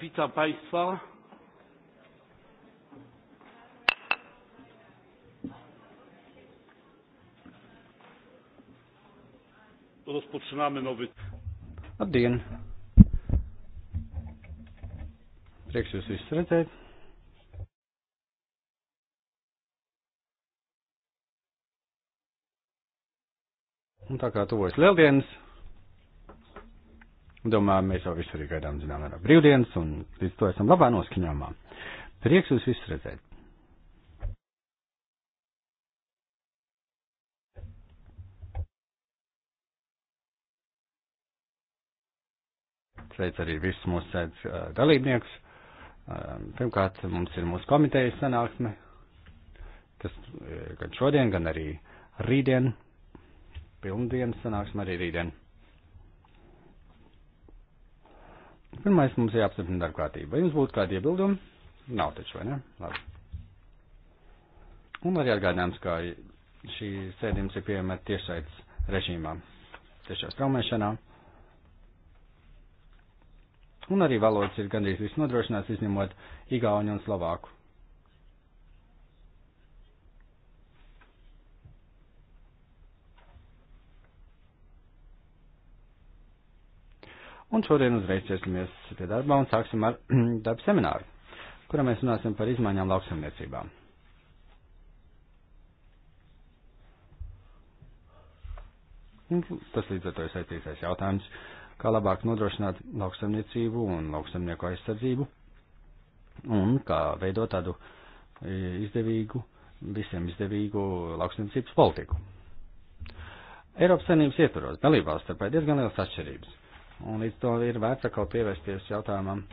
Witam Państwa. Rozpoczynamy nowy. Labdien! Prieks jūs visus redzēt. Un tā kā tuvojas lieldienas, Domāju, mēs jau visu arī gaidām, zinām, ar brīvdienas, un līdz to esam labā noskaņāmā. Prieks jūs visus redzēt! Sveic arī visus mūsu sēdes uh, dalībniekus. Uh, pirmkārt, mums ir mūsu komitejas sanāksme, kas gan šodien, gan arī rītdien, pilndienas sanāksme arī rītdien. Pirmais mums ir jāapstiprina darba kārtība. Vai jums būtu kādi iebildumi? Nav taču, vai ne? Labi. Un arī atgādinājums, ka šī sēdījums ir pieejama tiešsaits režīmā, tiešā straumēšanā. Un arī valodas ir gandrīz viss nodrošināts, izņemot igauņu un slovāku. Un šodien uzreiz ķersimies pie darba un sāksim ar darba semināru, kurā mēs runāsim par izmaiņām lauksaimniecībām. Tas līdz ar to ir saistītais jautājums, kā labāk nodrošināt lauksaimniecību un lauksaimnieku aizsardzību un kā veidot tādu e, izdevīgu, visiem izdevīgu lauksaimniecības politiku. Eiropas saimnības ietvaros dalībās starpā ir diezgan liels atšķirības Un līdz to ir vērts atkal pievērsties jautājumam,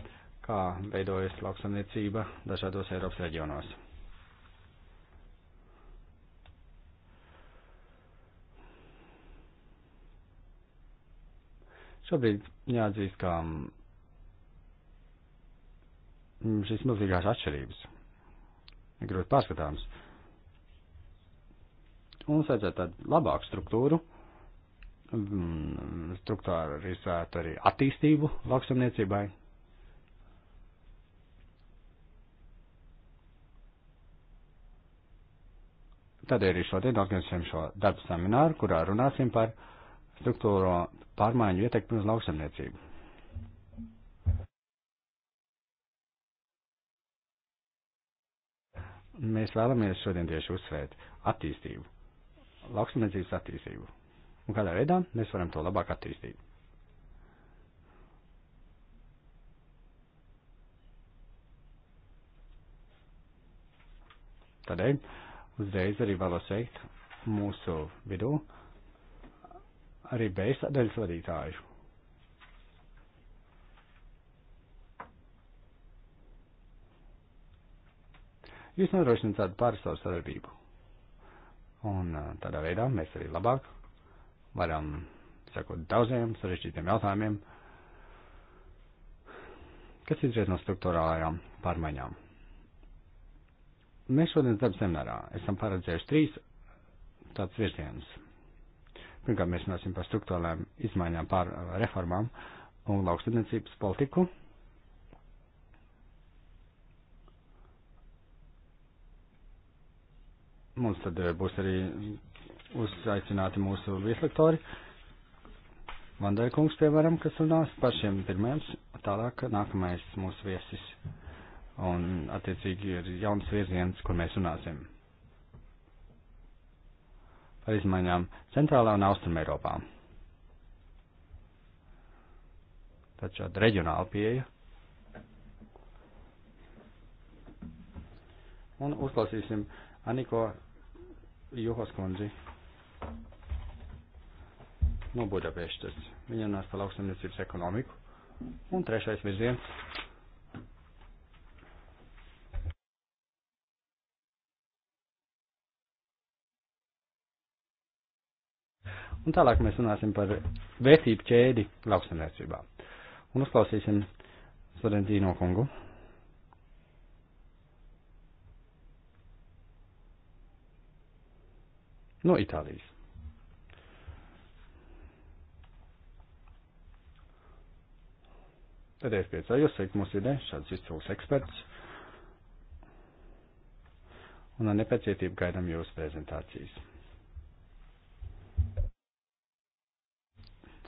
kā veidojas lauksaimniecība dažādos Eiropas reģionos. Šobrīd jāatzīst, ka mm, šīs milzīgās atšķirības ir grūti pārskatāmas. Mums vajadzētu tādu labāku struktūru, Mm, struktūrizēt arī attīstību lauksamniecībai. Tādēļ arī šodien organizēsim šo darbu semināru, kurā runāsim par struktūro pārmaiņu ietekmi uz lauksamniecību. Mēs vēlamies šodien tieši uzsvērt attīstību, lauksamniecības attīstību un kādā veidā mēs varam to labāk attīstīt. Tādēļ uzreiz arī vēlos teikt mūsu vidū arī beigsadaļas vadītāju. Jūs nodrošināt tādu pārstāvu sadarbību. Un eh, tādā veidā mēs arī labāk varam sakot daudziem sarežģītiem jautājumiem, kas izriet no struktūrālajām pārmaiņām. Mēs šodien darba seminārā esam paredzējuši trīs tāds virziens. Pirmkārt, mēs runāsim par struktūrālām izmaiņām, par uh, reformām un lauksaimniecības politiku. Mums tad uh, būs arī uzaicināti mūsu vieslektori. Vandēkungs, piemēram, kas runās par šiem pirmajiem, tālāk nākamais mūsu viesis. Un, attiecīgi, ir jauns virziens, kur mēs runāsim. Par izmaiņām centrālā un austrumē Eiropā. Tad šāda reģionāla pieeja. Un uzklausīsim Aniko Juhoskundzi no nu, Budapestas. Viņa nāks par lauksaimniecības ekonomiku. Un trešais virziens. Un tālāk mēs runāsim par vērtību ķēdi lauksaimniecībā. Un uzklausīsim Florentīno kungu. no Itālijas. Tad es priecājos, sveikt mūsu vidē šāds izcils eksperts. Un ar nepacietību gaidām jūsu prezentācijas.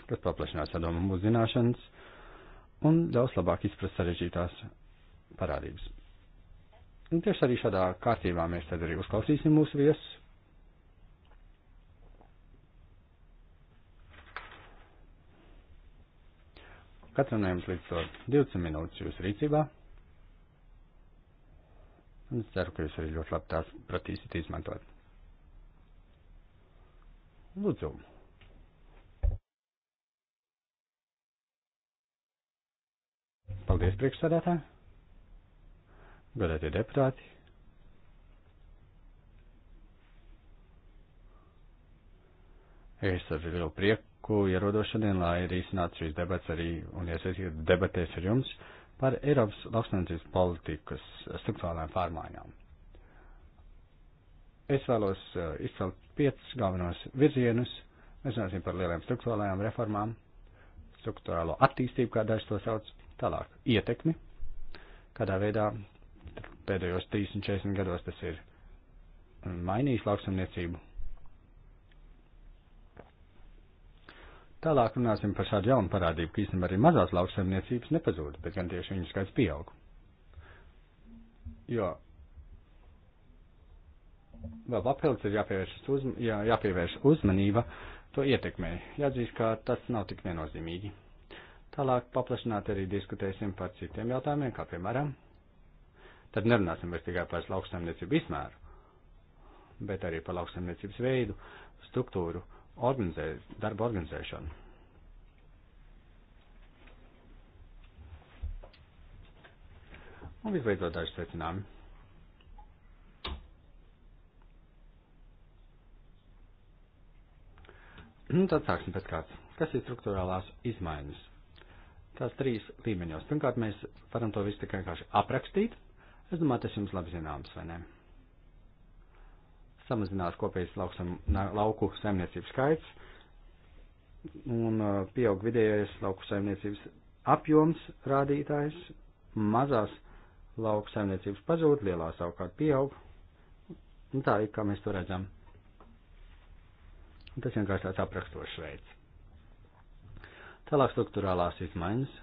Kas paplašinās adomu mūsu zināšanas un ļaus labāk izprast sarežģītās parādības. Un tieši arī šādā kārtībā mēs tad arī uzklausīsim mūsu viesus Katram no jums līdz 20 minūtes jūsu rīcībā. Un es ceru, ka jūs arī ļoti labi tās pratīsiet izmantot. Lūdzu. Paldies, priekšsādātāji. Godētie deputāti. Es ar lielu prieku ko ierodos šodien, lai risinātu šīs debats arī un iesaistītu debatēs ar jums par Eiropas lauksnēmniecības politikas struktūrālām pārmaiņām. Es vēlos uh, izcelt piecus galvenos virzienus. Mēs runāsim par lieliem struktūrālajām reformām, struktūrālo attīstību, kā daži to sauc, tālāk ietekmi, kādā veidā pēdējos 30-40 gados tas ir mainījis lauksamniecību Tālāk runāsim par šādu jaunu parādību, ka īstenībā arī mazās lauksaimniecības nepazūd, bet gan tieši viņu skaits pieaug. Jo vēl papildus ir jāpievērš, uzm jā, jāpievērš uzmanība to ietekmē. Jāatzīst, ka tas nav tik viennozīmīgi. Tālāk paplašināt arī diskutēsim par citiem jautājumiem, kā piemēram, tad nerunāsim vairs tikai par lauksaimniecību izmēru, bet arī par lauksaimniecības veidu, struktūru organizē, darba organizēšanu. Un visbeidzot daži secinājumi. Nu, tad sāksim pēc kāds. Kas ir struktūrālās izmaiņas? Tās trīs līmeņos. Pirmkārt, mēs varam to visu tikai vienkārši aprakstīt. Es domāju, tas jums labi zināms, vai ne? samazinās kopējas lauksam, lauku saimniecības skaits un uh, pieaug vidējais lauku saimniecības apjoms rādītājs, mazās lauku saimniecības pazūd, lielā savukārt pieaug. Un tā ir, kā mēs to redzam. Un tas vienkārši tāds aprakstošs veids. Tālāk struktūrālās izmaiņas,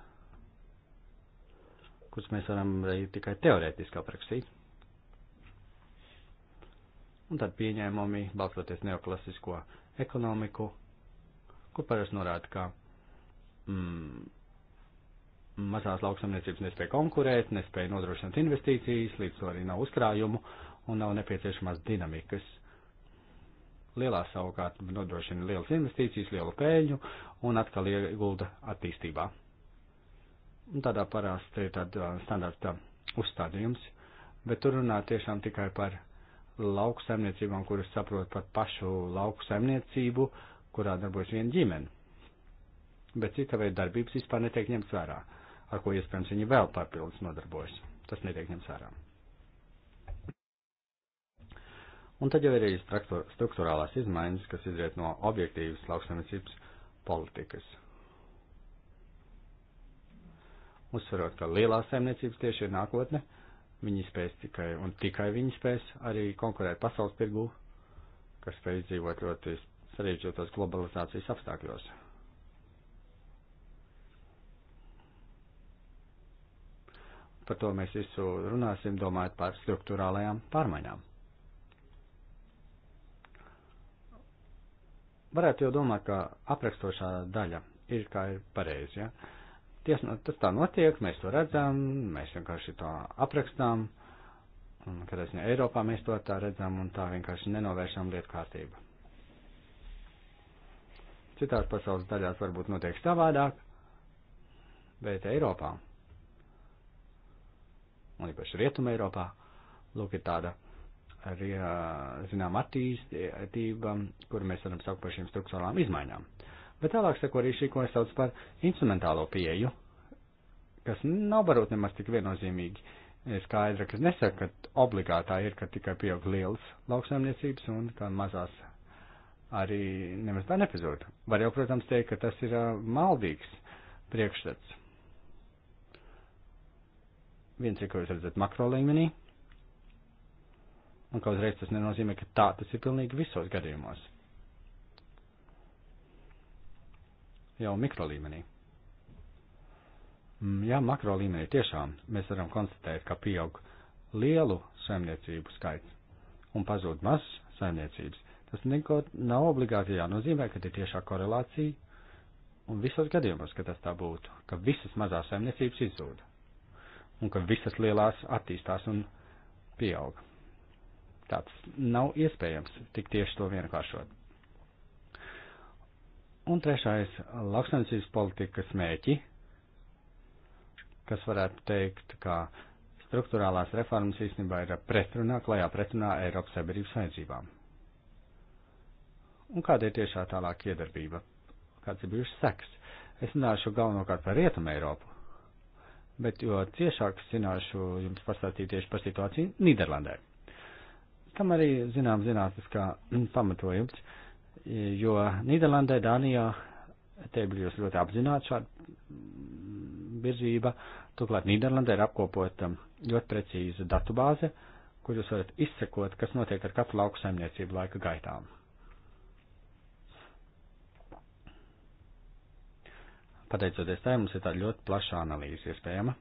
kuras mēs varam tikai teorētiski aprakstīt un tad pieņēmumi, balstoties neoklasisko ekonomiku, kur parasti norāda, ka mm, mazās lauksamniecības nespēja konkurēt, nespēja nodrošināt investīcijas, līdz to arī nav uzkrājumu un nav nepieciešamās dinamikas. Lielā savukārt nodrošina lielas investīcijas, lielu pēļņu un atkal iegulda attīstībā. Un tādā parasti ir tāda standarta uzstādījums, bet tur runā tiešām tikai par lauksaimniecībām, kuras saprot pat pašu lauksaimniecību, kurā darbojas viena ģimene. Bet cita veida darbības vispār netiek ņemts vērā, ar ko iespējams viņi vēl papildus nodarbojas. Tas netiek ņemts vērā. Un tad jau ir arī struktūrālās izmaiņas, kas izriet no objektīvas lauksaimniecības politikas. Uzsverot, ka lielās saimniecības tieši ir nākotne, uh, Viņi spēs tikai, un tikai viņi spēs arī konkurēt pasaules tirgu, kas spēj izdzīvot ļoti sarežģītos globalizācijas apstākļos. Par to mēs visu runāsim, domājot par struktūrālajām pārmaiņām. Varētu jau domāt, ka aprakstošā daļa ir kā ir pareizi, ja? Tiesa, nu, tas tā notiek, mēs to redzam, mēs vienkārši to aprakstām, un, kad es ne Eiropā, mēs to tā redzam, un tā vienkārši nenovēršam lietu kārtību. Citās pasaules daļās varbūt notiek savādāk, bet Eiropā, un īpaši Rietuma Eiropā, lūk, ir tāda arī, zinām, attīstība, kur mēs varam sākt par šīm struktūrālām izmaiņām. Uh, Bet tālāk seko arī šī, ko es sauc par instrumentālo pieeju, kas nav varbūt nemaz tik viennozīmīgi. Skaidra, ka nesaka, ka obligātā ir, ka tikai pieaug liels lauksaimniecības un ka mazās arī nemaz tā nepazūd. Var jau, protams, teikt, ka tas ir maldīgs priekšstats. Viens ir, ko jūs redzat makro līmenī, un ka uzreiz tas nenozīmē, ka tā tas ir pilnīgi visos gadījumos. jau mikro līmenī. Mm, jā, makro līmenī tiešām mēs varam konstatēt, ka pieaug lielu saimniecību skaits un pazūd maz saimniecības. Tas neko nav obligāti jānozīmē, ka ir tiešā korelācija un visos gadījumos, ka tas tā būtu, ka visas mazās saimniecības izzūd, un ka visas lielās attīstās un pieaug. Tāds nav iespējams tik tieši to vienkāršot. Un trešais - lauksaimniecības politikas mērķi, kas varētu teikt, ka struktūrālās reformas īstenībā ir pretrunā, klajā pretrunā Eiropas sabiedrības vajadzībām. Un kāda ir tiešā tālāk iedarbība? Kāds ir bijušas seks? Es runāšu galvenokārt par Rietumu Eiropu, bet jo ciešāk zināšu jums pastāstīt tieši par situāciju Nīderlandē. Tam arī zinām zinātniskā pamatojums. Uh, jo Nīderlandē, Dānijā te bija ļoti apzināta šāda virzība. Turklāt Nīderlandē ir apkopota ļoti precīza datubāze, kur jūs varat izsekot, kas notiek ar katru lauku saimniecību laika gaitām. Pateicoties tai, mums ir tāda ļoti plaša analīze iespējama.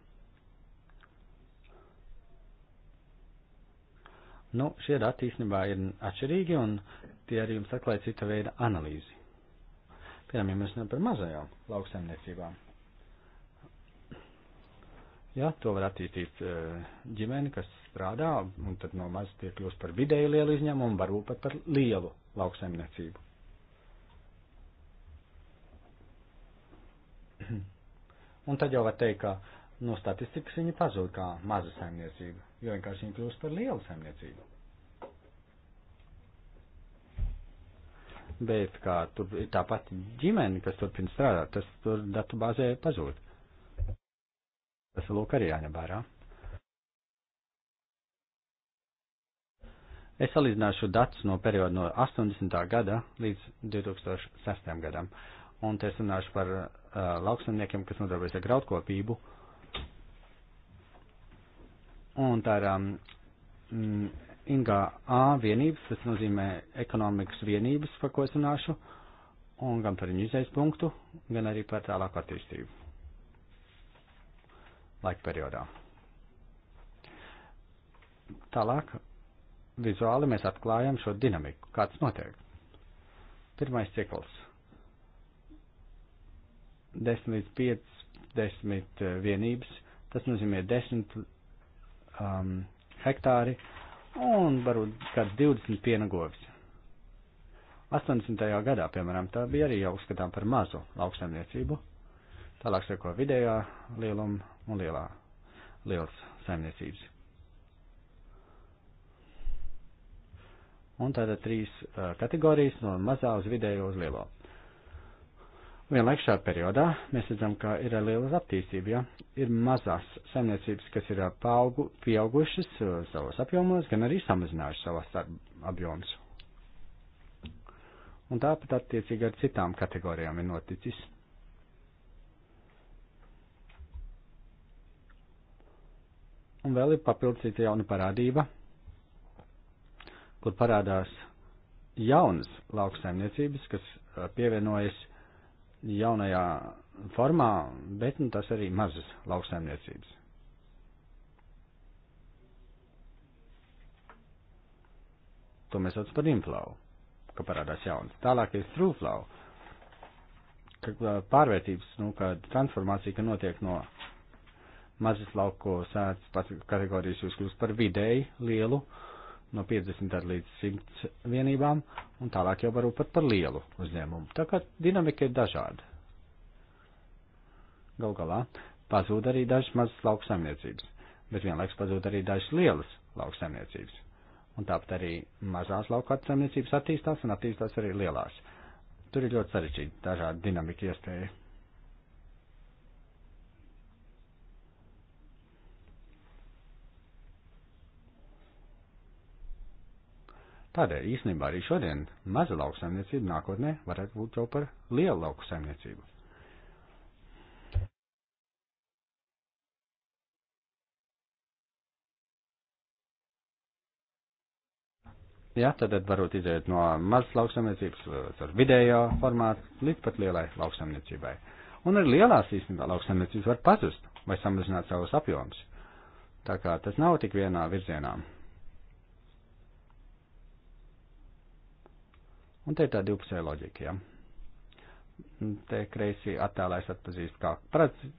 Nu, šie dati īstenībā ir atšķirīgi, un tie arī jums atklāja cita veida analīzi. Piemēram, ja mēs runājam par mazajām lauksaimniecībām. Jā, to var attīstīt e, ģimeni, kas strādā, un tad no maz tiek kļūst par vidēju lielu izņēmumu, varbūt pat par lielu lauksaimniecību. Un tad jau var teikt, ka no nu, statistikas viņa pazūd kā maza saimniecība, jo vienkārši viņa kļūst par lielu saimniecību. bet kā tur ir tā pati ģimene, kas turpina strādāt, tas tur datu bāzē pazūd. Tas lūk arī jāņem vērā. Es salīdzināšu datus no perioda no 80. gada līdz 2006. gadam, un te es runāšu par uh, lauksaimniekiem, kas nodarbojas ar graudkopību. Un tā ir um, INGA vienības, tas nozīmē ekonomikas vienības, par ko es runāšu, un gan par viņu izējas punktu, gan arī par tālāku attīstību laika periodā. Tālāk vizuāli mēs atklājam šo dinamiku, kāds notiek. Pirmais cikls. 10 līdz 50 eh, vienības, tas nozīmē 10 um, hektāri, uh, un varbūt kāds 20 piena govis. 80. gadā, piemēram, tā bija arī jau uzskatām par mazu lauksaimniecību. Tālāk seko vidējā lieluma un lielā liels saimniecības. Un tātad trīs uh, kategorijas no mazā uz vidējo uz lielo. Vienlaik šā periodā mēs redzam, ka ir liela attīstība, ja? ir mazās saimniecības, kas ir paaugu, pieaugušas uh, savos apjomos, gan arī samazinājušas savas apjomus. Un tāpat attiecīgi ar citām kategorijām ir noticis. Un vēl ir papildus cita jauna parādība, kur parādās jaunas lauksaimniecības, kas uh, pievienojas jaunajā formā, bet nu, tas arī mazas lauksaimniecības. To mēs saucam par inflau, ka parādās jauns. Tālāk ir trūflau, ka pārvērtības, nu, kā transformācija, ka notiek no mazas lauko sēdz kategorijas, jūs kļūst par vidēji lielu uh, no 50 līdz 100 vienībām, un tālāk jau varu pat par lielu uzņēmumu. Tā kā dinamika ir dažāda. Gal galā pazūd arī dažas mazas lauksaimniecības, bet vienlaiks pazūd arī dažas lielas lauksaimniecības. Un tāpat arī mazās lauksaimniecības attīstās un attīstās arī lielās. Tur ir ļoti sarežģīta dažāda dinamika iespēja. Tādēļ īstenībā arī šodien maza lauksaimniecība nākotnē varētu būt jau par lielu lauksaimniecību. Jā, tad varbūt iziet no mazas lauksaimniecības ar vidējo formātu līdz pat lielai lauksaimniecībai. Un arī lielās īstenībā lauksaimniecības var pazust vai samazināt savus apjomus. Tā kā tas nav tik vienā virzienā. Un te ir tā divpusēja loģika, ja. Te kreisi attēlēs atpazīst kā parasti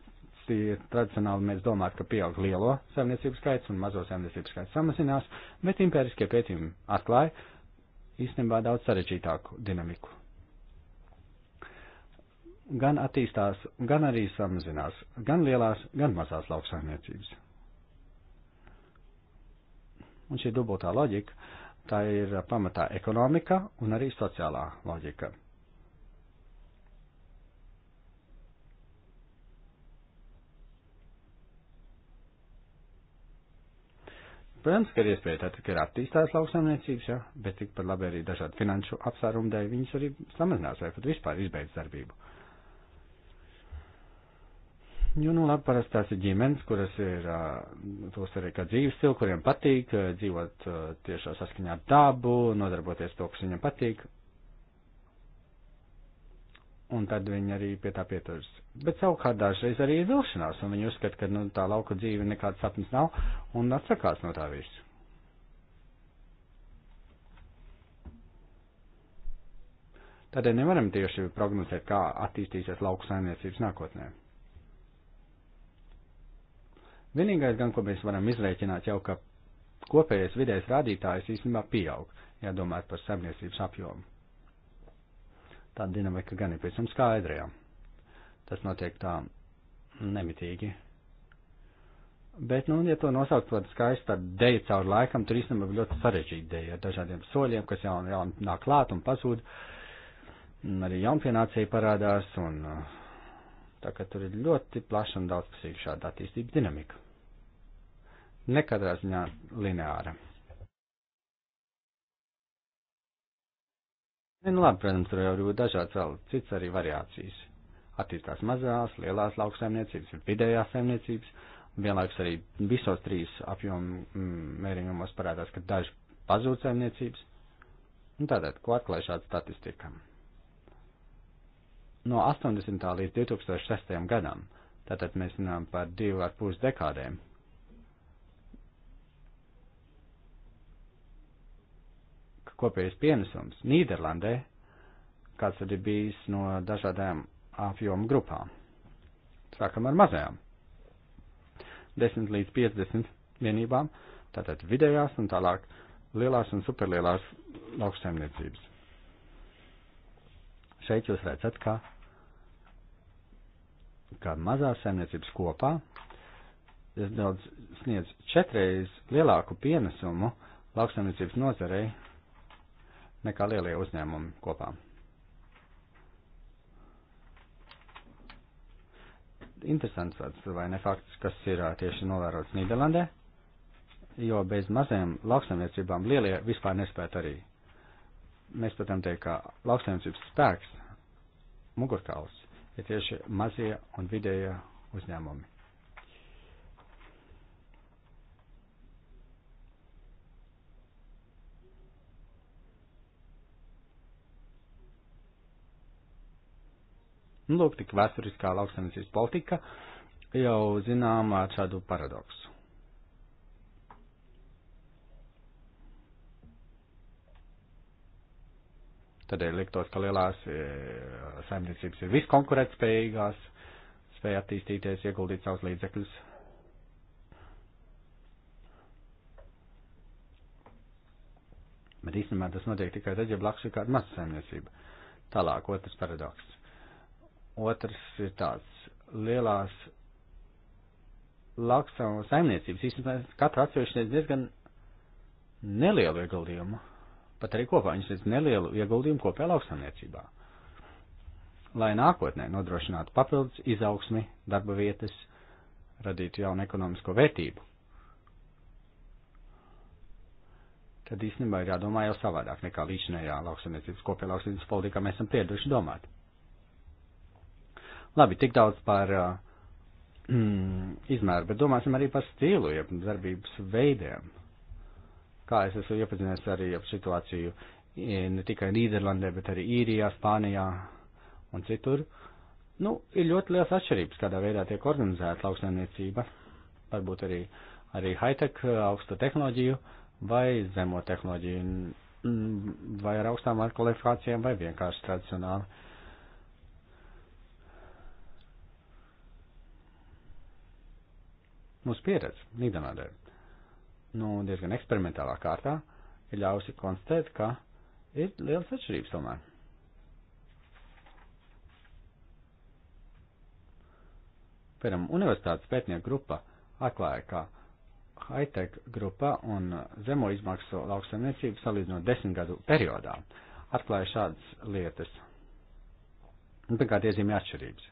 tradicionāli mēs domājam, ka pieaug lielo saimniecību skaits un mazo saimniecību skaits samazinās, bet impēriskie pētījumi atklāja īstenībā daudz sarežģītāku dinamiku. Gan attīstās, gan arī samazinās, gan lielās, gan mazās lauksaimniecības. Un šī dubultā loģika Tā ir pamatā ekonomika un arī sociālā loģika. Protams, ka ir iespēja tātad, ka ir attīstās lauksaimniecības, ja, bet tikpat labi arī dažādu finanšu apsvērumu dēļ viņas arī samazinās vai pat vispār izbeidz darbību. Jo, nu, labi, parasti tās ir ģimenes, kuras ir, tos arī kā dzīves stili, kuriem patīk dzīvot tiešā saskaņā ar dabu, nodarboties to, kas viņam patīk. Un tad viņi arī pie tā pieturas. Bet savukārt dažreiz arī ir vilšanās, un viņi uzskata, ka nu, tā lauka dzīve nekāds sapnis nav, un atsakās no tā visu. Tādēļ nevaram tieši prognozēt, kā attīstīsies lauku saimniecības nākotnē. Vienīgais gan, ko mēs varam izrēķināt jau, ka kopējais vidējais rādītājs īstenībā pieaug, ja domājat par saimniecības apjomu. Tā dinamika gan ir pēc tam skaidrajā. Tas notiek tā nemitīgi. Bet, nu, ja to nosaukt par skaistu par deju caur laikam, tur īstenībā ir ļoti sarežģīta deja ar dažādiem soļiem, kas jau, jau nāk klāt un pazūd. Un arī jaunpienācēji parādās, un tā ka tur ir ļoti plaša un daudzpusīga šāda attīstības dinamika nekatrā ziņā lineāra. Nu, labi, protams, tur jau ir dažāds vēl cits arī variācijas. Attīstās mazās, lielās lauksaimniecības, vidējās saimniecības. Vienlaiks arī visos trīs apjomu mm, mērījumos parādās, ka daži pazūd saimniecības. Un tātad, ko atklāja šāda statistika? No 80. līdz 2006. gadam, tātad mēs runājam par divu ar pus dekādēm, kopējais pienesums Nīderlandē, kāds tad ir bijis no dažādām apjomu grupām. Sākam ar mazajām. 10 līdz 50 vienībām, tātad vidējās un tālāk lielās un superlielās lauksaimniecības. Šeit jūs redzat, ka, ka mazās saimniecības kopā es daudz sniedz četreiz lielāku pienesumu lauksaimniecības nozarei nekā lielie uzņēmumi kopā. Interesants tāds vai ne fakts, kas ir tieši novērots Nīderlandē, jo bez mazajām lauksaimniecībām lielie vispār nespētu arī. Mēs patam teikt, ka lauksaimniecības spēks, mugurkauls, ir tieši mazie un vidējie uzņēmumi. Nu, lūk, tik vēsturiskā lauksaimniecības politika jau zinām ar šādu paradoksu. Tādēļ liktos, ka lielās e, saimniecības ir viskonkurētspējīgās, spēja attīstīties, ieguldīt savus līdzekļus. Bet īstenībā tas notiek tikai tad, ja blakus ir kāda maza saimniecība. Tālāk, otrs paradoks. Otrs ir tāds lielās lauksaimniecības saimniecības. Īstenībā katra atsevišķi sniedz diezgan nelielu ieguldījumu, pat arī kopā viņš sniedz nelielu ieguldījumu kopējā lauksaimniecībā. Lai nākotnē nodrošinātu papildus izaugsmi, darba vietas, radītu jaunu ekonomisko vērtību, tad īstenībā ir jādomā jau savādāk nekā līdzinējā lauksaimniecības kopējā lauksaimniecības politikā mēs esam pieraduši domāt. Labi, tik daudz par uh, mm, izmēru, bet domāsim arī par stilu, jeb darbības veidiem. Kā es esmu iepazinies arī ap situāciju ne tikai Nīderlandē, bet arī Īrijā, Spānijā un citur. Nu, ir ļoti liels atšķirības, kādā veidā tiek organizēta lauksaimniecība, varbūt arī, arī high-tech, uh, augsta tehnoloģiju vai zemo tehnoloģiju, vai ar augstām kvalifikācijām, vai vienkārši tradicionāli. Mūsu pieredze Nīderlandē, nu, diezgan eksperimentālā kārtā, ir ļausi konstatēt, ka ir liels atšķirības tomēr. Piemēram, universitātes pētnieku grupa atklāja, ka high-tech grupa un zemo izmaksu lauksaimniecību salīdzinot desmit gadu periodā atklāja šādas lietas. Un, pirmkārt, iezīmē atšķirības.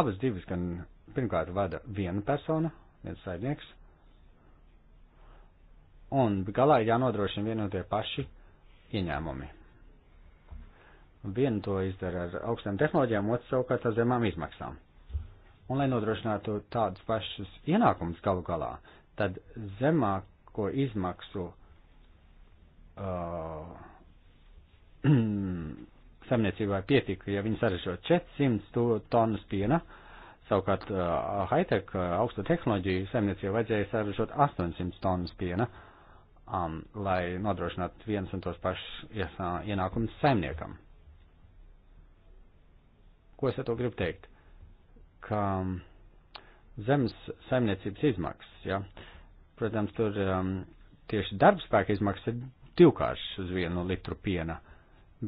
Abas divas, gan pirmkārt vada viena persona, viens saimnieks, un galā ir jānodrošina vien un tie paši ieņēmumi. Vienu to izdara ar augstām tehnoloģijām, otrs savukārt ar zemām izmaksām. Un, lai nodrošinātu tādus pašus ienākumus galu galā, tad zemāko izmaksu uh, saimniecībai pietika, ja viņi saražo 400 tonnas piena, uh, Savukārt high-tech augsta tehnoloģiju saimniecībai vajadzēja saražot 800 tonnas piena, um, lai nodrošinātu viens un tos pašus ienākumus saimniekam. Ko es ar to gribu teikt? Ka um, zemes saimniecības izmaksas, ja? protams, tur um, tieši darbspēka izmaksas ir divkāršas uz vienu litru piena,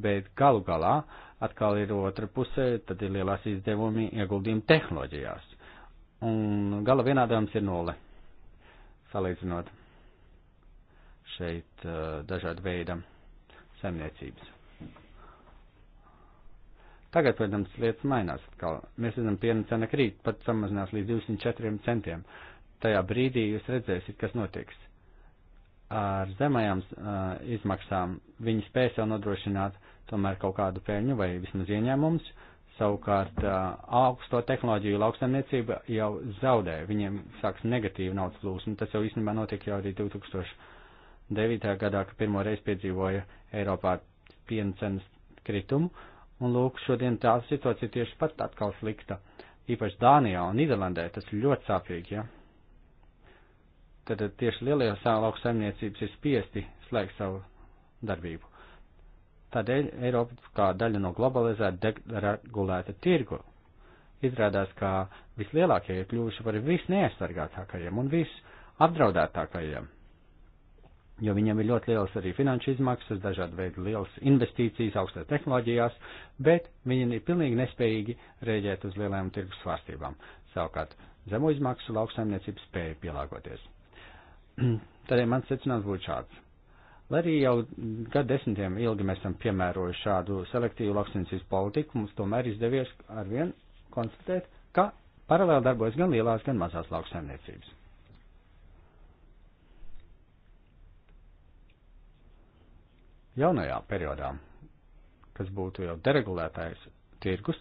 bet galu galā uh, Atkal ir otra pusē, tad ir lielās izdevumi ieguldījumi tehnoloģijās. Un gala vienādojums ir nulle. Salīdzinot šeit uh, dažādu veidu saimniecības. Tagad, protams, lietas mainās atkal. Mēs redzam, piena cena krīt, pat samazinās līdz 24 centiem. Tajā brīdī jūs redzēsiet, kas notiks. Ar zemajām uh, izmaksām viņi spēs jau nodrošināt tomēr kaut kādu peļņu vai vismaz ieņēmumus. Savukārt augsto tehnoloģiju lauksaimniecība jau zaudē, viņiem sāks negatīva naudas plūsma. Tas jau īstenībā notika jau arī 2009. gadā, kad pirmo reizi piedzīvoja Eiropā piena cenas kritumu. Un lūk, šodien tā situācija tieši pat atkal slikta. Īpaši Dānijā un Nīderlandē tas ir ļoti sāpīgi, ja? Tad tieši lielie lauksaimniecības ir spiesti slēgt savu darbību. Tādēļ Eiropa kā daļa no globalizēta deregulēta tirgu izrādās, ka vislielākie ir kļuvuši par visneaizsargātākajiem un visapdraudētākajiem, jo viņiem ir ļoti liels arī finanšu izmaksas, dažādi veidi liels investīcijas augstās tehnoloģijās, bet viņi ir pilnīgi nespējīgi rēģēt uz lielajām tirgus svārstībām. Savukārt, zemu izmaksu lauksaimniecības spēja pielāgoties. Tādēļ mans secinājums būtu šāds Lai arī jau gadsimtiem ilgi mēs esam piemērojuši šādu selektīvu lauksainicības politiku, mums tomēr izdevies arvien konstatēt, ka paralēli darbojas gan lielās, gan mazās lauksaimniecības. Jaunajā periodā, kas būtu jau deregulētais tirgus,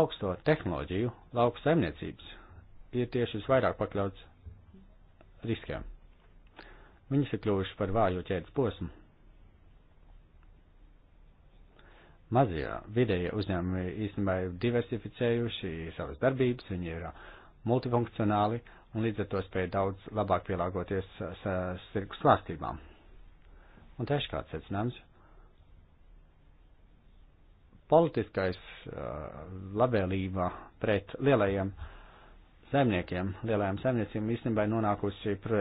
augsto tehnoloģiju lauksaimniecības ir tieši visvairāk pakļauts riskiem. Viņas ir kļuvušas par vāju ķēdes posmu. Mazie vidējie uzņēmumi īstenībā ir diversificējuši savas darbības, viņi ir multifunkcionāli un līdz ar to spēja daudz labāk pielāgoties sirgu svārstībām. Un tieši kāds secinājums. Politiskais uh, labēlība pret lielajiem uh, zemniekiem, lielajām zemniecībām īstenībā ir nonākusi pr,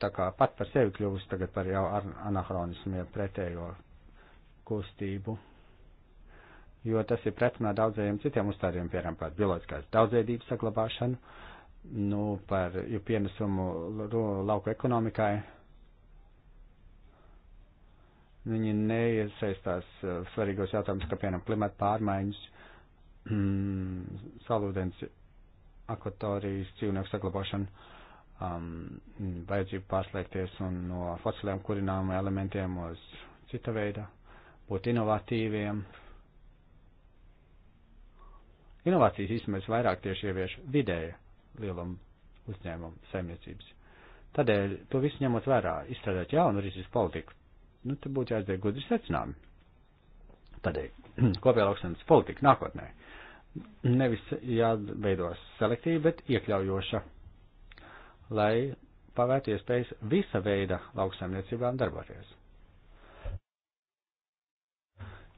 tā kā pat par sevi kļuvusi tagad par jau anahronismu, ja pretējo kustību. Jo tas ir pretrunā daudzajiem citiem uzstādījumiem, piemēram, par bioloģiskās daudzveidības saglabāšanu, nu, par jau pienesumu lauku ekonomikai. Viņi neiesaistās uh, svarīgos jautājumus, kā piemēram klimata pārmaiņas, salūdens akvatorijas dzīvnieku saglabāšanu, um, vajadzību pārslēgties un no fosiliem kurināmu elementiem uz cita veida, būt inovatīviem. Inovācijas īstenībā vairāk tieši ievieš vidēja lieluma uzņēmuma saimniecības. Tādēļ to visu ņemot vērā, izstrādāt jaunu risku politiku, nu, te būtu jāizdara gudri secinājumi. Tādēļ kopējā lauksaimnes politika nākotnē nevis jāveido selektīva, bet iekļaujoša, lai pavērtu iespējas visa veida lauksaimniecībām darboties.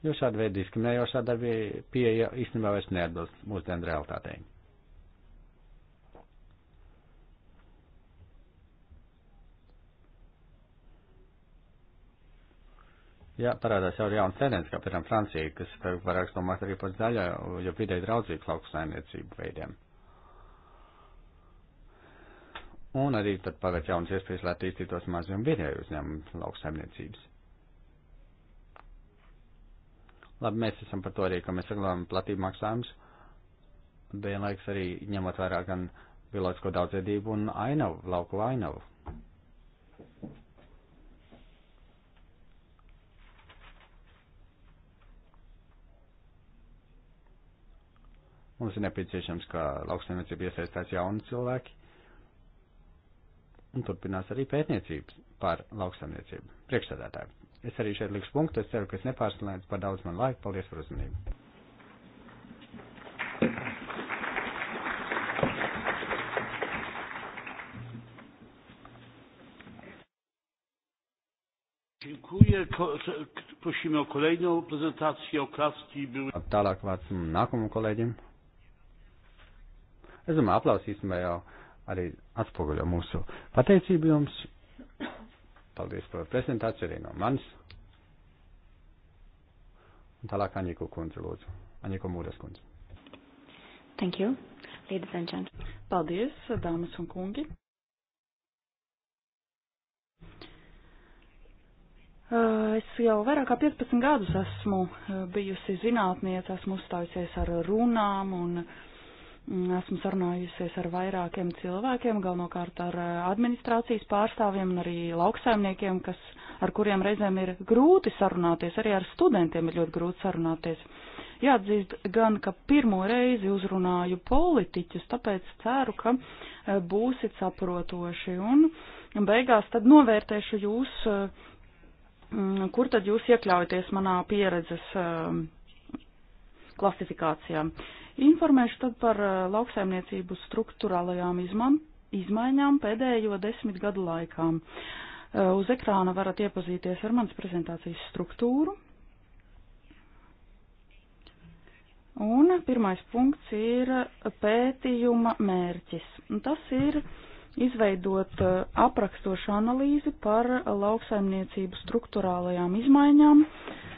Jo šāda veida diskriminējošā darbība pieeja īstenībā vairs neatbilst mūsdienu realitātei. Jā, parādās jau jaunas tendences, kā piemēram Francija, kas vairāk domāt arī par zaļo, jo vidē draudzīgu lauku saimniecību veidiem. Un arī tad pavērt jaunas iespējas, lai attīstītos mazie un vidēji uzņēmumi lauku saimniecības. Labi, mēs esam par to arī, ka mēs saglabājam platību maksājumus, vienlaiks arī ņemot vērā gan bioloģisko daudzveidību un ainavu, lauku ainavu. Mums ir nepieciešams, ka lauksaimniecība iesaistās jauni cilvēki un turpinās arī pētniecības par lauksaimniecību. Priekšsēdētāji, es arī šeit likšu punktu, es ceru, ka es nepārslēdzu par daudz man laiku. Paldies par uzmanību! Dziękuję. Prosimy o kolejną prezentację, oklaski były. Tālāk vārds nākamajam kolēģim. Es domāju, aplausīsim jau arī atspoguļo mūsu pateicību jums. Paldies par prezentāciju arī no manis. Un tālāk Aņiku kundze, lūdzu. Aņiku Mūras kundze. Thank you. Ladies and gentlemen. Paldies, dāmas un kungi. Uh, es jau vairāk kā 15 gadus esmu uh, bijusi zinātniece, esmu uzstājusies ar runām un uh, Mm, esmu sarunājusies ar vairākiem cilvēkiem, galvenokārt ar eh, administrācijas pārstāvjiem un arī lauksaimniekiem, kas, ar kuriem reizēm ir grūti sarunāties, arī ar studentiem ir ļoti grūti sarunāties. Jāatzīst gan, ka pirmo reizi uzrunāju politiķus, tāpēc ceru, ka eh, būsit saprotoši un beigās tad novērtēšu jūs, eh, mm, kur tad jūs iekļaujaties manā pieredzes klasifikācijā. Informēšu tad par eh, lauksaimniecību struktūrālajām izmaiņām pēdējo desmit gadu laikā. Eh, uz ekrāna varat iepazīties ar manas prezentācijas struktūru. Un pirmais punkts ir pētījuma mērķis. Tas ir izveidot eh, aprakstošu analīzi par lauksaimniecību struktūrālajām izmaiņām, uh,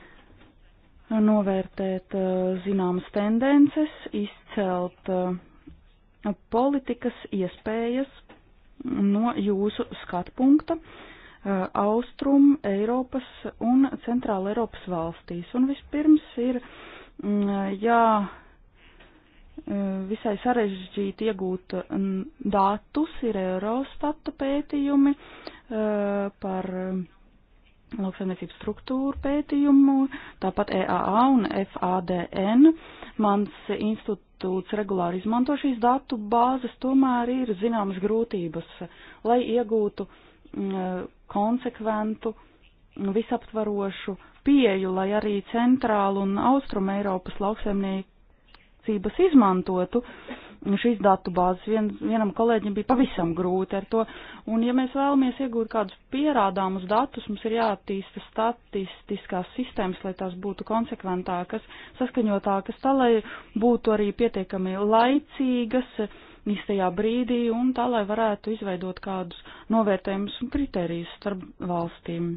novērtēt uh, zināmas tendences, izcelt uh, politikas iespējas no jūsu skatu punkta uh, Austrum Eiropas un Centrāla Eiropas valstīs. Un vispirms ir mm, jā, visai sarežģīti iegūt datus, ir Eurostata pētījumi par lauksaimniecības struktūru pētījumu, tāpat EAA un FADN. Mans institūts regulāri izmanto šīs datu bāzes, tomēr ir zināmas grūtības, lai iegūtu mm, konsekventu, visaptvarošu pieju, lai arī centrālu un austrumu Eiropas lauksaimniecības izmantotu. Uh, šīs datu bāzes vien, vienam kolēģim bija pavisam grūti ar to. Un, ja mēs vēlamies iegūt kādus pierādāmus datus, mums ir jāattīsta statistiskās sistēmas, lai tās būtu konsekventākas, saskaņotākas, tā lai būtu arī pietiekami laicīgas īstajā brīdī un tā, lai varētu izveidot kādus novērtējumus un kritērijus starp valstīm.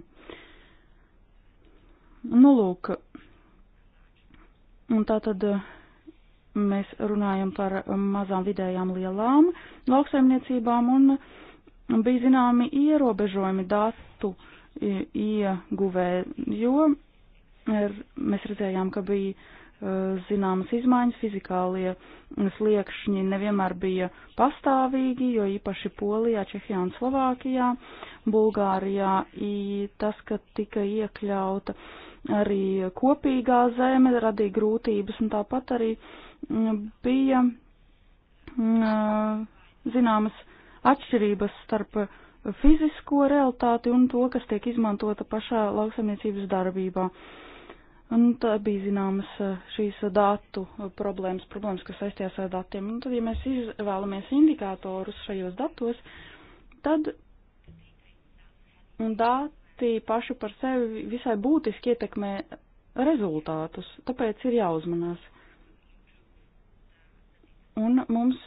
Nu, lūk, un tā tad mēs runājam par mazām vidējām lielām lauksaimniecībām un bija zināmi ierobežojumi datu ieguvē, jo er, mēs redzējām, ka bija e, zināmas izmaiņas, fizikālie sliekšņi nevienmēr bija pastāvīgi, jo īpaši Polijā, Čehijā un Slovākijā, Bulgārijā tas, ka tika iekļauta arī kopīgā zeme, radīja grūtības un tāpat arī uh, bija mm, zināmas atšķirības starp fizisko realitāti un to, kas tiek izmantota pašā lauksaimniecības darbībā. Un tā bija zināmas šīs datu problēmas, problēmas, kas saistījās ar datiem. Un tad, ja mēs izvēlamies indikātorus šajos datos, tad dati paši par sevi visai būtiski ietekmē rezultātus, tāpēc ir jāuzmanās un mums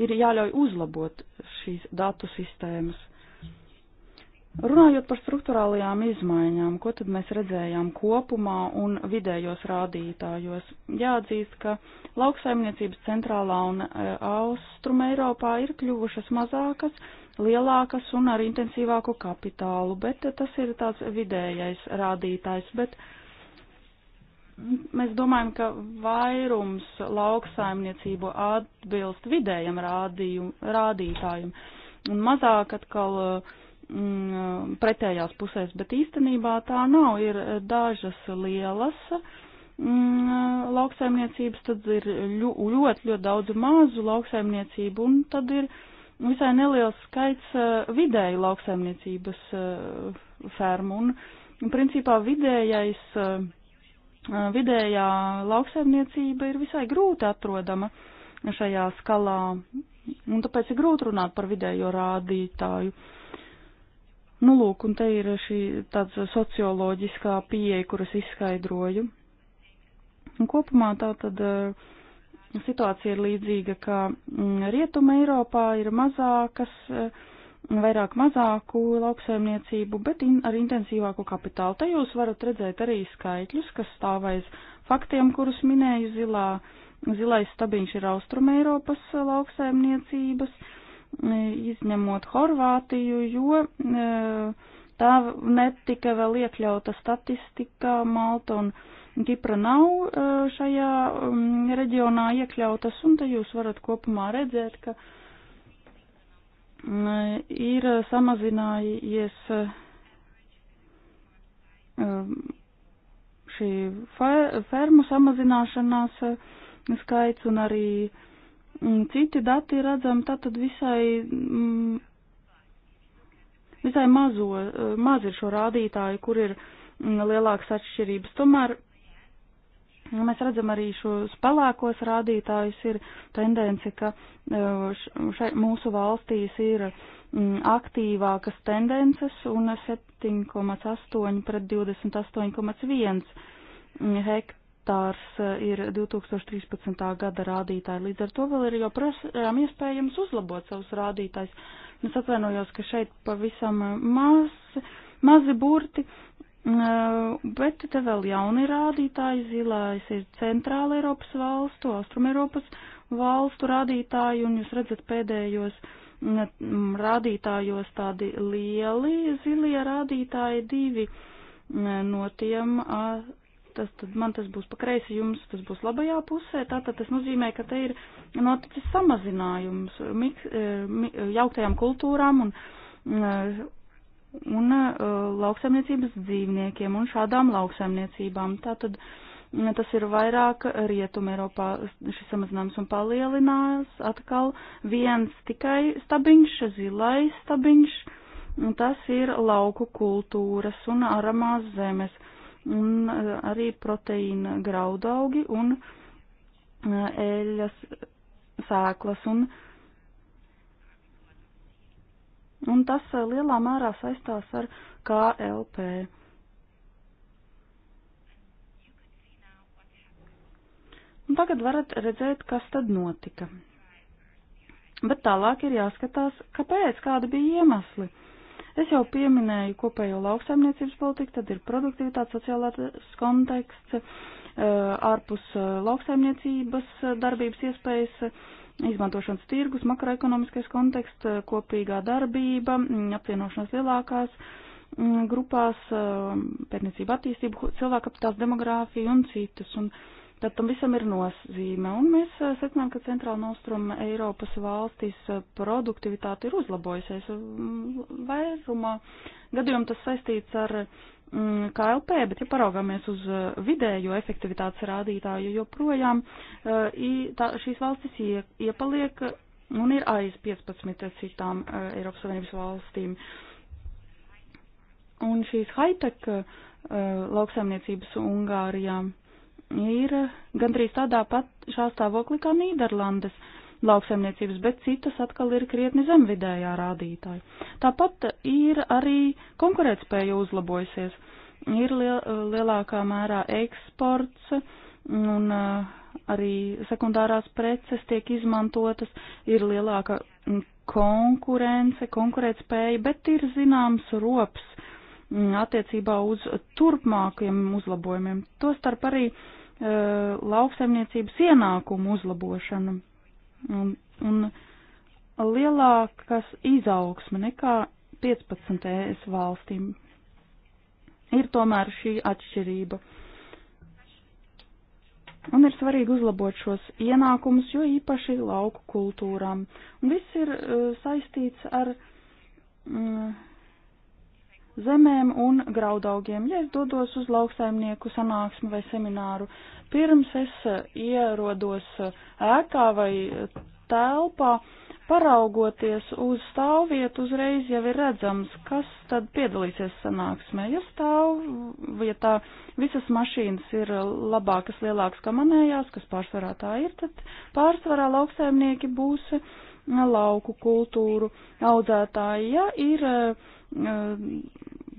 ir jāļauj uzlabot šīs datu sistēmas. Runājot par struktūrālajām izmaiņām, ko tad mēs redzējām kopumā un vidējos rādītājos, jāatzīst, ka lauksaimniecības centrālā un e, austruma Eiropā ir kļuvušas mazākas, lielākas un ar intensīvāku kapitālu, bet tas ir tāds vidējais rādītājs, bet uh, Mēs domājam, ka vairums lauksaimniecību atbilst vidējam rādīju, rādītājiem un mazāk atkal mm, pretējās pusēs, bet īstenībā tā nav. Ir dažas lielas mm, lauksaimniecības, tad ir ļoti, ļoti, ļoti daudz mazu lauksaimniecību un tad ir visai neliels skaits eh, vidēji lauksaimniecības eh, fermu un, un principā vidējais eh, vidējā lauksaimniecība ir visai grūti atrodama šajā skalā, un tāpēc ir grūti runāt par vidējo rādītāju. Nu, lūk, un te ir šī tāds socioloģiskā pieeja, kuras izskaidroju. Un kopumā tā tad situācija ir līdzīga, ka Rietuma Eiropā ir mazākas uh, vairāk mazāku lauksaimniecību, bet in, ar intensīvāku kapitālu. Te jūs varat redzēt arī skaitļus, kas stāv aiz faktiem, kurus minēju zilā. Zilais stabiņš ir Austrum Eiropas lauksaimniecības, e, izņemot Horvātiju, jo e, tā netika vēl iekļauta statistikā, Malta un Kipra nav e, šajā reģionā iekļautas, un te jūs varat kopumā redzēt, ka ir samazinājies um, šī fermu samazināšanās skaits un arī mm, citi dati redzam tātad visai, mm, visai mazo, maz ir šo rādītāju, kur ir mm, lielākas atšķirības. Tomēr Nu, mēs redzam arī šos pelēkos rādītājus, ir tendence, ka e, šai, mūsu valstīs ir mm, aktīvākas tendences un 7,8 pret 28,1 mm, hektārs e, ir 2013. gada rādītāji. Līdz ar to vēl ir joprojām iespējams uzlabot savus rādītājus. Es atvainojos, ka šeit pavisam maz, mazi burti, Bet te vēl jauni rādītāji, zilais ir centrāla Eiropas valstu, austrum Eiropas valstu rādītāji, un jūs redzat pēdējos rādītājos tādi lieli zilie rādītāji, divi no tiem, tas tad man tas būs pa kreisi jums, tas būs labajā pusē, tātad tas nozīmē, ka te ir noticis samazinājums miks, jauktajām kultūrām un un uh, lauksaimniecības dzīvniekiem un šādām lauksaimniecībām. Tātad mm, tas ir vairāk rietuma Eiropā šis samazinājums un palielinās atkal viens tikai stabiņš, zilais stabiņš, un tas ir lauku kultūras un aramās zemes, un uh, arī proteīna graudaugi un uh, eļas sēklas un uh, Un tas eh, lielā mērā saistās ar KLP. Un tagad varat redzēt, kas tad notika. Bet tālāk ir jāskatās, kāpēc, kādi bija iemesli. Es jau pieminēju kopējo lauksaimniecības politiku, tad ir produktivitāte, sociālās konteksts, eh, ārpus eh, lauksaimniecības darbības iespējas, izmantošanas tirgus, makroekonomiskais konteksts, kopīgā darbība, apvienošanās lielākās grupās, pērniecība attīstība, cilvēka apstāsts demogrāfija un citus. Un tad tam visam ir nozīme. Un mēs secinām, ka centrāla nostruma Eiropas valstīs produktivitāte ir uzlabojusies. Vairumā gadījumā tas saistīts ar Mm, KLP, bet ja paraugāmies uz uh, vidējo efektivitātes rādītāju, joprojām uh, tā, šīs valstis iepaliek un ir aiz 15 citām uh, Eiropas Savienības valstīm. Un šīs high-tech lauksaimniecības Ungārijā ir gandrīz tādā pat šā stāvoklī kā Nīderlandes. Uh, lauksaimniecības, bet citas atkal ir krietni zem vidējā rādītāja. Tāpat ir arī konkurētspēja uzlabojusies. Ir lielākā mērā eksports un eh, arī sekundārās preces tiek izmantotas, ir lielāka mm, konkurence, konkurētspēja, bet ir zināms rops mm, attiecībā uz turpmākiem uzlabojumiem. Tostarp arī e, lauksaimniecības ienākumu uzlabošanu un, un lielākas izaugsme nekā 15 ES valstīm. Ir tomēr šī atšķirība. Un ir svarīgi uzlabot šos ienākumus, jo īpaši lauku kultūrām. Un viss ir uh, saistīts ar uh, zemēm un graudaugiem. Ja es dodos uz lauksaimnieku sanāksmi vai semināru, pirms es eh, ierodos eh, ēkā vai eh, telpā, paraugoties uz stāvvietu, uzreiz jau ir redzams, kas tad piedalīsies sanāksmē. Ja stāvvietā visas mašīnas ir labākas, lielākas kā manējās, kas pārsvarā tā ir, tad pārsvarā lauksaimnieki būs lauku kultūru audzētāji. Ja ir uh,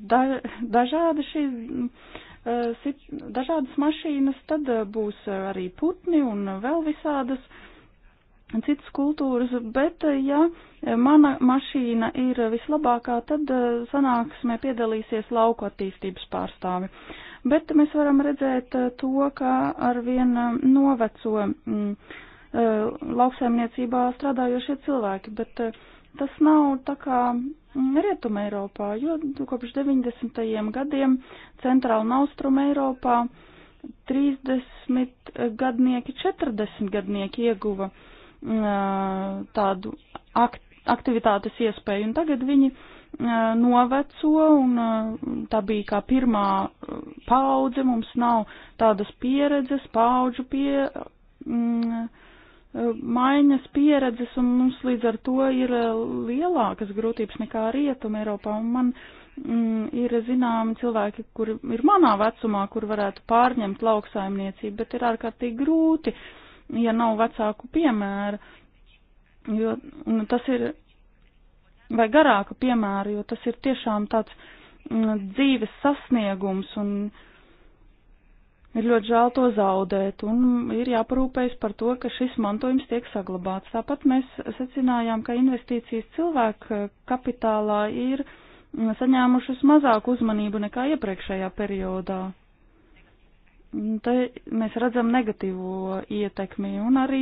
da, dažādi šī, eh, dažādas mašīnas, tad eh, būs eh, arī putni un vēl visādas citas kultūras, bet ja mana mašīna ir vislabākā, tad sanāksmē piedalīsies lauku attīstības pārstāvi. Bet mēs varam redzēt to, ka ar vien noveco mm, lauksaimniecībā strādājošie cilvēki, bet uh, Tas nav tā kā Rietuma Eiropā, jo kopš 90. gadiem Centrāla un Austruma Eiropā 30 gadnieki, 40 gadnieki ieguva tādu aktivitātes iespēju, un tagad viņi noveco, un tā bija kā pirmā paudze, mums nav tādas pieredzes, paudžu pie, mm, maiņas pieredzes, un mums līdz ar to ir eh, lielākas grūtības nekā Rietuma Eiropā. Un man mm, ir zināmi cilvēki, kuri ir manā vecumā, kur varētu pārņemt lauksaimniecību, bet ir ārkārtīgi grūti, ja nav vecāku piemēra. Jo nu, tas ir, vai garāka piemēra, jo tas ir tiešām tāds mm, dzīves sasniegums un mm, Ir ļoti žēl to zaudēt, un ir jāparūpējas par to, ka šis mantojums tiek saglabāts. Tāpat mēs secinājām, ka investīcijas cilvēku kapitālā ir saņēmušas mazāku uzmanību nekā iepriekšējā periodā. Te mēs redzam negatīvo ietekmi un arī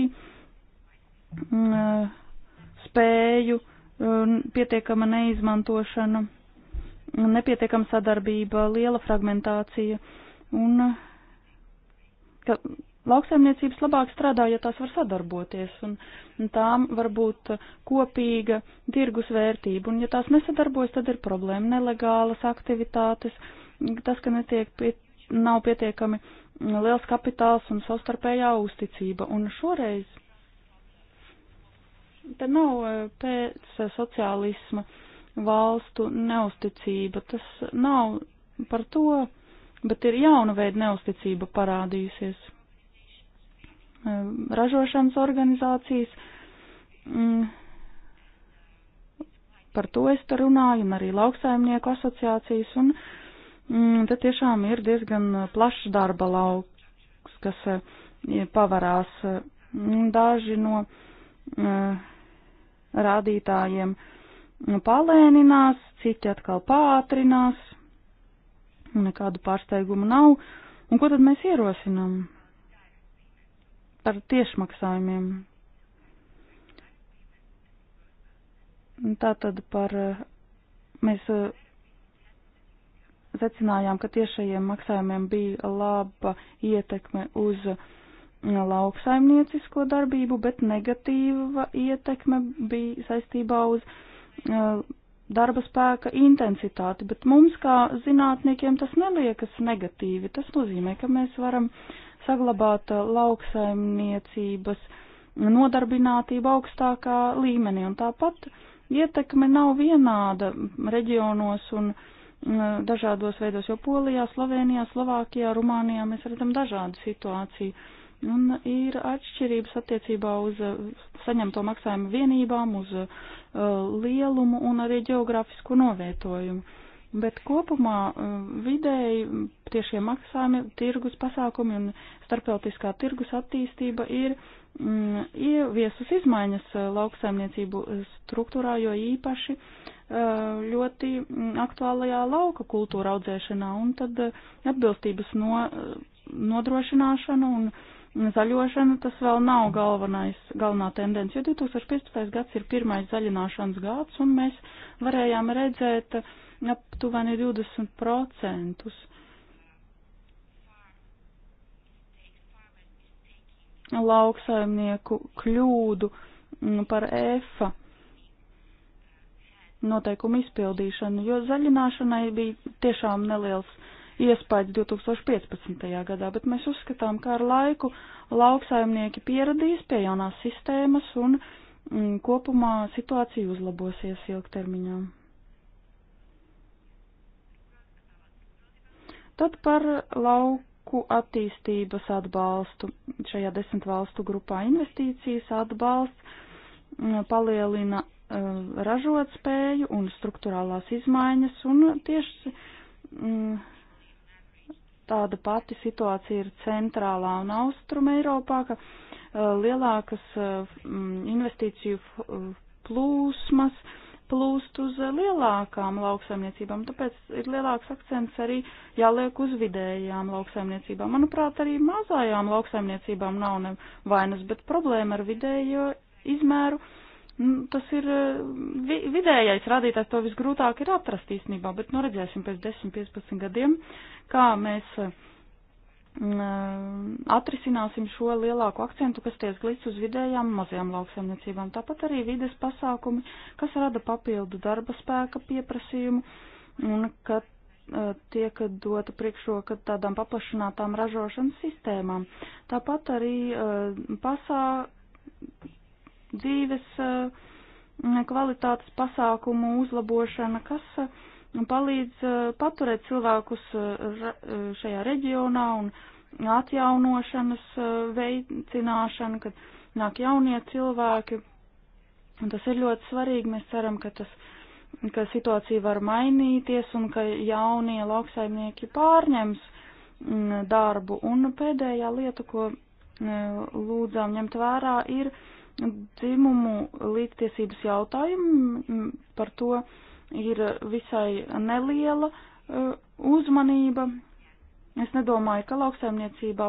mm, spēju mm, pietiekama neizmantošana, nepietiekama sadarbība, liela fragmentācija un ka lauksaimniecības labāk strādā, ja tās var sadarboties, un, un tām var būt kopīga tirgus vērtība, un ja tās nesadarbojas, tad ir problēma nelegālas aktivitātes, tas, ka netiek pie, nav pietiekami liels kapitāls un savstarpējā uzticība, un šoreiz te nav eh, pēc sociālisma valstu neusticība, tas nav par to, bet ir jauna veida neusticība parādījusies. Ehm, ražošanas organizācijas, mm, par to es te runāju, un arī lauksaimnieku asociācijas, un mm, te tiešām ir diezgan plašs darba lauks, kas e, pavarās mm, daži no e, rādītājiem palēninās, citi atkal pātrinās, Nekādu pārsteigumu nav. Un ko tad mēs ierosinām par tiešmaksājumiem? Tātad par eh, mēs eh, secinājām, ka tiešajiem maksājumiem bija laba ietekme uz eh, lauksaimniecisko darbību, bet negatīva ietekme bija saistībā uz darba spēka intensitāti, bet mums kā zinātniekiem tas neliekas negatīvi. Tas nozīmē, ka mēs varam saglabāt uh, lauksaimniecības nodarbinātību augstākā līmenī, un tāpat ietekme nav vienāda reģionos un uh, dažādos veidos, jo Polijā, Slovenijā, Slovākijā, Rumānijā mēs redzam dažādu situāciju Un ir atšķirības attiecībā uz eh, saņemto maksājumu vienībām, uz uh, lielumu un arī geogrāfisku novietojumu. Bet kopumā uh, vidēji tiešie maksājumi, tirgus pasākumi un starptautiskā tirgus attīstība ir mm, ieviesus izmaiņas uh, lauksaimniecību struktūrā, jo īpaši ļoti mm, aktuālajā lauka kultūra audzēšanā un tad atbilstības no, nodrošināšana un uh, zaļošana tas vēl nav galvenais, galvenā tendence, jo 2015. gads ir pirmais zaļināšanas gads, un mēs varējām redzēt aptuveni 20%. lauksaimnieku kļūdu mm, par EFA noteikumu izpildīšanu, jo zaļināšanai bija tiešām neliels uh, iespējas 2015. gadā, bet mēs uzskatām, ka ar laiku lauksaimnieki pieradīs pie jaunās sistēmas un mm, kopumā situācija uzlabosies ilgtermiņā. Tad par lauku attīstības atbalstu. Šajā desmit valstu grupā investīcijas atbalsts mm, palielina eh, ražot spēju un struktūrālās izmaiņas, un tieši mm, tāda pati situācija ir centrālā un austruma Eiropā, ka uh, lielākas uh, investīciju uh, plūsmas plūst uz lielākām lauksaimniecībām, tāpēc ir lielāks akcents arī jāliek uz vidējām lauksaimniecībām. Manuprāt, arī mazajām lauksaimniecībām nav vainas, bet problēma ar vidējo izmēru uh, Mm, tas ir eh, vi vidējais rādītājs, to visgrūtāk ir atrast īstenībā, bet nu redzēsim pēc 10-15 gadiem, kā mēs eh, mm, eh, atrisināsim šo lielāko akcentu, kas tiek līdz uz vidējām mazajām lauksaimniecībām. Tāpat arī vides pasākumi, kas rada papildu darba spēka pieprasījumu un ka tiek dota priekšroka tādām paplašinātām ražošanas sistēmām. Tāpat arī pasākumi dzīves eh, kvalitātes pasākumu uzlabošana, kas eh, palīdz eh, paturēt cilvēkus šajā reģionā un atjaunošanas veicināšana, kad nāk jaunie cilvēki. Un tas ir ļoti svarīgi. Mēs ceram, ka tas ka situācija var mainīties un ka jaunie lauksaimnieki pārņems mm, darbu. Un pēdējā lieta, ko lūdzām ņemt vērā, ir dzimumu līdztiesības jautājumu, par to ir visai neliela e, uzmanība. Es nedomāju, ka lauksaimniecībā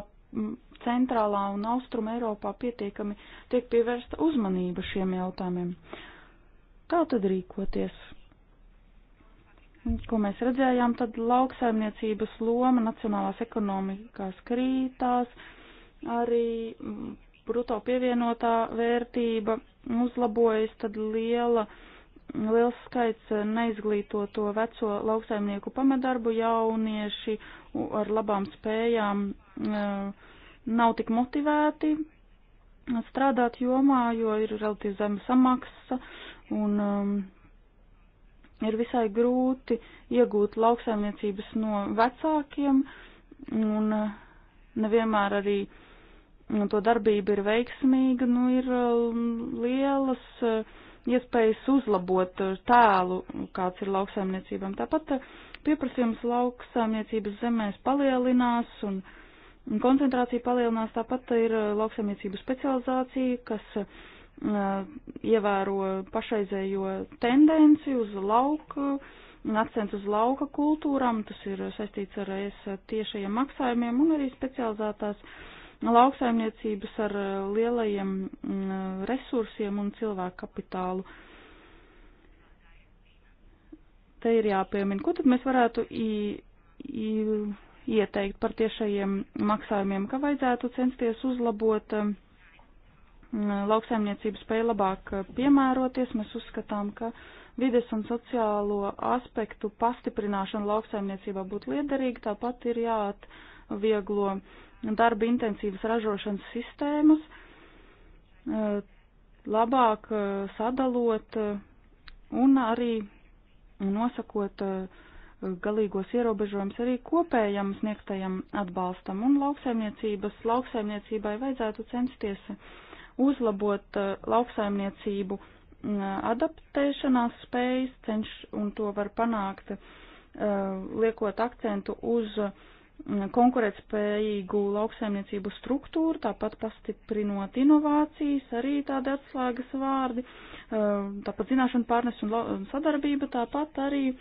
centrālā un austruma Eiropā pietiekami tiek pievērsta uzmanība šiem jautājumiem. Kā tad rīkoties? Ko mēs redzējām, tad lauksaimniecības loma nacionālās ekonomikās krītās, arī bruto pievienotā vērtība uzlabojas, tad liela, liels skaits neizglītoto veco lauksaimnieku pamedarbu jaunieši ar labām spējām e, nav tik motivēti strādāt jomā, jo ir relatīvi zema samaksa un um, ir visai grūti iegūt lauksaimniecības no vecākiem un e, nevienmēr arī uh, to darbība ir veiksmīga, nu ir um, lielas uh, iespējas uzlabot uh, tēlu, kāds ir lauksaimniecībām. Tāpat uh, pieprasījums lauksaimniecības zemēs palielinās un koncentrācija palielinās, tāpat ir lauksaimniecību specializācija, kas ievēro pašreizējo tendenci uz lauku, akcents uz lauka kultūram, tas ir saistīts ar tiešajiem maksājumiem un arī specializētās uh, lauksaimniecības ar eh, lielajiem mm, eh, resursiem un cilvēku kapitālu. Te ir jāpiemina, ko tad mēs varētu i, i, ieteikt par tiešajiem maksājumiem, ka vajadzētu censties uzlabot eh, mm, lauksaimniecības spēju labāk piemēroties. Mēs uzskatām, ka vides un sociālo aspektu pastiprināšana lauksaimniecībā būtu liederīga, tāpat ir jāatvieglo darba intensīvas ražošanas sistēmas, e, labāk e, sadalot e, un arī nosakot galīgos ierobežojumus arī kopējam sniegtajam atbalstam un lauksaimniecības. Lauksaimniecībai vajadzētu censties uzlabot lauksaimniecību adaptēšanās spējas, cenš un to var panākt, liekot akcentu uz uh, Mm, konkurētspējīgu lauksaimniecību struktūru, tāpat pastiprinot inovācijas, arī tādi atslēgas vārdi, uh, tāpat zināšanu pārnes un sadarbība, tāpat arī uh,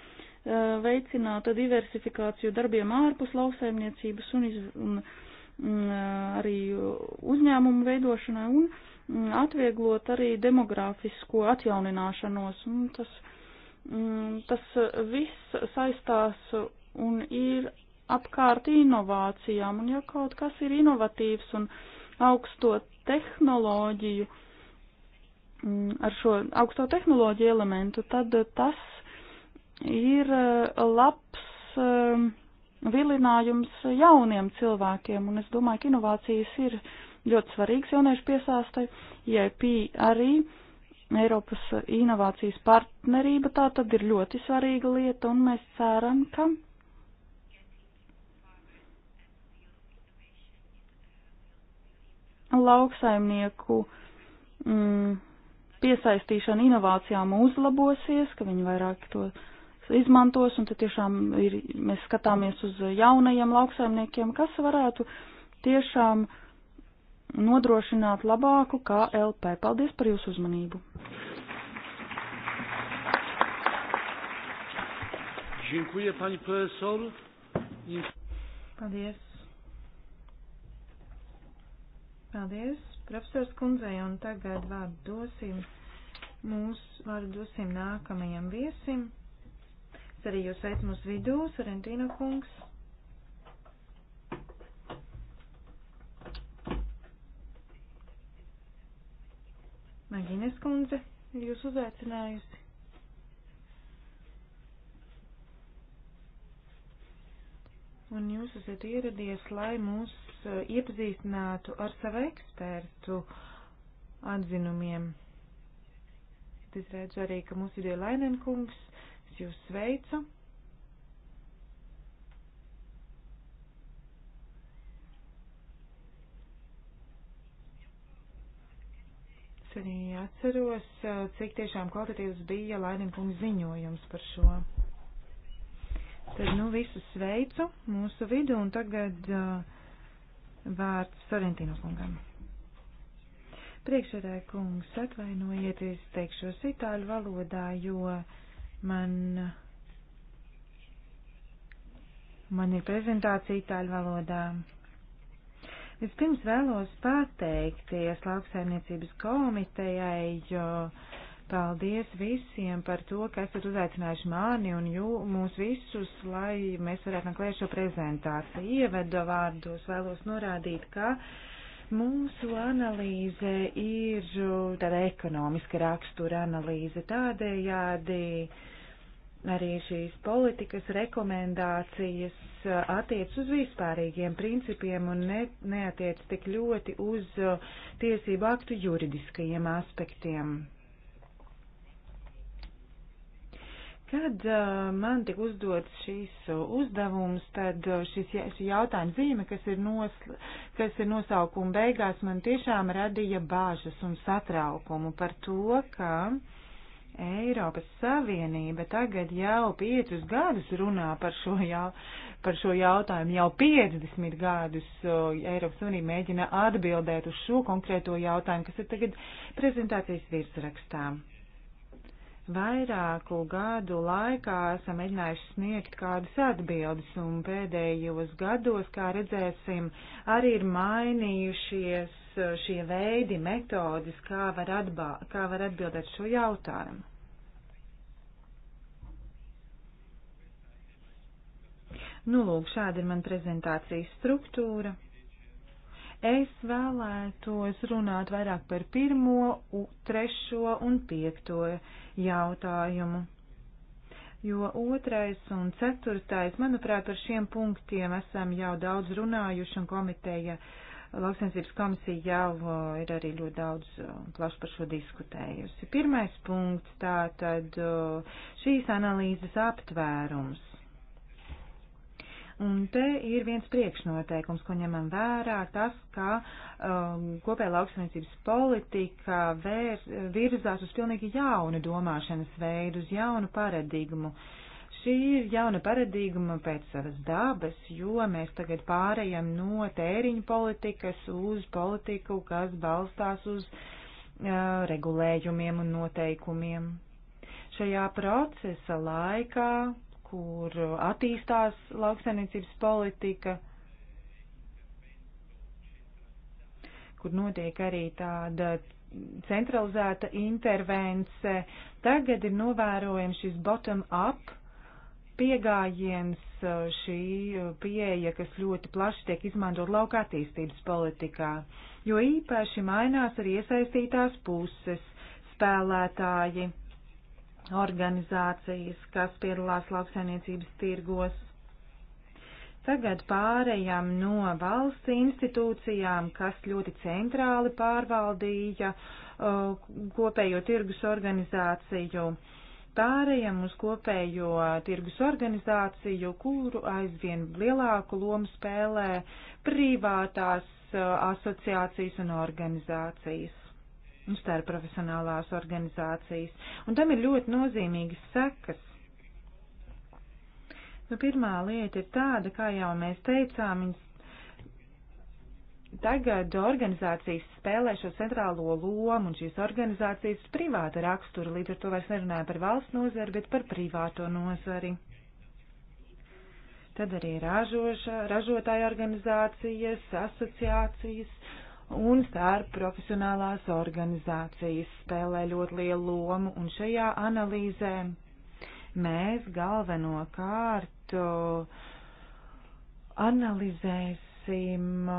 veicināt diversifikāciju darbiem ārpus lauksaimniecības un, iz, un mm, uh, arī uzņēmumu veidošanai un mm, atvieglot arī demografisko atjaunināšanos. Un tas, tas viss saistās un ir apkārt inovācijām, un ja kaut kas ir inovatīvs un augsto tehnoloģiju, mm, ar šo augsto tehnoloģiju elementu, tad eh, tas ir eh, labs eh, vilinājums jauniem cilvēkiem, un es domāju, ka inovācijas ir ļoti svarīgs jauniešu piesāstai, IIP arī. Eiropas inovācijas partnerība tā tad ir ļoti svarīga lieta, un mēs ceram, ka lauksaimnieku mm, piesaistīšana inovācijām uzlabosies, ka viņi vairāk to izmantos, un tad tiešām ir, mēs skatāmies uz jaunajiem lauksaimniekiem, kas varētu tiešām nodrošināt labāku KLP. Paldies par jūsu uzmanību! Dziękuję pani profesor. Paldies. Paldies, profesors kundzei, un tagad vārdu dosim mūsu, vārdu dosim nākamajam viesim. Es arī jūs sveicu mūsu vidū, Sorentino kungs. Magines kundze ir jūs uzaicinājusi. Un jūs esat ieradies, lai mūs Eh, iepazīstinātu ar savu ekspertu atzinumiem. Es redzu arī, ka mūsu video Lainenkungs, es jūs sveicu. Es arī atceros, eh, cik tiešām kvalitatīvs bija Lainenkungs ziņojums par šo. Tad nu visus sveicu mūsu vidu un tagad uh, Vārds Sorentino kungam. Priekšsēdē kungs, atvainojiet, es teikšos itāļu valodā, jo man, man ir prezentācija itāļu valodā. Vispirms vēlos pateikties lauksaimniecības komitejai, jo uh, Paldies visiem par to, ka esat uzaicinājuši mani un jū, mūs visus, lai mēs varētu meklēt šo prezentāciju. Ievedu vārdos vēlos norādīt, ka mūsu analīze ir tāda ekonomiska rakstura analīze. Tādējādi arī šīs politikas rekomendācijas attiec uz vispārīgiem principiem un ne, neatiec tik ļoti uz tiesību aktu juridiskajiem aspektiem Kad uh, man tika uzdots šīs uh, uzdevums, tad uh, šis, šī jautājuma zīme, kas ir, nos, kas ir nosaukuma beigās, man tiešām radīja bāžas un satraukumu par to, ka Eiropas Savienība tagad jau piecus gadus runā par šo, jau, par šo jautājumu. Jau 50 gadus Eiropas Savienība mēģina atbildēt uz šo konkrēto jautājumu, kas ir tagad prezentācijas virsrakstā. Vairāku gadu laikā esam mēģinājuši sniegt kādas atbildes, un pēdējos gados, kā redzēsim, arī ir mainījušies uh, šie veidi, metodas, kā var, atbā, kā var atbildēt šo jautājumu. Nu, lūk, šāda ir man prezentācijas struktūra. Es vēlētos runāt vairāk par pirmo, u, trešo un piekto jautājumu. Jo otrais un ceturtais, manuprāt, par šiem punktiem esam jau daudz runājuši un komiteja, lauksensības komisija jau uh, ir arī ļoti daudz uh, plaši par šo diskutējusi. Pirmais punkts, tā tad uh, šīs analīzes aptvērums. Un te ir viens priekšnoteikums, ko ņemam vērā, tas, ka um, kopēja lauksaimniecības politika vēr, virzās uz pilnīgi jaunu domāšanas veidu, uz jaunu paradigmu. Šī ir jauna paradigma pēc savas dabas, jo mēs tagad pārējam no tēriņu politikas uz politiku, kas balstās uz uh, regulējumiem un noteikumiem. Šajā procesa laikā kur attīstās lauksaimniecības politika, kur notiek arī tāda centralizēta intervence. Tagad ir novērojams šis bottom-up pieejams šī pieeja, kas ļoti plaši tiek izmantot lauka attīstības politikā, jo īpaši mainās arī iesaistītās puses, spēlētāji, organizācijas, kas piedalās lauksainiecības tirgos. Tagad pārējām no valsts institūcijām, kas ļoti centrāli pārvaldīja uh, kopējo tirgus organizāciju, pārējām uz kopējo tirgus organizāciju, kuru aizvien lielāku lomu spēlē privātās uh, asociācijas un organizācijas nu, starpprofesionālās organizācijas. Un tam ir ļoti nozīmīgas sekas. Nu, pirmā lieta ir tāda, kā jau mēs teicām, viņas tagad organizācijas spēlē šo centrālo lomu, un šīs organizācijas ir privāta rakstura, līdz ar to vairs nerunājam par valsts nozari, bet par privāto nozari tad arī ražoša, ražotāja organizācijas, asociācijas, un starp profesionālās organizācijas spēlē ļoti lielu lomu, un šajā analīzē mēs galvenokārt analizēsim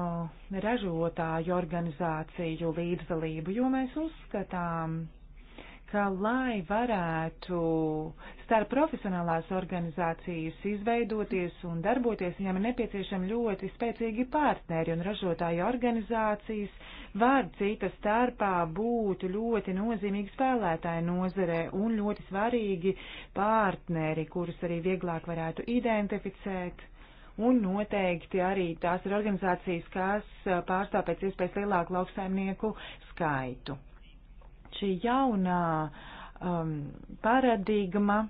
ražotāju organizāciju līdzdalību, jo mēs uzskatām, lai varētu starp profesionālās organizācijas izveidoties un darboties, viņam ir nepieciešami ļoti spēcīgi partneri un ražotāju organizācijas var cita starpā būt ļoti nozīmīgi spēlētāji nozarē un ļoti svarīgi partneri, kurus arī vieglāk varētu identificēt. Un noteikti arī tās ir organizācijas, kas uh, pārstāv pēc iespējas lielāku lauksaimnieku skaitu šī jaunā um, paradigma,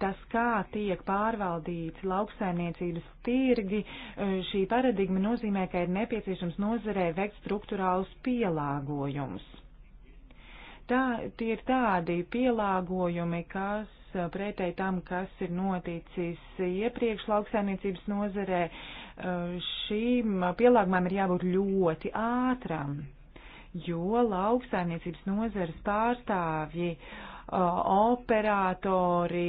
tas, kā tiek pārvaldīts lauksaimniecības tirgi, uh, šī paradigma nozīmē, ka ir nepieciešams nozarē veikt struktūrālus pielāgojumus. Tā, tie ir tādi pielāgojumi, kas uh, pretēji tam, kas ir noticis iepriekš lauksaimniecības nozarē, uh, šīm pielāgumam ir jābūt ļoti ātram jo lauksaimniecības nozares pārstāvji, operatori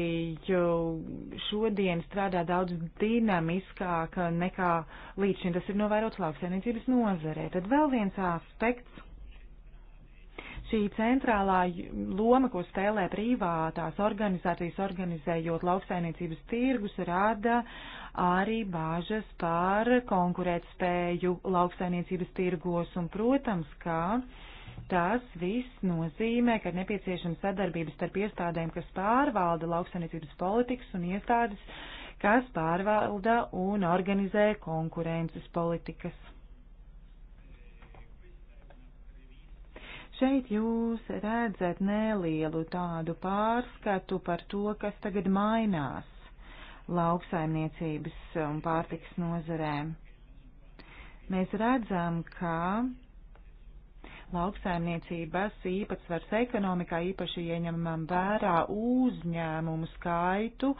šodien strādā daudz dinamiskāk nekā līdz šim tas ir novērots lauksaimniecības nozarē. Tad vēl viens aspekts Šī centrālā loma, ko spēlē privātās organizācijas organizējot lauksainiecības tirgus, rada arī bāžas par konkurētspēju lauksainiecības tirgos un, protams, kā Tas viss nozīmē, ka ir nepieciešama sadarbība starp iestādēm, kas pārvalda lauksainiecības politikas un iestādes, kas pārvalda un organizē konkurences politikas. Šeit jūs redzat nelielu tādu pārskatu par to, kas tagad mainās lauksaimniecības un pārtiks nozarē. Mēs redzam, ka lauksaimniecības īpatsvars ekonomikā īpaši ieņemam vērā uzņēmumu skaitu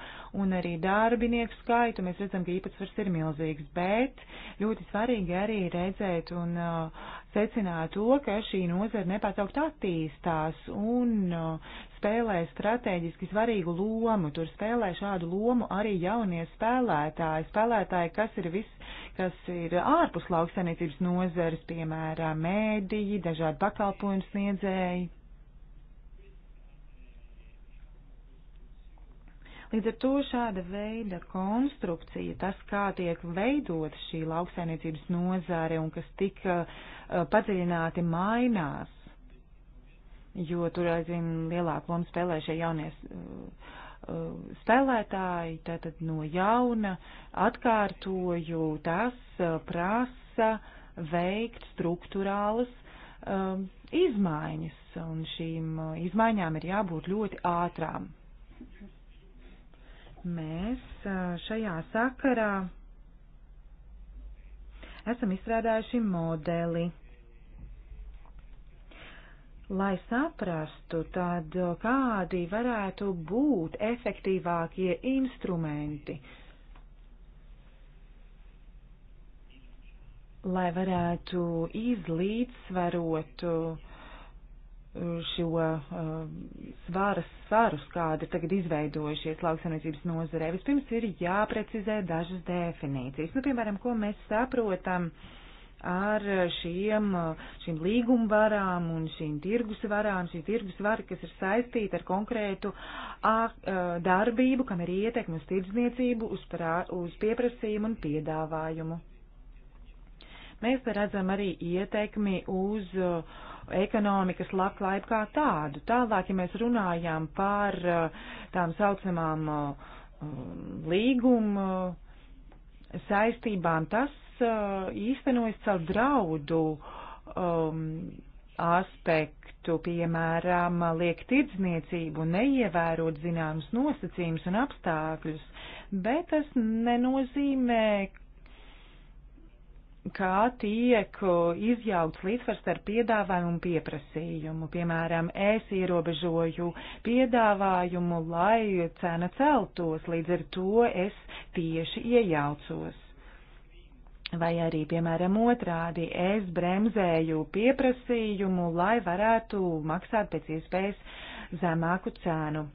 un arī darbinieku skaitu. Mēs redzam, ka īpatsvars ir milzīgs, bet ļoti svarīgi arī redzēt un uh, secināt to, ka šī nozara nepārtraukt attīstās un uh, spēlē strateģiski svarīgu lomu. Tur spēlē šādu lomu arī jaunie spēlētāji, spēlētāji, kas ir viss, kas ir ārpus lauksainiecības nozares, piemēram, mēdīji, dažādi pakalpojumu sniedzēji. Līdz ar to šāda veida konstrukcija, tas, kā tiek veidot šī lauksainiecības nozāre un kas tik uh, uh, padziļināti mainās, jo tur aizvien lielāku lomu spēlē šie jaunie uh, spēlētāji, tātad no jauna atkārtoju, tas prasa veikt struktūrālas um, izmaiņas, un šīm izmaiņām ir jābūt ļoti ātrām mēs šajā sakarā esam izstrādājuši modeli. Lai saprastu, tad kādi varētu būt efektīvākie instrumenti, lai varētu izlīdzsvarot uh, šo um, svāras svarus, kādi tagad izveidojušies lauksaimniecības nozarē. Vispirms ir jāprecizē dažas definīcijas. Nu, piemēram, ko mēs saprotam ar šiem, šīm līgumvarām un šīm tirgusvarām, šī tirgusvara, kas ir saistīta ar konkrētu darbību, kam ir ietekme uz tirdzniecību, uz, prā, uz pieprasījumu un piedāvājumu. Mēs redzam arī ietekmi uz uh, ekonomikas labklājību kā tādu. Tālāk, ja mēs runājām par uh, tām saucamām uh, līguma uh, saistībām, tas īstenojas caur draudu um, aspektu, piemēram, liek tirdzniecību neievērot zināmas nosacījumus un apstākļus, bet tas nenozīmē, kā tiek izjauts līdzsvars ar piedāvājumu un pieprasījumu. Piemēram, es ierobežoju piedāvājumu, lai cena celtos, līdz ar to es tieši iejaucos. Vai arī, piemēram, otrādi, es bremzēju pieprasījumu, lai varētu maksāt pēc iespējas zemāku cēnu.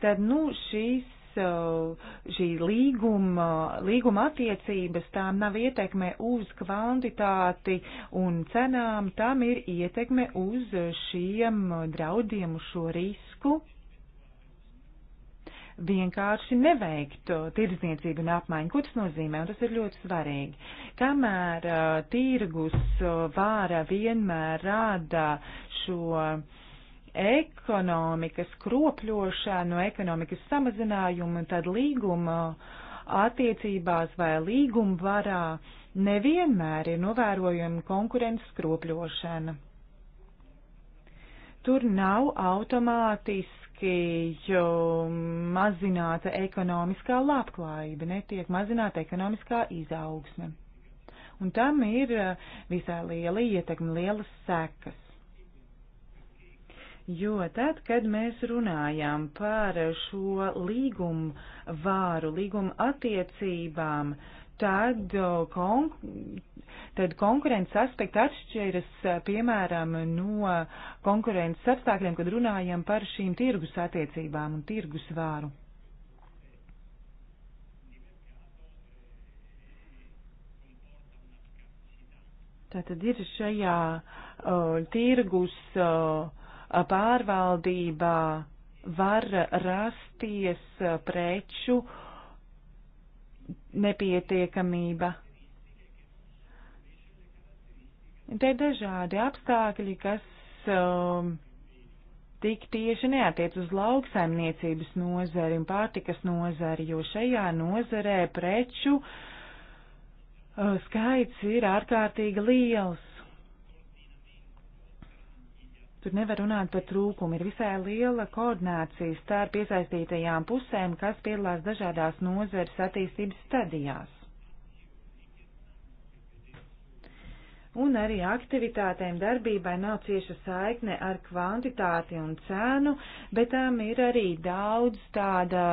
Tad, nu, šīs Uh, šī līguma, līguma attiecības, tām nav ietekme uz kvantitāti un cenām, tām ir ietekme uz šiem draudiem, uz šo risku vienkārši neveikt tirdzniecību un apmaiņu. Ko tas nozīmē? Un tas ir ļoti svarīgi. Kamēr uh, tirgus uh, vāra vienmēr rāda šo uh, ekonomikas kropļošanu, ekonomikas samazinājumu un tad līguma attiecībās vai līguma varā nevienmēr ir novērojama konkurences kropļošana. Tur nav automātiski mazināta ekonomiskā labklājība, netiek mazināta ekonomiskā izaugsme. Un tam ir eh, visai liela ietekme, lielas sekas Jo tad, kad mēs runājām par šo līgumu vāru, līgumu attiecībām, tad, kon tad konkurences aspekti atšķiras, piemēram, no konkurences apstākļiem, kad runājam par šīm tirgus attiecībām un tirgus vāru. Tātad ir šajā uh, tirgus uh, pārvaldībā var rasties preču nepietiekamība. Te ir dažādi apstākļi, kas um, tik tieši neatiec uz lauksaimniecības nozari un pārtikas nozari, jo šajā nozarē preču uh, skaits ir ārkārtīgi liels. Tur nevar runāt par trūkumu. Ir visai liela koordinācija starp iesaistītajām pusēm, kas piedalās dažādās nozeres attīstības stadijās. Un arī aktivitātēm darbībai nav cieša saikne ar kvantitāti un cenu, bet tam ir arī daudz tāda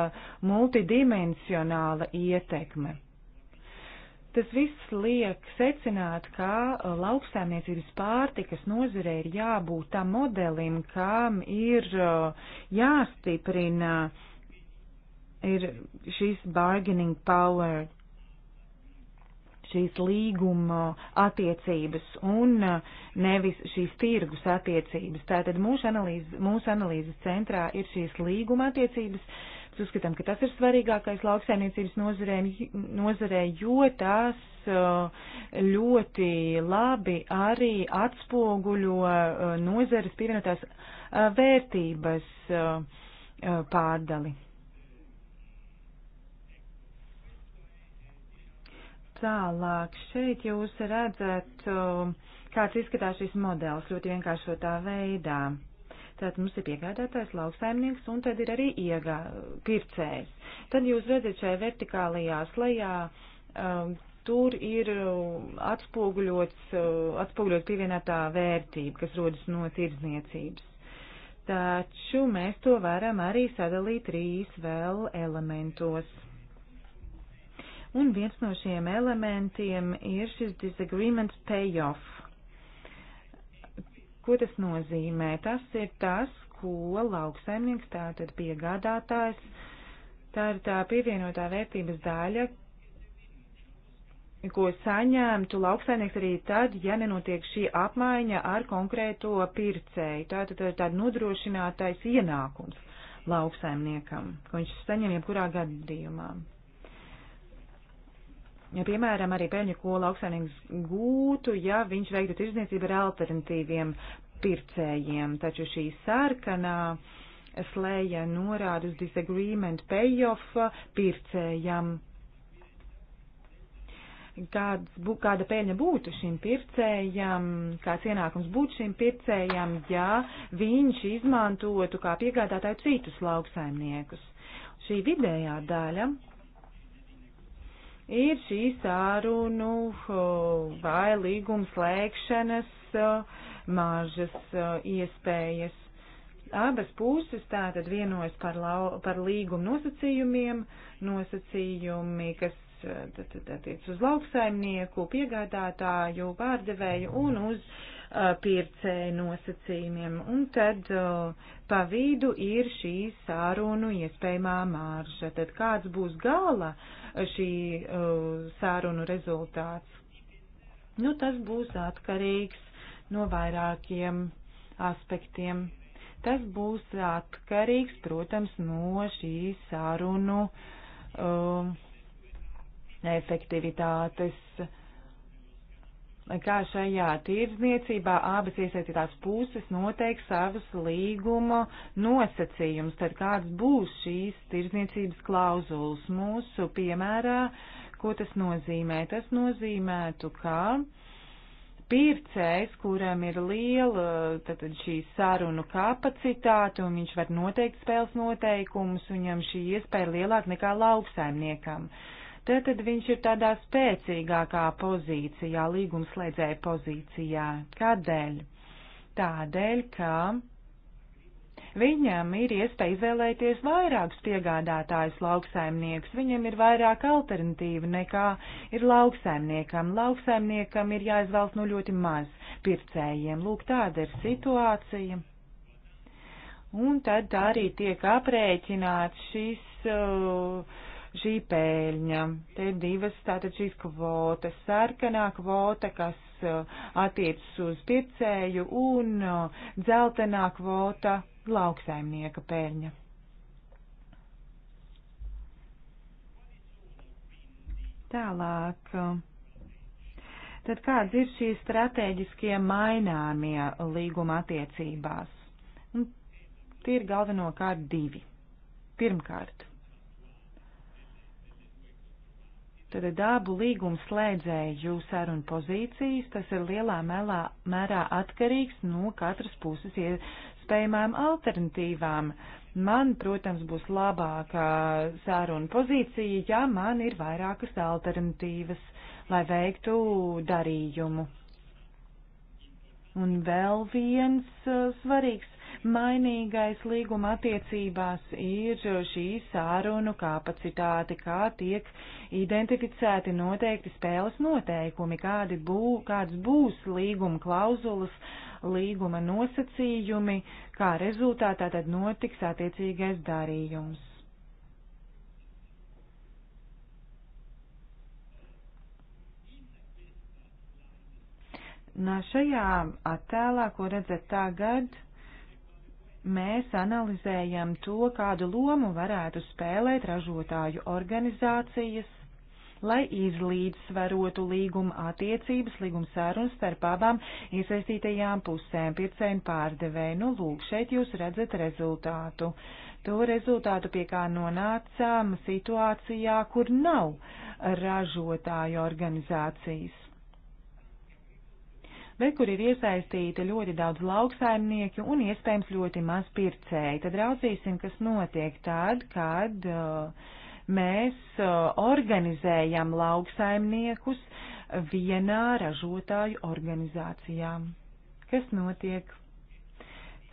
multidimensionāla ietekme. Tas viss liek secināt, ka uh, lauksēmniecības pārtikas nozare ir jābūt tam modelim, kam ir uh, jāstiprina ir šīs bargaining power, šīs līguma attiecības un uh, nevis šīs tirgus attiecības. Tātad mūsu analīzes, mūsu analīzes centrā ir šīs līguma attiecības Mēs uzskatām, ka tas ir svarīgākais lauksaimniecības nozarē, jo tas uh, ļoti labi arī atspoguļo uh, nozares pievienotās uh, vērtības pārdali. Tālāk šeit jūs redzat, kāds izskatās šis modelis ļoti vienkāršotā veidā. Tātad mums ir piegādātājs lauksaimnieks un tad ir arī iegā, pircējs. Tad jūs redzat šajā vertikālajā slejā. Um, tur ir um, atspoguļots, um, atspoguļot pievienotā vērtība, kas rodas no tirdzniecības. Taču mēs to varam arī sadalīt trīs vēl elementos. Un viens no šiem elementiem ir šis disagreement payoff Ko tas nozīmē? Tas ir tas, ko lauksaimnieks, tātad piegādātājs, tā ir tā pievienotā vērtības daļa, ko saņemtu lauksainieks arī tad, ja nenotiek šī apmaiņa ar konkrēto pircēju. Tā tad ir tāda nodrošinātais ienākums lauksaimniekam, ko viņš saņem jebkurā gadījumā. Ja, piemēram, arī peļņu, ko lauksainīgs gūtu, ja viņš veiktu tirdzniecību ar alternatīviem pircējiem. Taču šī sarkanā slēja norāda uz disagreement payoff pircējam. Kāds, bū, kāda peļņa būtu šim pircējam, kāds ienākums būtu šim pircējam, ja viņš izmantotu kā piegādātāju citus lauksaimniekus. Šī vidējā daļa ir šī sārunu vai līguma slēgšanas mažas iespējas. Abas puses tātad vienojas par, lau, par līguma nosacījumiem, nosacījumi, kas attiec uz lauksaimnieku, piegādātāju, pārdevēju un uz uh, Uh, pircēju nosacījumiem. Un tad uh, pa vidu ir šī sārunu iespējamā mārža. Tad kāds būs gala uh, šī sārunu rezultāts? Nu, tas būs atkarīgs no vairākiem aspektiem. Tas būs atkarīgs, protams, no šīs sarunu uh, efektivitātes kā šajā tirdzniecībā abas iesaistītās puses noteiks savus līguma nosacījumus, tad kāds būs šīs tirdzniecības klauzulas mūsu piemērā, ko tas nozīmē? Tas nozīmētu, ka pircējs, kuram ir liela tātad, šī sarunu kapacitāte un viņš var noteikt spēles noteikumus, viņam šī iespēja ir lielāka nekā lauksaimniekam. Uh, Tātad viņš ir tādā spēcīgākā pozīcijā, līgumslēdzēja pozīcijā. Kādēļ? Tādēļ, ka viņam ir iespēja izvēlēties vairākus piegādātājus lauksaimniekus, viņam ir vairāk alternatīvu nekā ir lauksaimniekam. Lauksaimniekam ir jāizvēlas no nu ļoti maz pircējiem. Lūk, tāda ir situācija. Un tad arī tiek aprēķināts šis. Uh, šī pēļņa. Te ir divas tātad šīs kvotas. Sarkanā kvota, kas uh, attiecas uz pircēju, un uh, dzeltenā kvota lauksaimnieka pēļņa. Tālāk. Uh, tad kāds ir šie strateģiskie maināmie līguma attiecībās? Un tie ir galvenokārt divi. Pirmkārt, Tātad abu līgumu slēdzēju sarunu pozīcijas, tas ir lielā mēlā, mērā atkarīgs no katras puses iespējamām alternatīvām. Man, protams, būs labāka saruna pozīcija, ja man ir vairākas alternatīvas, lai veiktu darījumu. Un vēl viens uh, svarīgs Mainīgais līguma attiecībās ir šī sārunu kapacitāte, kā tiek identificēti noteikti spēles noteikumi, kādi bū, kāds būs līguma klauzulas, līguma nosacījumi, kā rezultātā tad notiks attiecīgais darījums. Nā, šajā attēlā, ko redzat tagad, mēs analizējam to, kādu lomu varētu spēlēt ražotāju organizācijas, lai izlīdzsvarotu līguma attiecības, līguma sarunas starp abām iesaistītajām pusēm, pircēm pārdevēju. Nu, lūk, šeit jūs redzat rezultātu. To rezultātu, pie kā nonācām situācijā, kur nav ražotāju organizācijas bet kur ir iesaistīti ļoti daudz lauksaimnieku un iespējams ļoti maz pircēji. Tad raudzīsim, kas notiek tad, kad uh, mēs uh, organizējam lauksaimniekus vienā ražotāju organizācijā. Kas notiek?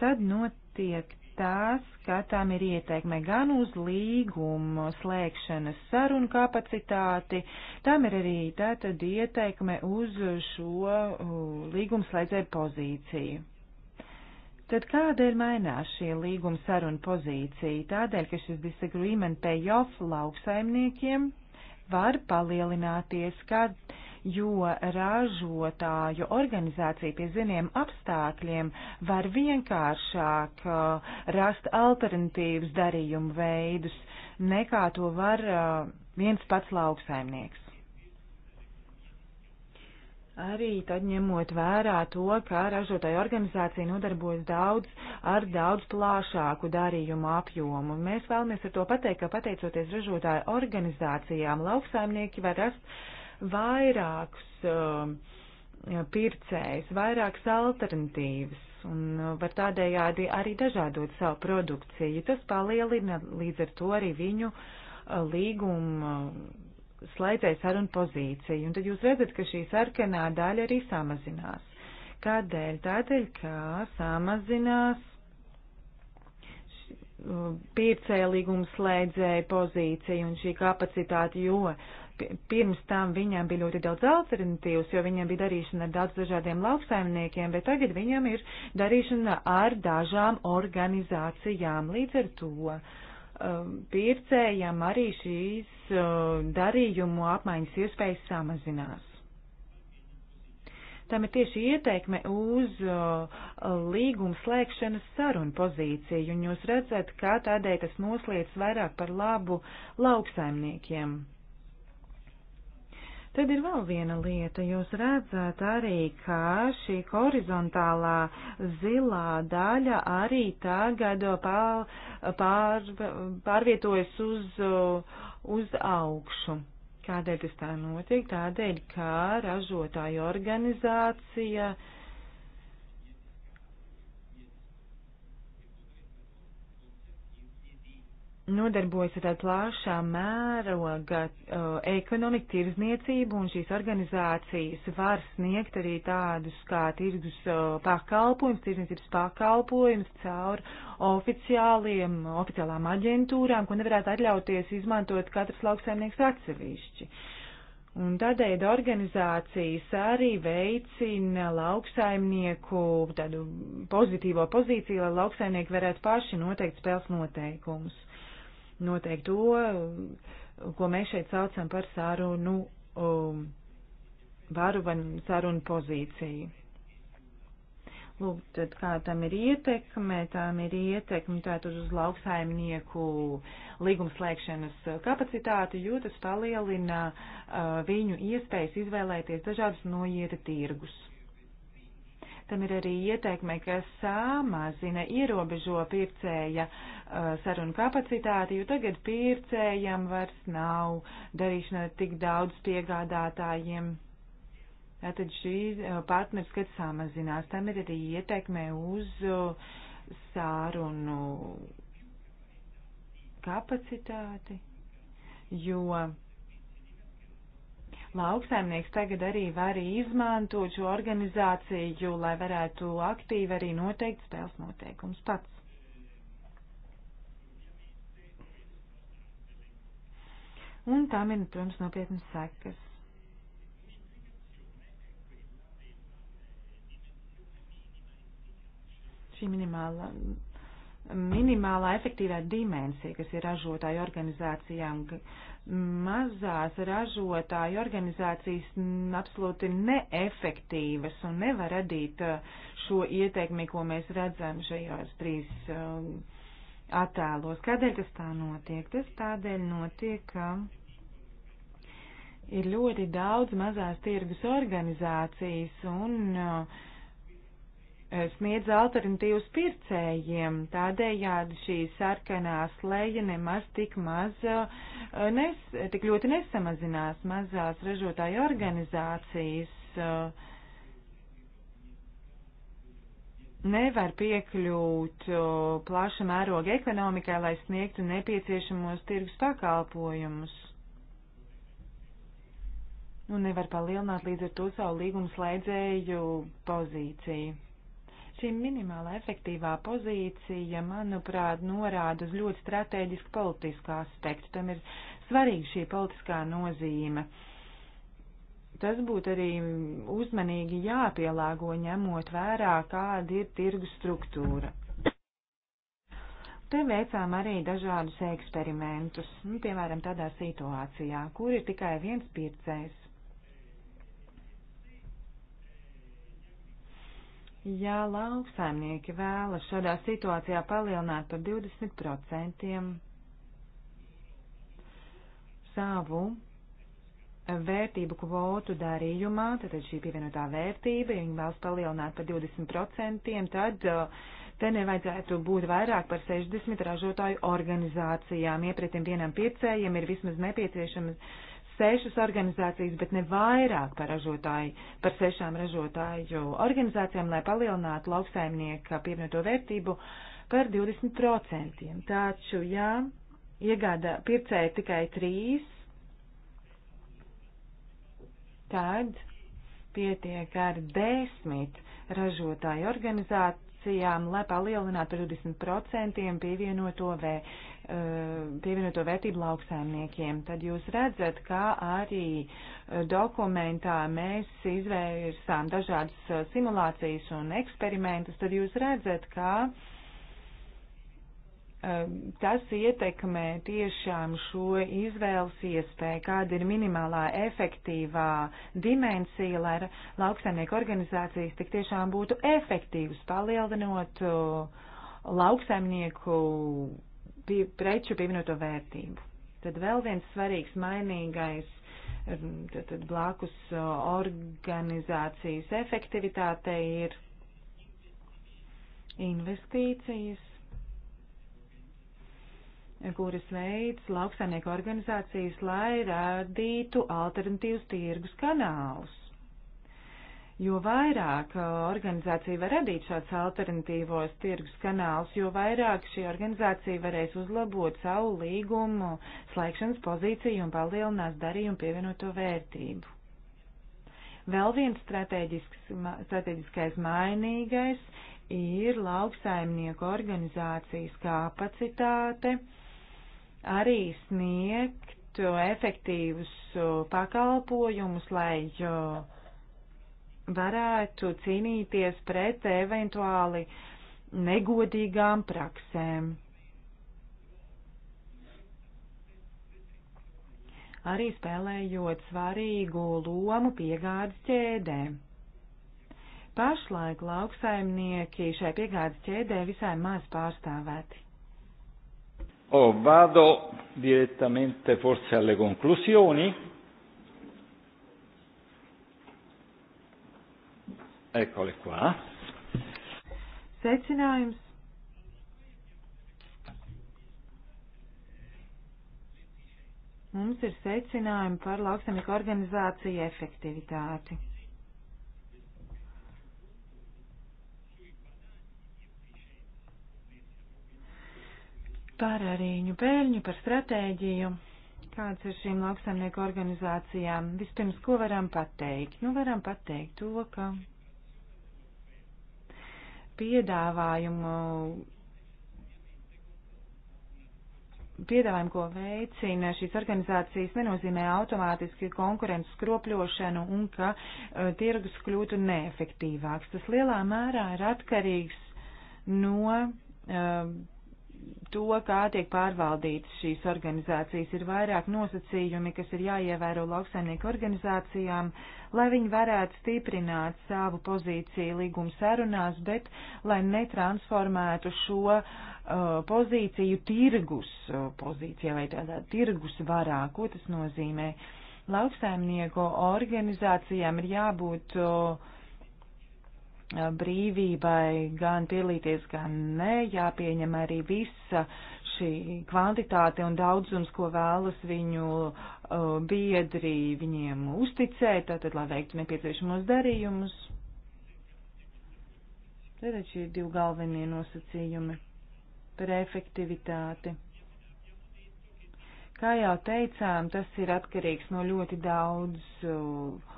Tad notiek tas, ka tam ir ieteikme gan uz līgumu slēgšanas sarunu kapacitāti, tam ir arī tātad ieteikme uz šo līgumu slēdzēju pozīciju. Tad kādēļ mainās šī līguma saruna pozīcija? Tādēļ, ka šis disagreement payoff lauksaimniekiem var palielināties, kad uh, jo ražotāju organizācija pie ziniem apstākļiem var vienkāršāk uh, rast alternatīvas darījumu veidus, nekā to var uh, viens pats lauksaimnieks. Arī tad ņemot vērā to, ka ražotāja organizācija nodarbojas daudz ar daudz plāšāku darījumu apjomu. Mēs vēlamies ar to pateikt, ka pateicoties ražotāja organizācijām, lauksaimnieki var rast vairākus um, pircējus, vairākas alternatīvas un var tādējādi arī dažādot savu produkciju. Tas palielina līdz ar to arī viņu uh, līgumu uh, slēdzēja sarunu pozīciju, un tad jūs redzat, ka šī sarkanā daļa arī samazinās. Kādēļ? Tādēļ, ka samazinās uh, pircēja līguma slēdzēja pozīcija un šī kapacitāte, jo pirms tam viņam bija ļoti daudz alternatīvas, jo viņam bija darīšana ar daudz dažādiem lauksaimniekiem, bet tagad viņam ir darīšana ar dažām organizācijām. Līdz ar to um, pircējiem arī šīs uh, darījumu apmaiņas iespējas samazinās. Tam ir tieši ieteikme uz uh, līguma slēgšanas sarunu pozīciju, un jūs redzat, kā tādēļ tas noslēdz vairāk par labu lauksaimniekiem Tad ir vēl viena lieta. Jūs redzat arī, ka šī horizontālā zilā daļa arī tagad pār, pār, pārvietojas uz, uz augšu. Kādēļ tas tā notiek? Tādēļ, ka ražotāju organizācija uh, nodarbojas ar tādu plašā mēroga uh, ekonomiku tirzniecību, un šīs organizācijas var sniegt arī tādus kā tirgus uh, pakalpojums, tirzniecības pakalpojums caur oficiāliem, oficiālām aģentūrām, ko nevarētu atļauties izmantot katrs lauksaimnieks atsevišķi. Un tādēļ organizācijas arī veicina lauksaimnieku tādu pozitīvo pozīciju, lai lauksaimnieki varētu paši noteikt spēles noteikumus noteikti to, ko mēs šeit saucam par sarunu um, varu vai sarunu pozīciju. Lūk, tad kā tam ir ietekme, tam ir ietekme tātad uz lauksaimnieku līgumslēgšanas kapacitāti, jo tas palielina uh, viņu iespējas izvēlēties dažādus noieta tirgus. Tam ir arī ieteikme, kas samazina, ierobežo pircēja uh, sarunu kapacitāti, jo tagad pircējam vairs nav darīšana tik daudz piegādātājiem. Tātad šī uh, partnerskats samazinās. Tam ir arī ietekme uz uh, sārunu kapacitāti, jo Lauksaimnieks tagad arī var izmantot šo organizāciju, lai varētu aktīvi arī noteikt spēles noteikums pats. Un tam ir, protams, nopietnas sekas. Šī minimāla minimālā efektīvā dimensija, kas ir ražotāju organizācijām, mazās ražotāju organizācijas absolūti neefektīvas un nevar radīt uh, šo ieteikumu, ko mēs redzam šajos trīs um, attēlos. Kādēļ tas tā notiek? Tas tādēļ notiek, ka ir ļoti daudz mazās tirgus organizācijas un uh, sniedz alternatīvas pircējiem. Tādējādi šī sarkanā slēja nemaz tik maz, eh, nes, tik ļoti nesamazinās mazās ražotāju organizācijas. Eh, nevar piekļūt eh, plaša mēroga ekonomikai, lai sniegtu nepieciešamos tirgus pakalpojumus un nu, nevar palielināt līdz ar to savu līgumu slēdzēju pozīciju. Šī minimāla efektīvā pozīcija, manuprāt, norāda uz ļoti strateģisku politisku aspektu. Tam ir svarīga šī politiskā nozīme. Tas būtu arī uzmanīgi jāpielāgo ņemot vērā, kāda ir tirgu struktūra. Te veicām arī dažādus eksperimentus, nu, piemēram, tādā situācijā, kur ir tikai viens pircējs Ja lauksaimnieki vēlas šādā situācijā palielināt par 20% savu vērtību kvotu darījumā, tad šī pievienotā vērtība, ja viņi vēlas palielināt par 20%, tad uh, te nevajadzētu būt vairāk par 60 ražotāju organizācijām. Iepretim vienam pircējiem ir vismaz nepieciešams sešas organizācijas, bet ne vairāk par ražotāju, par sešām ražotāju organizācijām, lai palielinātu lauksaimnieka pievienoto vērtību par 20%. Taču, ja iegāda pircēja tikai trīs, tad pietiek ar desmit ražotāju organizācijām, lai palielinātu par 20% pievienoto vērtību Eh, pievienoto vērtību lauksaimniekiem, tad jūs redzat, kā arī eh, dokumentā mēs izvērsām dažādas eh, simulācijas un eksperimentus, tad jūs redzat, kā tas ietekmē tiešām šo izvēles iespēju, kāda ir minimālā efektīvā dimensija, lai lauksaimnieku organizācijas tik tiešām būtu efektīvas, palielinot lauksaimnieku pie, preču pievienoto vērtību. Tad vēl viens svarīgs mainīgais um, tad, tad blākus uh, organizācijas efektivitāte ir investīcijas, kuras veids lauksaimnieku organizācijas, lai radītu alternatīvus tirgus kanālus. Jo vairāk uh, organizācija var radīt šāds alternatīvos tirgus kanāls, jo vairāk šī organizācija varēs uzlabot savu līgumu, slēgšanas pozīciju un palielinās darījumu pievienoto vērtību. Vēl viens strateģiskais mainīgais ir lauksaimnieku organizācijas kapacitāte arī sniegt uh, efektīvus uh, pakalpojumus, lai uh, varētu cīnīties pret eventuāli negodīgām praksēm. Arī spēlējot svarīgu lomu piegādes ķēdē. Pašlaik lauksaimnieki šai piegādes ķēdē visai maz pārstāvēti. O, vado direttamente forse alle conclusioni. Eccole qua. Secinājums. Mums ir secinājumi par lauksamnieku organizāciju efektivitāti. Par arīņu pēļņu, par stratēģiju kāds ir šīm lauksaimnieku organizācijām? Vispirms, ko varam pateikt? Nu, varam pateikt to, ka piedāvājumu, piedāvājumu, ko veicina šīs organizācijas, nenozīmē automātiski konkurences skropļošanu un ka uh, tirgus kļūtu neefektīvāks. Tas lielā mērā ir atkarīgs no uh, to, kā tiek pārvaldītas šīs organizācijas, ir vairāk nosacījumi, kas ir jāievēro lauksaimnieku organizācijām, lai viņi varētu stiprināt savu pozīciju līguma sarunās, bet lai netransformētu šo uh, pozīciju tirgus uh, pozīcijā vai tādā tirgus varā. Ko tas nozīmē? Lauksaimnieku organizācijām ir jābūt uh, brīvībai gan piedalīties, gan nē, jāpieņem arī visa šī kvantitāte un daudzums, ko vēlas viņu uh, biedri viņiem uzticēt, tātad, lai veiktu nepieciešamos darījumus. Tātad šie ir divi galvenie nosacījumi par efektivitāti. Kā jau teicām, tas ir atkarīgs no ļoti daudz uh,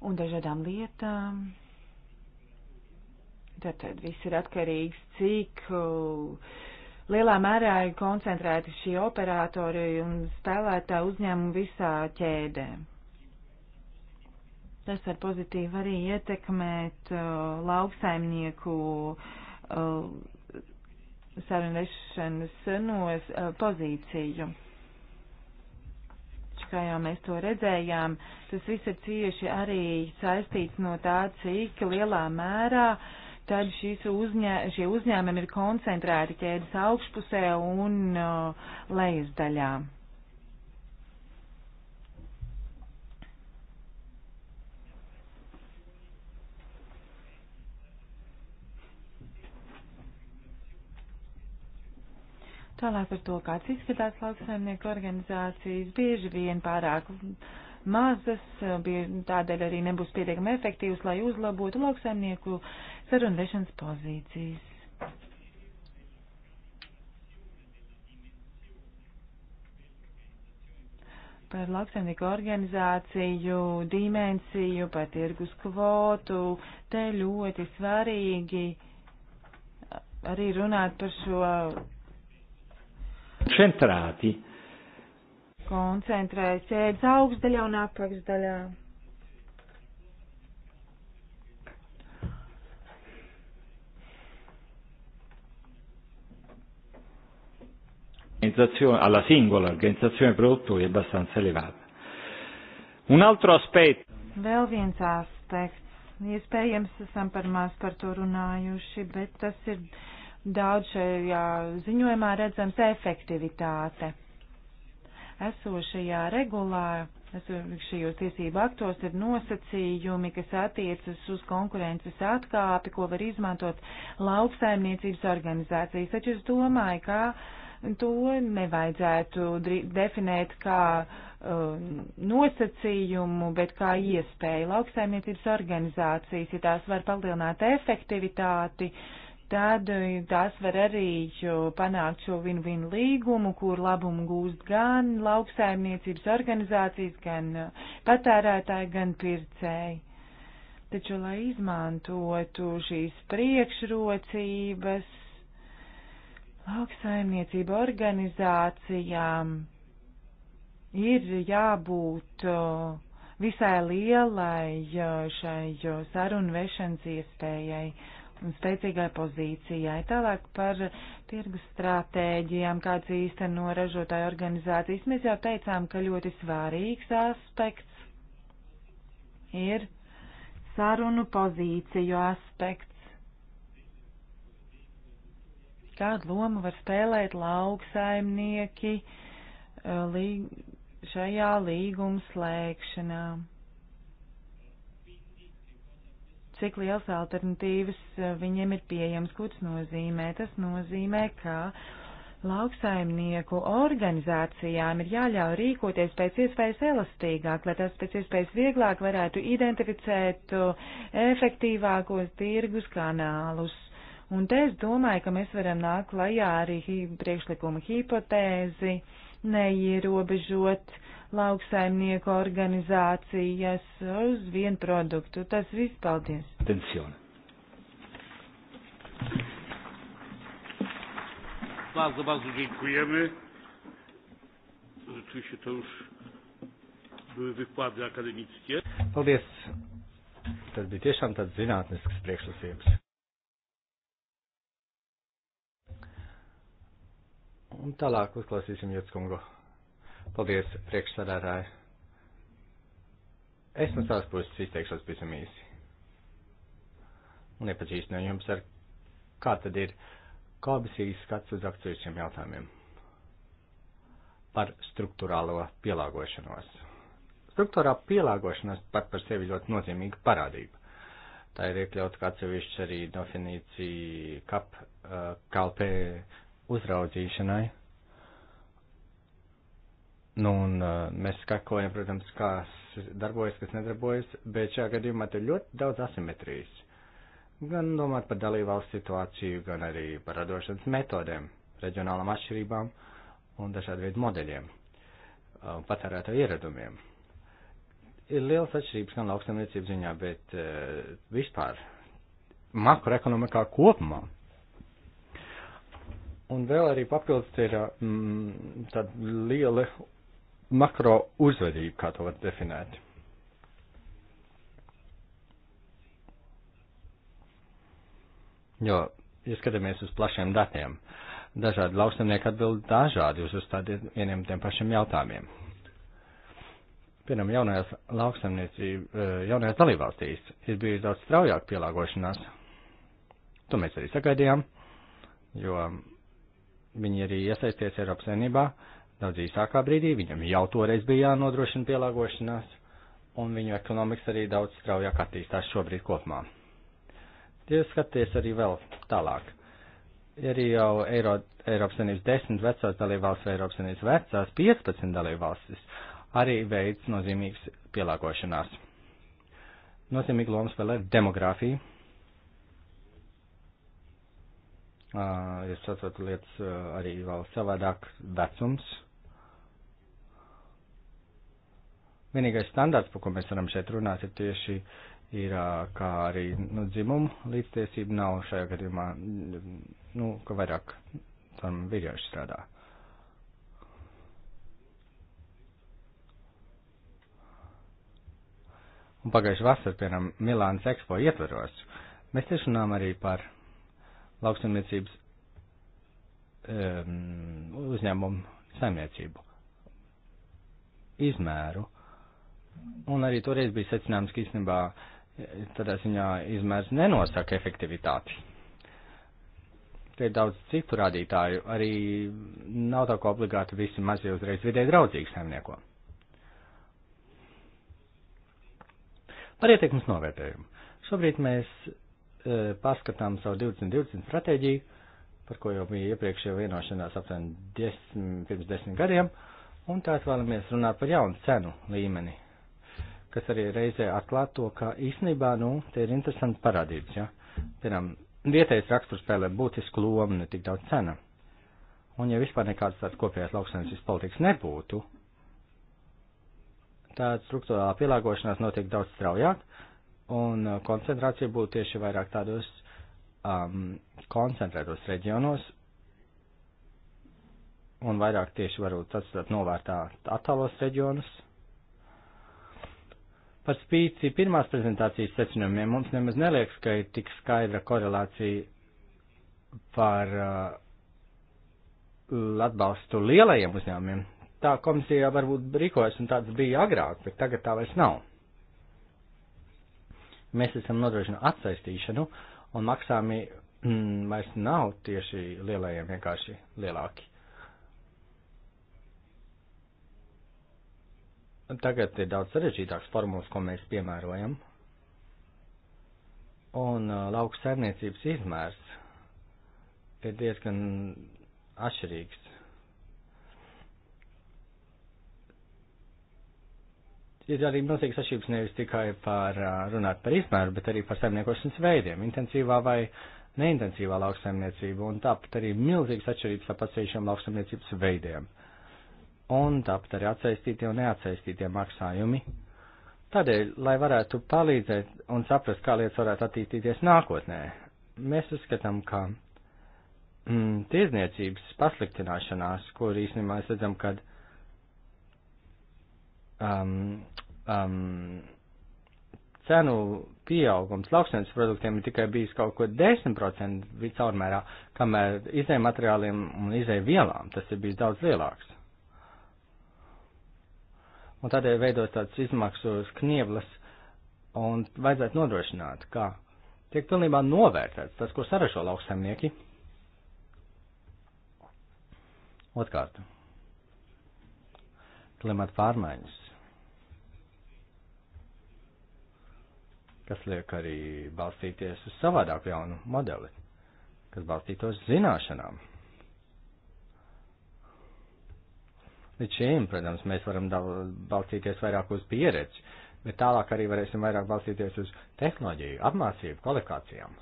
un dažādām lietām. Tātad viss ir atkarīgs, cik uh, lielā mērā ir koncentrēti šie operatori un spēlētā uzņēmuma visā ķēdē. Tas var pozitīvi arī ietekmēt uh, lauksaimnieku uh, sarunvešanas uh, nos uh, pozīciju. Kā jau mēs to redzējām, tas viss ir cieši arī saistīts no tā, cik lielā mērā uh, tad uzņē, šie uzņēmumi ir koncentrēti ķēdes augšpusē un uh, lejas daļā. Tālāk par to, kāds izskatās lauksaimnieku organizācijas, bieži vien pārāk mazas, tādēļ arī nebūs pietiekami efektīvas, lai uzlabotu lauksaimnieku sarunvešanas pozīcijas. par lauksaimnieku organizāciju, dimensiju, par tirgus kvotu. Te ļoti svarīgi arī runāt par šo centrāti. Koncentrējas ēdas augstdaļā un apakšdaļā. alla singola organizzazione produttori è abbastanza elevata. Un altro aspetto. Vēl viens aspekts. Iespējams, esam par maz par to runājuši, bet tas ir daudz šajā ziņojumā redzams efektivitāte. Esošajā regulā, esošajos tiesību aktos ir nosacījumi, kas attiecas uz konkurences atkāpi, ko var izmantot lauksaimniecības organizācijas. Taču es domāju, ka to nevajadzētu definēt kā um, nosacījumu, bet kā iespēju. Lauksaimniecības organizācijas, ja tās var palielināt efektivitāti, tad uh, tās var arī panākt šo win-win līgumu, kur labumu gūst gan lauksaimniecības organizācijas, gan uh, patērētāji, gan pircēji. Taču, lai izmantotu šīs priekšrocības, lauksaimniecību organizācijām ir jābūt visai lielai šai sarunu vešanas iespējai un spēcīgai pozīcijai. Tālāk par tirgus stratēģijām, kāds īsteno ražotāju organizācijas. Mēs jau teicām, ka ļoti svārīgs aspekts ir sarunu pozīciju aspekts. kādu lomu var spēlēt lauksaimnieki eh, šajā līguma slēgšanā? Cik liels alternatīvas eh, viņiem ir pieejams, ko tas nozīmē? Tas nozīmē, ka lauksaimnieku organizācijām ir jāļauj rīkoties pēc iespējas elastīgāk, lai tas pēc iespējas vieglāk varētu identificēt eh, efektīvākos tirgus kanālus Un te es domāju, ka mēs varam nākt klajā arī priekšlikuma hipotēzi, neierobežot lauksaimnieku organizācijas uz vienu produktu. Tas viss paldies. Tensione. Bardzo, bardzo dziękujemy. Rzeczywiście to już były wykłady akademickie. Paldies. Tas bija tiešām tāds zinātnisks priekšlasījums. Un tālāk uzklausīsim Jutskungu. Paldies, priekšsādātāji. Es no savas puses izteikšos pavisam īsi. Un iepazīstinu jums ar, kā tad ir komisijas skats uz akciju jautājumiem par struktūrālo pielāgošanos. Struktūrā pielāgošanās pat par sevi ļoti nozīmīga parādība. Tā ir iekļauta kā atsevišķa arī definīcija kap, uh, kalpē uzraudzīšanai. Nu, un uh, mēs skakojam, protams, kas darbojas, kas nedarbojas, bet šajā gadījumā ir ļoti daudz asimetrijas. Gan domāt par dalībvalstu situāciju, gan arī par radošanas metodēm, reģionālām atšķirībām un dažādu veidu modeļiem, uh, patērētāju ieradumiem. Ir liels atšķirības gan lauksamniecības ziņā, bet uh, vispār makroekonomikā kopumā Un vēl arī papildus ir mm, tāda liela makro uzvedība, kā to var definēt. Jo, ja skatāmies uz plašiem datiem, dažādi lauksemnieki atbild dažādi uz tādiem vieniem tiem pašiem jautājumiem. Piemēram, jaunajās lauksemniecība, eh, jaunajās dalībvalstīs ir bijusi daudz straujāk pielāgošanās. To mēs arī sagaidījām, jo Viņi arī iesaisties Eiropas Savienībā daudz īsākā brīdī, viņam jau toreiz bija jānodrošina pielāgošanās, un viņu ekonomikas arī daudz straujāk attīstās šobrīd kopumā. Tie skaties arī vēl tālāk. Arī jau Eiro, Eiropas Savienības 10 vecās dalībvalstis vai Eiropas Savienības vecās 15 dalībvalstis arī veids nozīmīgas pielāgošanās. Nozīmīgi lomas vēl ir demogrāfija, Uh, es saprotu lietas uh, arī vēl savādāk vecums. Vienīgais standārts, par ko mēs varam šeit runāt, ir tieši ir, uh, kā arī nu, dzimumu līdztiesība nav šajā gadījumā, nu, ka vairāk tam vīrieši strādā. Un pagājuši vasar, piemēram, Milānas ekspo ietveros, mēs tieši runājam arī par lauksaimniecības um, uzņēmumu saimniecību izmēru. Un arī toreiz bija secinājums, ka īstenībā e, tādā ziņā izmērs nenosaka efektivitāti. Te ir daudz citu rādītāju, arī nav tā, ko obligāti visi mazie uzreiz vidē draudzīgi saimnieko. Par ietekmes novērtējumu. Šobrīd mēs E, paskatām savu 2020 stratēģiju, par ko jau bija iepriekšējā vienošanās aptuveni desmit, pirms desmit gadiem, un tās vēlamies runāt par jaunu cenu līmeni, kas arī reizē atklāt to, ka īstenībā, nu, te ir interesanti parādības, ja. Piemēram, vietējais raksturs spēlē būtisku lomu, ne tik daudz cena. Un ja vispār nekāds tāds kopējās lauksaimniecības politikas nebūtu, tāda struktūrālā pielāgošanās notiek daudz straujāk, Un uh, koncentrācija būtu tieši vairāk tādos um, koncentrētos reģionos un vairāk tieši varbūt atstāt novērtā attālos reģionus. Par spīti pirmās prezentācijas secinājumiem mums nemaz neliekas, ka ir tik skaidra korelācija par uh, atbalstu lielajiem uzņēmumiem. Tā komisija varbūt rīkojas un tāds bija agrāk, bet tagad tā vairs nav. Mēs esam nodrošinājuši atsaistīšanu, un maksājumi mm, vairs nav tieši lielajiem vienkārši lielāki. Tagad ir daudz sarežģītāks formulas, ko mēs piemērojam. Un uh, lauku saimniecības izmērs ir diezgan atšķirīgs. ir arī milzīgas atšķirības nevis tikai par runāt par izmēru, bet arī par saimniekošanas veidiem, intensīvā vai neintensīvā lauksaimniecība, un tāpat arī milzīgas atšķirības ap atsevišķiem lauksaimniecības veidiem. Un tāpat arī atsaistītie un neatsaistītie maksājumi. Tādēļ, lai varētu palīdzēt un saprast, kā lietas varētu attīstīties nākotnē, mēs uzskatām, ka mm, tiesniecības pasliktināšanās, kur īstenībā mēs redzam, kad um, um, cenu pieaugums lauksnes produktiem ir tikai bijis kaut ko 10% caurmērā, kamēr izēja materiāliem un izēja vielām tas ir bijis daudz lielāks. Un tādēļ veidos tāds izmaksu knievlas un vajadzētu nodrošināt, ka tiek pilnībā novērtēts tas, ko saražo lauksaimnieki. Otkārt, klimata pārmaiņas. kas liek arī balstīties uz savādāku jaunu modeli, kas balstītos zināšanām. Līdz šim, protams, mēs varam balstīties vairāk uz pieredzi, bet tālāk arī varēsim vairāk balstīties uz tehnoloģiju, apmācību, kvalifikācijām.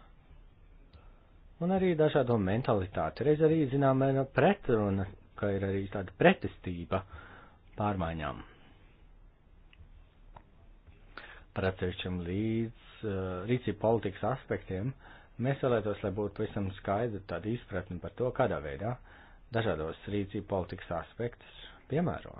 Un arī dažādo mentalitāti. Reiz arī, zinām, pretruna, ka ir arī tāda pretestība pārmaiņām precēšam līdz uh, rīcību politikas aspektiem, mēs vēlētos, lai būtu pavisam skaidra tāda izpratne par to, kādā veidā dažādos rīcību politikas aspektus piemēro.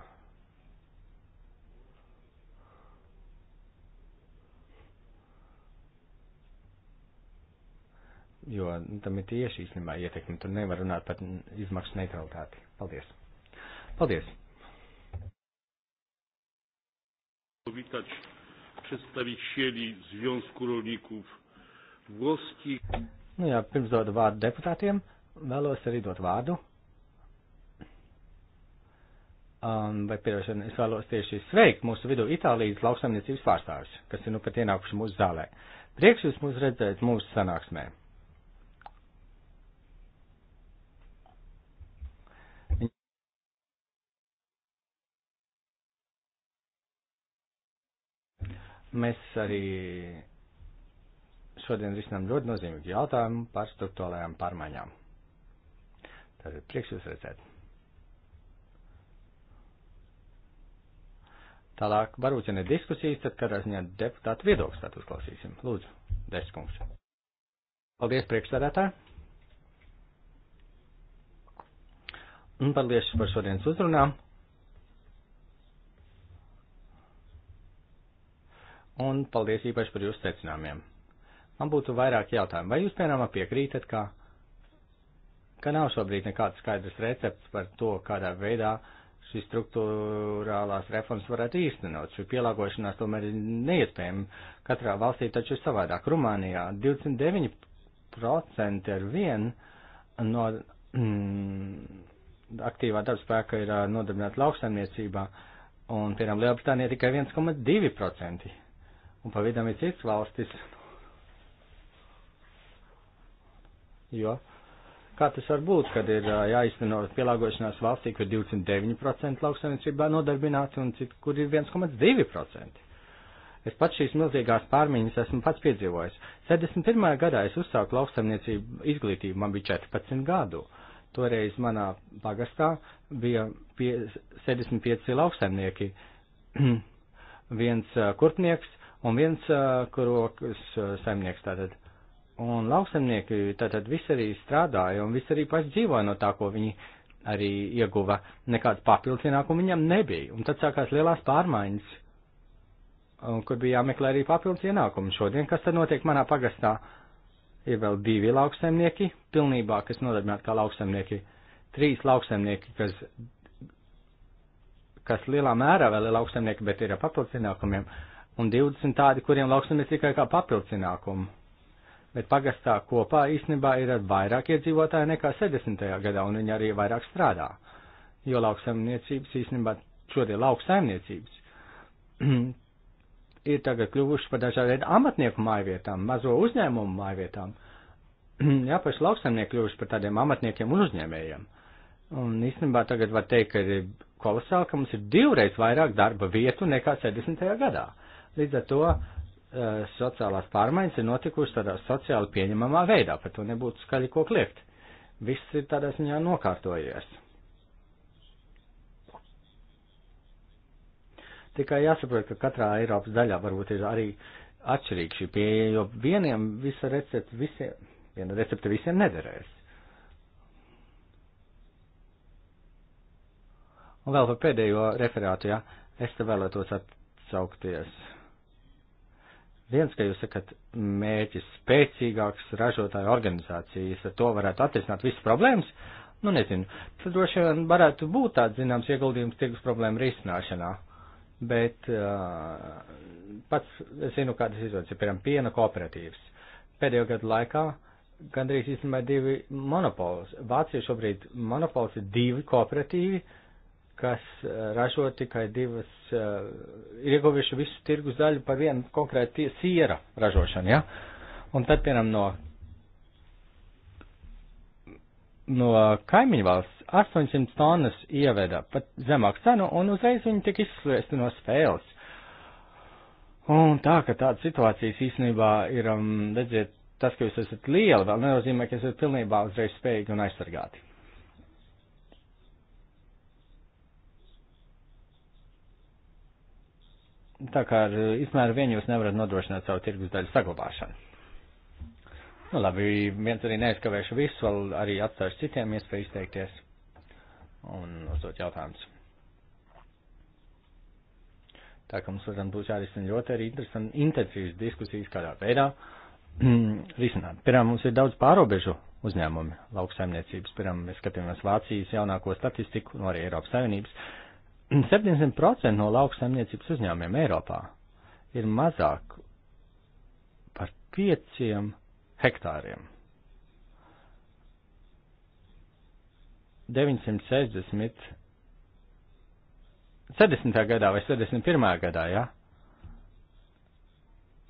Jo nu, tam ir tieši īstenībā ietekme, tur nevar runāt par izmaksu neutralitāti. Paldies! Paldies! Powitać przedstawicieli Związku Rolników Włoskich. Nu jā, pirms dodu vārdu deputātiem, vēlos arī dot vārdu. Um, vai piedošana, es vēlos tieši sveikt mūsu vidū Itālijas lauksaimniecības pārstāvis, kas ir nu pat ienākuši mūsu zālē. Prieks jūs mūs redzēt mūsu sanāksmē. Mēs arī šodien risinām ļoti nozīmīgu jautājumu par struktūrālajām pārmaiņām. Tad ir prieks jūs redzēt. Tālāk, varbūt, ja ne diskusijas, tad katrā ziņā deputātu viedoklis tad uzklausīsim. Lūdzu, Deskungs. Paldies, priekšsādātā. Un paldies par šodienas uzrunām. un paldies īpaši par jūsu secinājumiem. Man būtu vairāk jautājumu. Vai jūs, piemēram, piekrītat, ka, ka nav šobrīd nekāds skaidrs recepts par to, kādā veidā šīs struktūrālās reformas varētu īstenot? Šī pielāgošanās tomēr ir neiespējama. Katrā valstī taču ir savādāk. Rumānijā 29% ar vien no mm, aktīvā darba spēka ir nodarbināta lauksaimniecībā, un, piemēram, Lielbritānija tikai 1,2% un pavisam ir cits valstis. Jo, kā tas var būt, kad ir jāizteno pielāgošanās valstī, kur 29% lauksaimniecībā nodarbināti un cit, kur ir 1,2%? Es pats šīs milzīgās pārmaiņas esmu pats piedzīvojis. 71. gadā es uzsāku lauksaimniecību izglītību, man bija 14 gadu. Toreiz manā pagastā bija pie, 75 lauksaimnieki, viens kurpnieks, un viens krokas saimnieks tātad. Un lauksaimnieki tātad visi arī strādāja un visi arī paši dzīvoja no tā, ko viņi arī ieguva. Nekāds papildus ienākumu viņam nebija. Un tad sākās lielās pārmaiņas, kur bija jāmeklē arī papildus ienākumu. Šodien, kas tad notiek manā pagastā, ir vēl divi lauksaimnieki, pilnībā, kas nodarbināti kā lauksaimnieki. Trīs lauksaimnieki, kas kas lielā mērā vēl ir lauksaimnieki, bet ir ar papildus ienākumiem. Uh, un 20 tādi, kuriem lauksamies tikai kā papildinākumu. Bet pagastā kopā īstenībā ir vairāk iedzīvotāji nekā 70. gadā, un viņi arī vairāk strādā. Jo lauksaimniecības īstenībā šodien lauksaimniecības ir tagad kļuvuši par dažādu veidu amatnieku mājvietām, mazo uzņēmumu mājvietām. Jā, paši lauksaimnieki kļuvuši par tādiem amatniekiem un uzņēmējiem. Un īstenībā tagad var teikt, ka ir kolosāli, ka mums ir divreiz vairāk darba vietu nekā 70. gadā. Līdz ar to eh, sociālās pārmaiņas ir notikušas tādā sociāli pieņemamā veidā, par to nebūtu skaļi ko kliegt. Viss ir tādā ziņā nokārtojies. Tikai jāsaprot, ka katrā Eiropas daļā varbūt ir arī atšķirīga šī pieeja, jo vieniem visa recepte visiem, viena recepte visiem nederēs. Un vēl par pēdējo referātu, ja, es te vēlētos atsaukties Viens, ka jūs sakat, mērķis spēcīgāks ražotāju organizācijas, ar to varētu atrisināt visas problēmas, nu nezinu, tad droši vien varētu būt tāds zināms ieguldījums tirgus problēmu risināšanā. Bet uh, pats es zinu, kādas izvēles ir, piemēram, piena kooperatīvas. Pēdējo gadu laikā gandrīz īstenībā divi monopols. Vācija šobrīd monopols ir divi kooperatīvi, uh, kas eh, ražo tikai divas, eh, ir ieguvuši visu tirgus daļu par vienu konkrētu siera ražošanu, ja? Un tad, piemēram, no, no kaimiņu valsts 800 tonnas ieveda pat zemāku cenu, un uzreiz viņi tika izsliesti no spēles. Un tā, ka tāda situācijas īstenībā ir, um, redziet, tas, ka jūs esat lieli, vēl nenozīmē, ka esat pilnībā uzreiz spējīgi un aizsargāti. tā kā ar eh, izmēru vien jūs nevarat nodrošināt savu tirgus daļu saglabāšanu. Nu, labi, viens arī neaizkavēšu visu, vēl arī atstāšu citiem iespēju izteikties un uzdot jautājumus. Tā kā mums, protams, būs jārisina ļoti arī interesanti intensīvas diskusijas, kādā veidā risināt. Pirmām mums ir daudz pārobežu uzņēmumi lauksaimniecības. Pirmām mēs skatāmies Vācijas jaunāko statistiku, no nu, arī Eiropas Savienības. 70% no lauksaimniecības uzņēmumiem Eiropā ir mazāk par 5 hektāriem. 960. 70. gadā vai 71. gadā, jā? Ja?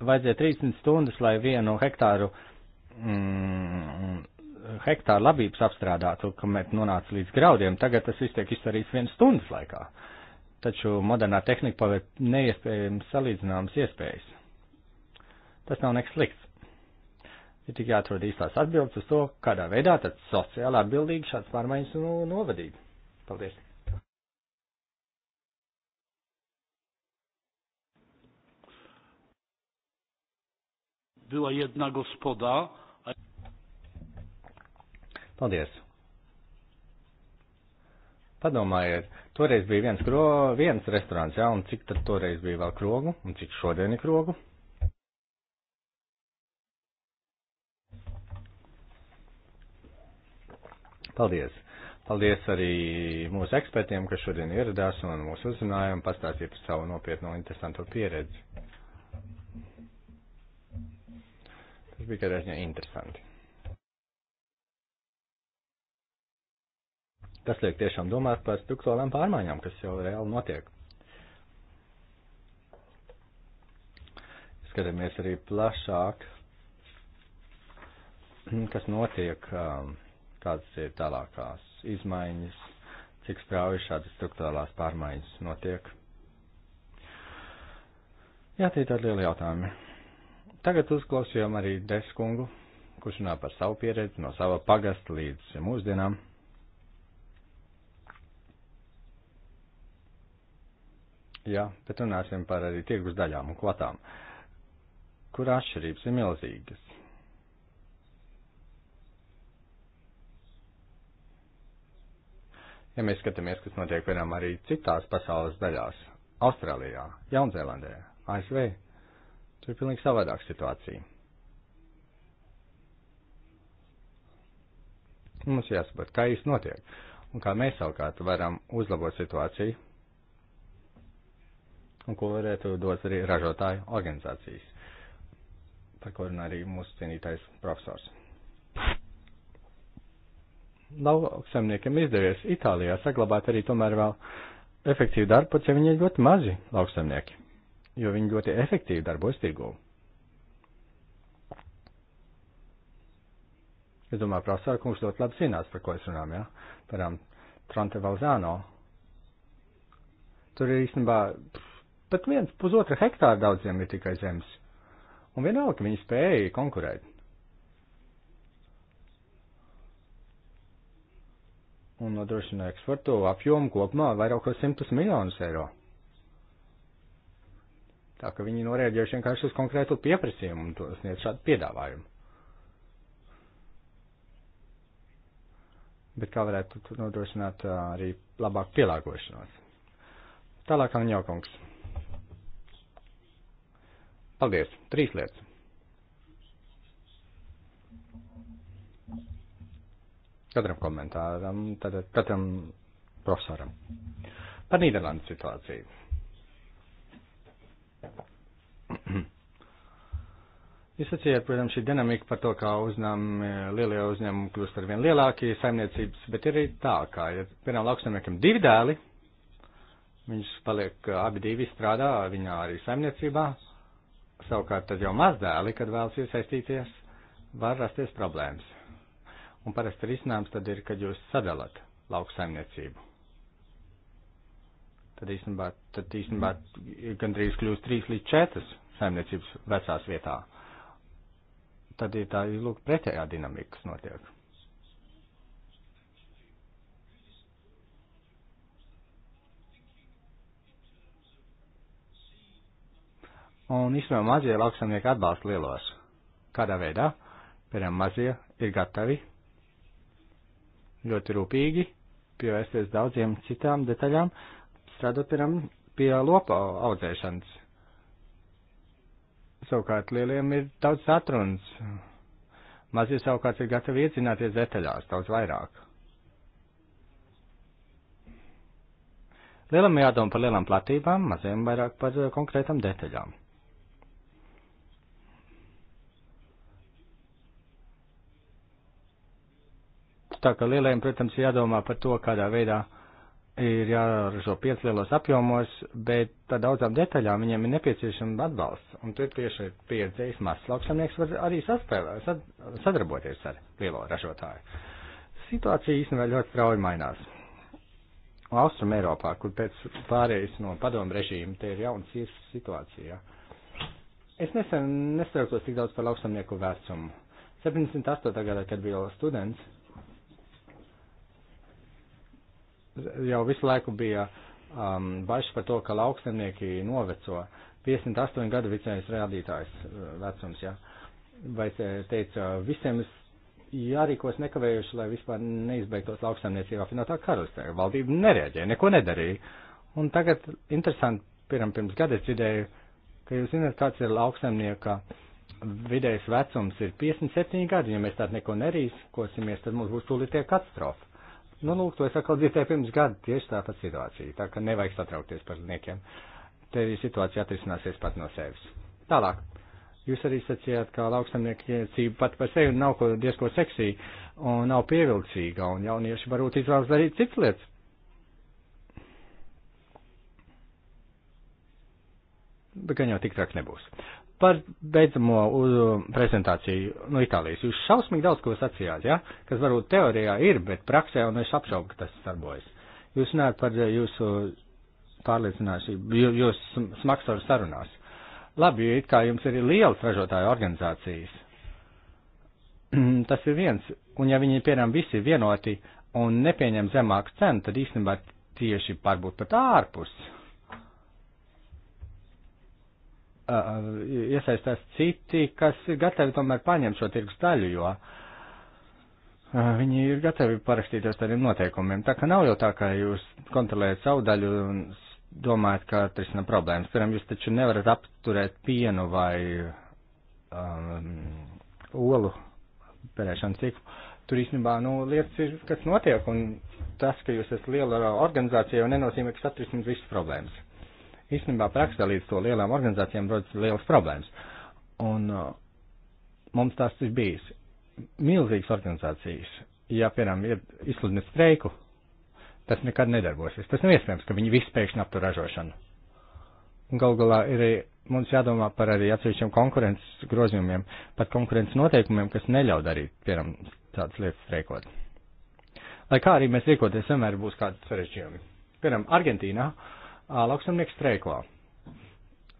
Vajadzēja 30 stundas, lai vienu hektāru mm, hektāru labības apstrādātu, kamēr nonāca līdz graudiem, tagad tas viss tiek izdarīts vienas stundas laikā. Taču modernā tehnika pavēr neiespējams salīdzināmas iespējas. Tas nav nekas slikts. Ir tikai jāatrod īstās atbildes uz to, kādā veidā tad sociāli atbildīgi šāds pārmaiņas nu, novadīt. Paldies! Była jedna gospoda, Paldies! Padomājiet, toreiz bija viens, kro, viens restorāns, jā, un cik tad toreiz bija vēl krogu, un cik šodien ir krogu? Paldies! Paldies arī mūsu ekspertiem, kas šodien ieradās un mūs uzrunāja un pastāstīja par savu nopietno un interesanto pieredzi. Tas bija kādā ziņā interesanti. Tas liek tiešām domāt par struktūrālām pārmaiņām, kas jau reāli notiek. Skatāmies arī plašāk, kas notiek, um, kādas ir tālākās izmaiņas, cik strauji šādas struktūrālās pārmaiņas notiek. Jā, tie ir lieli jautājumi. Tagad uzklausījām arī Deskungu, kurš runā par savu pieredzi no sava pagasta līdz mūsdienām. Jā, bet runāsim par arī tirgus daļām un kvotām, kur atšķirības ir milzīgas. Ja mēs skatāmies, kas notiek vienam arī citās pasaules daļās - Austrālijā, Jaunzēlandē, ASV, tur ir pilnīgi savādāka situācija. Mums jāsaprot, kā īsti notiek un kā mēs savukārt varam uzlabot situāciju un ko varētu dot arī ražotāju organizācijas, par ko runā arī mūsu cienītais profesors. Lauksaimniekiem izdevies Itālijā saglabāt arī tomēr vēl efektīvu darbu, pat ja viņi ir ļoti mazi lauksaimnieki, jo viņi ļoti efektīvi darbojas tirgū. Es domāju, profesor kungs ļoti labi zinās, par ko es runām, jā, ja? par um, Tronte Valzāno. Tur ir īstenībā pff, pat viens pusotra hektāra daudziem ir tikai zemes. Un vienalga viņi spēja konkurēt. Un nodrošina eksportu apjomu kopumā vairākos simtus miljonus eiro. Tā ka viņi norēģējuši vienkārši uz konkrētu pieprasījumu un to sniedz šādu piedāvājumu. Bet kā varētu nodrošināt uh, arī labāku pielāgošanos? Tālāk, Anjokungs. Paldies! Trīs lietas. Katram komentāram, tātad katram profesoram. Par Nīderlandes situāciju. Jūs sacījāt, protams, šī dinamika par to, kā uzņēmumi, lielie uzņēmumi kļūst ar vien lielākie saimniecības, bet ir arī tā, kā, ja piemēram lauksaimniekam divi dēli, viņš paliek abi divi strādā, viņā arī saimniecībā, Savukārt, tad jau mazdēli, kad vēlas iesaistīties, var rasties problēmas. Un parasti risinājums tad ir, kad jūs sadalat lauksaimniecību. Tad īstenībā, tad īstenībā gandrīz kļūst trīs līdz četras saimniecības vecās vietā. Tad ir tā, lūk, pretējā dinamika, kas notiek. Un īstenībā mazie lauksamnieki atbalsta lielos. Kādā veidā? Piemēram, mazie ir gatavi ļoti rūpīgi pievērsties daudziem citām detaļām, strādāt, piemēram, pie lopa audzēšanas. Savukārt lieliem ir daudz satruns. Mazie savukārt ir gatavi iedzināties detaļās daudz vairāk. Lielam jādomā par lielām platībām, maziem vairāk par eh, konkrētām detaļām. Tā ka lielajiem, protams, ir jādomā par to, kādā veidā ir jāražo piec lielos apjomos, bet tā daudzām detaļām viņiem ir nepieciešama atbalsts. Un tur tieši pieredzējis mazs lauksamnieks var arī saspēlēt, sad, sadarboties ar lielo ražotāju. Situācija īstenībā ļoti strauji mainās. Austrum Eiropā, kur pēc pārējais no padomu režīma, te ir jauns ir situācija. Es nesen nesaukos tik daudz par lauksamnieku vecumu. 78. gadā, kad biju students, jau visu laiku bija um, bažas par to, ka lauksemnieki noveco. 58 gadu vicējais rādītājs uh, vecums, jā. Ja? Vai teica, visiem jārīkos nekavējuši, lai vispār neizbeigtos lauksaimniecībā finotā karalistē. Valdība nereaģēja, neko nedarīja. Un tagad interesanti, piram pirms gada es dzirdēju, ka jūs zināt, kāds ir lauksaimnieka vidējais vecums ir 57 gadi, ja mēs tādu neko nerīkosimies, tad mums būs tūlītie katastrofa. Nu, lūk, to es atkal dzirdēju pirms gada, tieši tā pat situācija, tā ka nevajag satraukties par niekiem. Te situācija atrisināsies pat no sevis. Tālāk. Jūs arī sacījāt, ka lauksamniecība pat par sevi nav ko diezko seksī un nav pievilcīga, un jaunieši varbūt izvēlas darīt citas lietas. Bet gan jau tik traks nebūs. Par beidzamo uz um, prezentāciju no Itālijas. Jūs šausmīgi daudz ko sacījāt, ja? kas varbūt teorijā ir, bet praksē, un es apšaubu, ka tas darbojas. Jūs runājat par uh, jūsu pārliecināšanu, jūs smaksaru sarunās. Labi, it kā jums ir lielas ražotāju organizācijas. tas ir viens, un ja viņi, piemēram, visi vienoti un nepieņem zemāku cenu, tad īstenībā tieši varbūt pat ārpus iesaistās citi, kas ir gatavi tomēr paņemt šo tirgus daļu, jo viņi ir gatavi parakstīties tādiem noteikumiem. Tā ka nav jau tā, ka jūs kontrolējat savu daļu un domājat, ka atrisina problēmas. Piemēram, jūs taču nevarat apturēt pienu vai um, olu pērēšanu ciklu. Tur īstenībā nu, lietas ir, kas notiek, un tas, ka jūs esat liela organizācija, jau nenozīmē, ka satrisināt visas problēmas īstenībā prakstā līdz to lielām organizācijām rodas liels problēmas. Un uh, mums tas ir bijis. Milzīgas organizācijas, ja, piemēram, ir izsludināt streiku, tas nekad nedarbosies. Tas nav iespējams, ka viņi visu pēkšņi aptur ražošanu. Gal galā ir mums jādomā par arī atsevišķiem konkurences grozījumiem, pat konkurences noteikumiem, kas neļauj darīt, piemēram, tādas lietas streikot. Lai kā arī mēs rīkoties, vienmēr būs kādi sarežģījumi. Piemēram, Argentīnā uh, lauksamnieku streiko.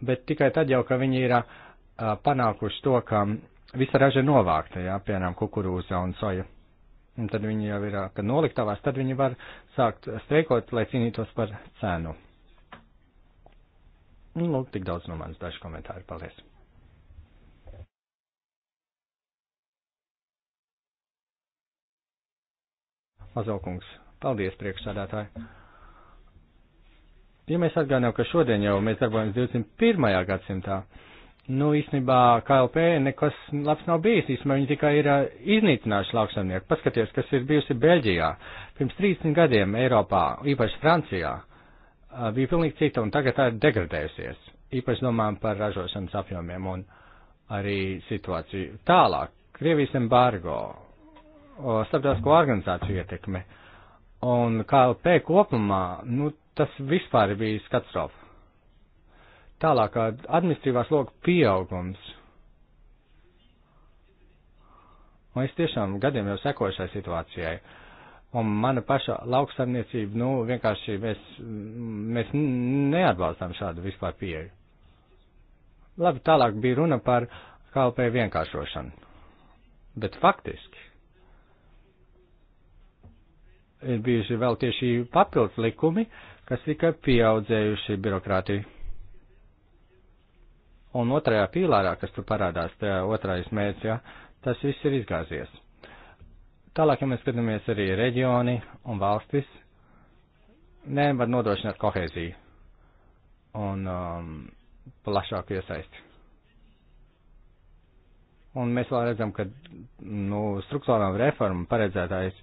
Bet tikai tad jau, ka viņi ir panākuši to, ka visa raža novākta, jā, piemēram, kukurūza un soja. Un tad viņi jau ir, kad noliktavās, tad viņi var sākt streikot, lai cīnītos par cenu. Nu, lūk, tik daudz no manis daži komentāri. Paldies! Mazaukungs, paldies priekšsādātāji! Ja mēs atgādinām, ka šodien jau mēs darbojamies 21. gadsimtā, nu īstenībā KLP nekas labs nav bijis, īstenībā viņi tikai ir uh, iznīcinājuši lauksaimnieku. Paskaties, kas ir bijusi Beļģijā. Pirms 30 gadiem Eiropā, īpaši Francijā, uh, bija pilnīgi cita un tagad tā ir degradējusies. Īpaši domājam par ražošanas apjomiem un arī situāciju. Tālāk, Krievijas embargo, starptautisko organizāciju ietekme. Un KLP kopumā, nu, Tas vispār ir bijis katastrofa. Tālāk, administrīvās loga pieaugums. Un es tiešām gadiem jau sekoju šai situācijai. Un mana paša lauksaimniecība, nu, vienkārši mēs, mēs neatbalstām šādu vispār pieeju. Labi, tālāk bija runa par KLP vienkāršošanu. Bet faktiski ir bijuši vēl tieši papildus likumi, kas tikai pieaudzējuši birokrātiju. Un otrajā pīlārā, kas tur parādās, tā otrais mērķis, ja, tas viss ir izgāzies. Tālāk, ja mēs skatāmies arī reģioni un valstis, nevar nodrošināt kohēziju un um, plašāku iesaisti. Un mēs vēl redzam, ka nu, struktūrām reforma paredzētājs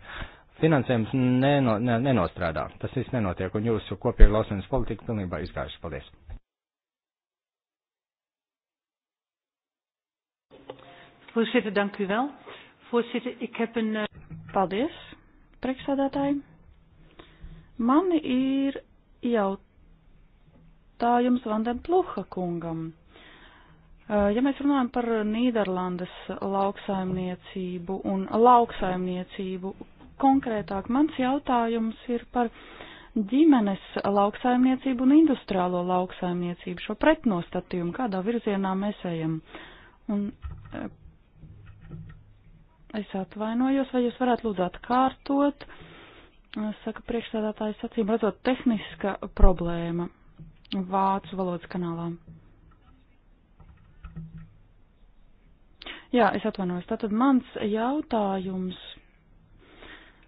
finansējums neno, ne, nenostrādā. Tas viss nenotiek, un jūsu kopīga lausienas politika pilnībā izgājuši. Paldies! Voorzitter, dank u wel. Voorzitter, ik heb een. Eh, Paldies, priekšsādātāji. Man ir jautājums Vanden Pluha kungam. Eh, ja mēs runājam par Nīderlandes lauksaimniecību un lauksaimniecību konkrētāk. Mans jautājums ir par ģimenes lauksaimniecību un industriālo lauksaimniecību, šo pretnostatījumu, kādā virzienā mēs ejam. Un eh, es atvainojos, vai jūs varētu lūdzu atkārtot, eh, saka priekšstādātājs acīm redzot tehniska problēma vācu valodas kanālā. Jā, es atvainojos. Tātad mans jautājums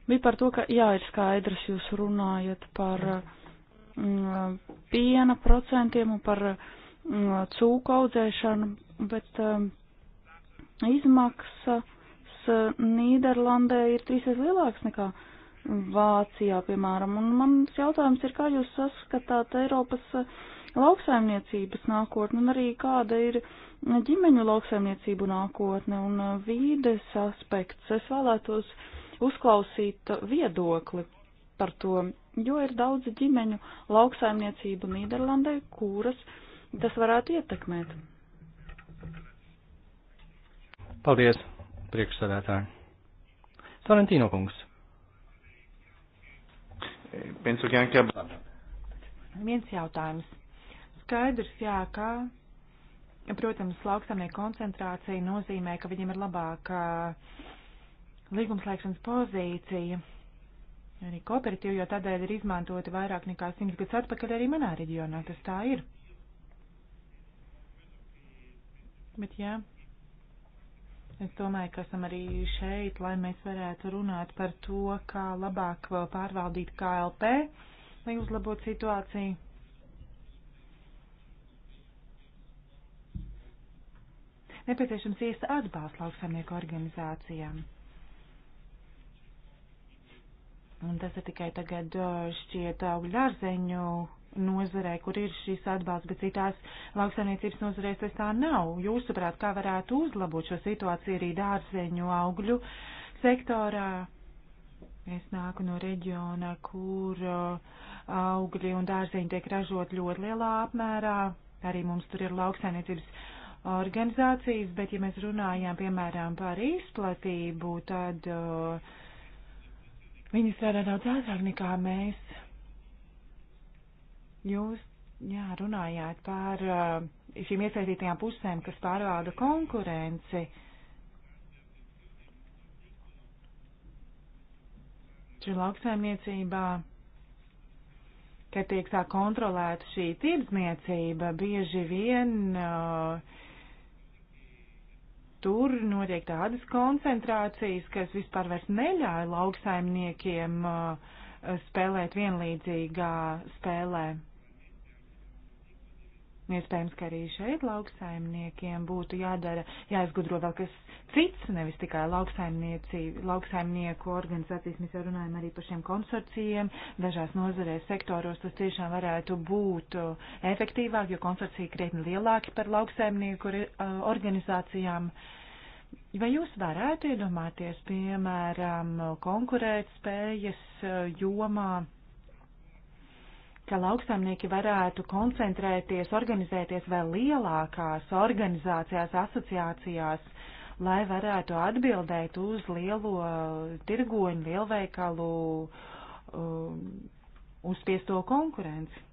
bija par to, ka jā, ir skaidrs, jūs runājat par m, mm, piena procentiem un par m, mm, cūku audzēšanu, bet m, mm, izmaksas Nīderlandē ir trīsreiz lielāks nekā Vācijā, piemēram. Un mans jautājums ir, kā jūs saskatāt Eiropas lauksaimniecības nākotni un arī kāda ir ģimeņu lauksaimniecību nākotne un vīdes aspekts. Es vēlētos uh, uzklausīt viedokli par to, jo ir daudz ģimeņu lauksaimniecību Nīderlandē, kuras tas varētu ietekmēt. Paldies, priekšsādātāji. Tarantino kungs. Pensu, ka jāņem. Viens jautājums. Skaidrs, jā, ka, protams, lauksamnieku koncentrācija nozīmē, ka viņiem ir labāka uh, līgumslēgšanas pozīcija arī kooperatīva, jo tādēļ ir izmantota vairāk nekā simts gadus atpakaļ arī manā reģionā. Tas tā ir. Bet jā, es domāju, ka esam arī šeit, lai mēs varētu runāt par to, kā labāk pārvaldīt KLP, lai uzlabotu situāciju. Nepieciešams īsta atbalsts lauksaimnieku organizācijām. Un tas ir tikai tagad šķiet augļu dārzeņu nozarē, kur ir šis atbalsts, bet citās lauksaimniecības nozarēs tas tā nav. Jūsuprāt, kā varētu uzlabot šo situāciju arī dārzeņu augļu sektorā? Es nāku no reģiona, kur augļi un dārzeņi tiek ražot ļoti lielā apmērā. Arī mums tur ir lauksaimniecības organizācijas, bet ja mēs runājām, piemēram, par izplatību, tad uh, Viņi strādā daudz ātrāk nekā mēs. Jūs, jā, runājāt par uh, šīm iesaistītajām pusēm, kas pārvalda konkurenci. Šī lauksaimniecībā, kad tiek tā kontrolēta šī tirdzniecība, bieži vien uh, tur notiek tādas koncentrācijas, kas vispār vairs neļauj lauksaimniekiem uh, spēlēt vienlīdzīgā spēlē. Iespējams, ka arī šeit lauksaimniekiem būtu jādara, jāizgudro vēl kas cits, nevis tikai lauksaimnieku organizācijas. Mēs jau runājam arī par šiem konsorcijiem. Dažās nozarēs sektoros tas tiešām varētu būt uh, efektīvāk, jo konsorcija krietni lielāki par lauksaimnieku uh, organizācijām. Vai jūs varētu iedomāties, piemēram, konkurēt spējas uh, jomā? ka lauksaimnieki varētu koncentrēties, organizēties vēl lielākās organizācijās, asociācijās, lai varētu atbildēt uz lielo tirgoņu, lielveikalu um, uzspiesto konkurenci.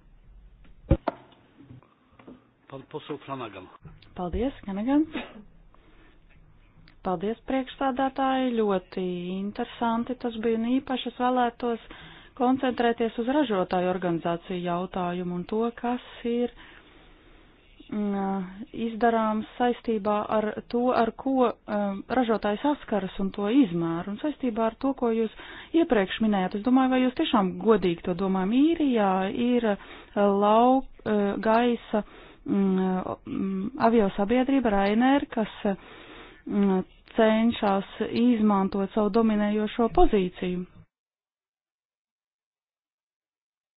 Paldies, Kanagan. Paldies, priekšstādātāji. Ļoti interesanti tas bija un īpaši es vēlētos koncentrēties uz ražotāju organizāciju jautājumu un to, kas ir mm, izdarāms saistībā ar to, ar ko ražotājs saskaras un to izmēru, un saistībā ar to, ko jūs iepriekš minējāt. Es domāju, vai jūs tiešām godīgi to domājam. Īrijā ir lauk, gaisa mm, mm, avio sabiedrība Rainer, kas cenšas izmantot savu dominējošo pozīciju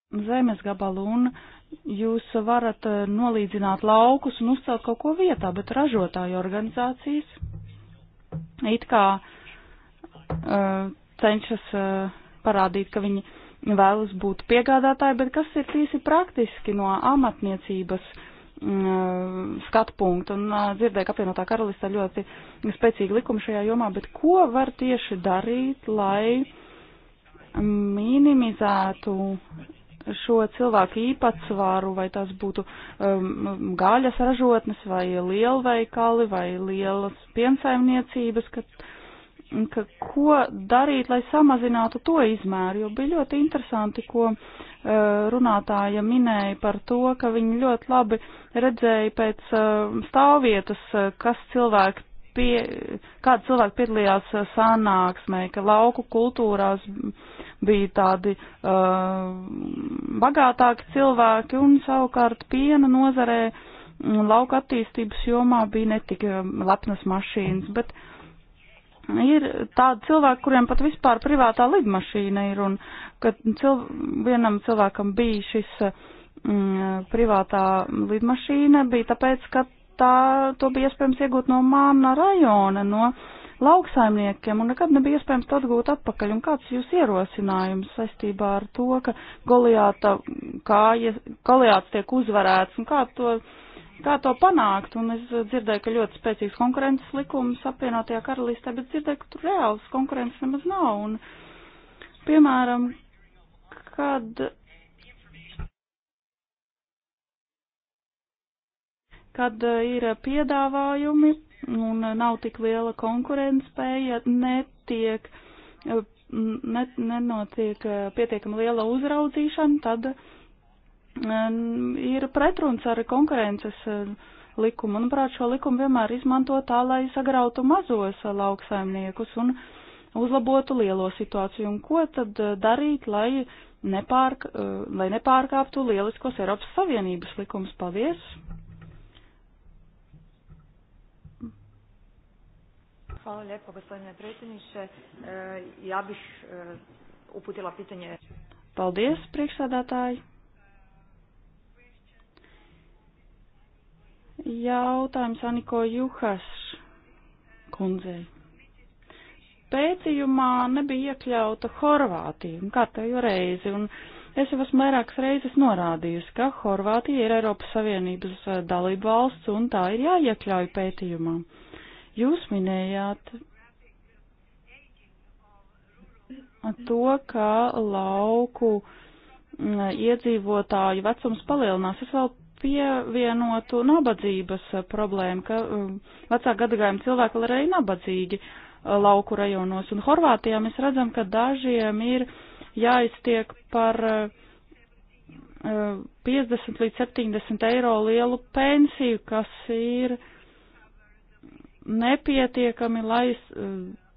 zemes gabalu un jūs varat eh, nolīdzināt laukus un uzcelt kaut ko vietā, bet ražotāju organizācijas it kā uh, cenšas uh, parādīt, ka viņi vēlas būt piegādātāji, bet kas ir tīsi praktiski no amatniecības mm, skatu punktu. Un uh, dzirdēju, ka apvienotā karalista ļoti spēcīga likuma šajā jomā, bet ko var tieši darīt, lai mm, minimizētu šo cilvēku īpatsvaru, vai tas būtu um, gaļas ražotnes, vai lielveikali, vai lielas piensaimniecības, ka, ka ko darīt, lai samazinātu to izmēru, jo bija ļoti interesanti, ko uh, runātāja minēja par to, ka viņi ļoti labi redzēja pēc uh, stāvvietas, uh, kas cilvēki pie, kāda cilvēka piedalījās uh, sanāksmē, ka lauku kultūrās bija tādi uh, bagātāki cilvēki un savukārt piena nozarē un lauka attīstības jomā bija netika uh, lepnas mašīnas, bet ir tādi cilvēki, kuriem pat vispār privātā lidmašīna ir un ka cilv vienam cilvēkam bija šis uh, mm, privātā lidmašīna bija tāpēc, ka tā, to bija iespējams iegūt no mana rajona, no lauksaimniekiem, un nekad nebija iespējams to atgūt atpakaļ. Un kāds jūs ierosinājums saistībā ar to, ka Goliāta kājas, Goliāts tiek uzvarēts, un kā to, kā to panākt? Un es dzirdēju, ka ļoti spēcīgs konkurences likums apvienotajā karalistē, bet dzirdēju, ka tur reāls konkurences nemaz nav. Un, piemēram, kad kad eh, ir piedāvājumi un nav tik liela konkurentspēja, netiek, eh, net, nenotiek eh, pietiekama liela uzraudzīšana, tad ir pretruns ar konkurences likumu. Manuprāt, šo likumu vienmēr izmanto tā, lai sagrautu mazos lauksaimniekus un uzlabotu lielo situāciju. Un ko tad darīt, lai, nepārk, lai nepārkāptu lieliskos Eiropas Savienības likumus? Paldies! Hvala lijepo gospodine predsjedniče. E, ja bih e, uputila pitanje. Paldies, priekšsādātāji. Jautājums Aniko Juhas kundzei. Pētījumā nebija iekļauta Horvātija, un kā tev reizi, un es jau esmu vairākas reizes norādījusi, ka Horvātija ir Eiropas Savienības e, dalība valsts, un tā ir jāiekļauj pētījumā. Jūs minējāt to, ka lauku iedzīvotāju vecums palielinās. Es vēl pievienotu nabadzības problēmu, ka vecā gadagājuma cilvēki vēl arī nabadzīgi e, lauku rajonos. Un Horvātijā mēs redzam, ka dažiem ir jāiztiek par 50 e, e, līdz 70 eiro lielu pensiju, kas ir uh, nepietiekami, lai eh,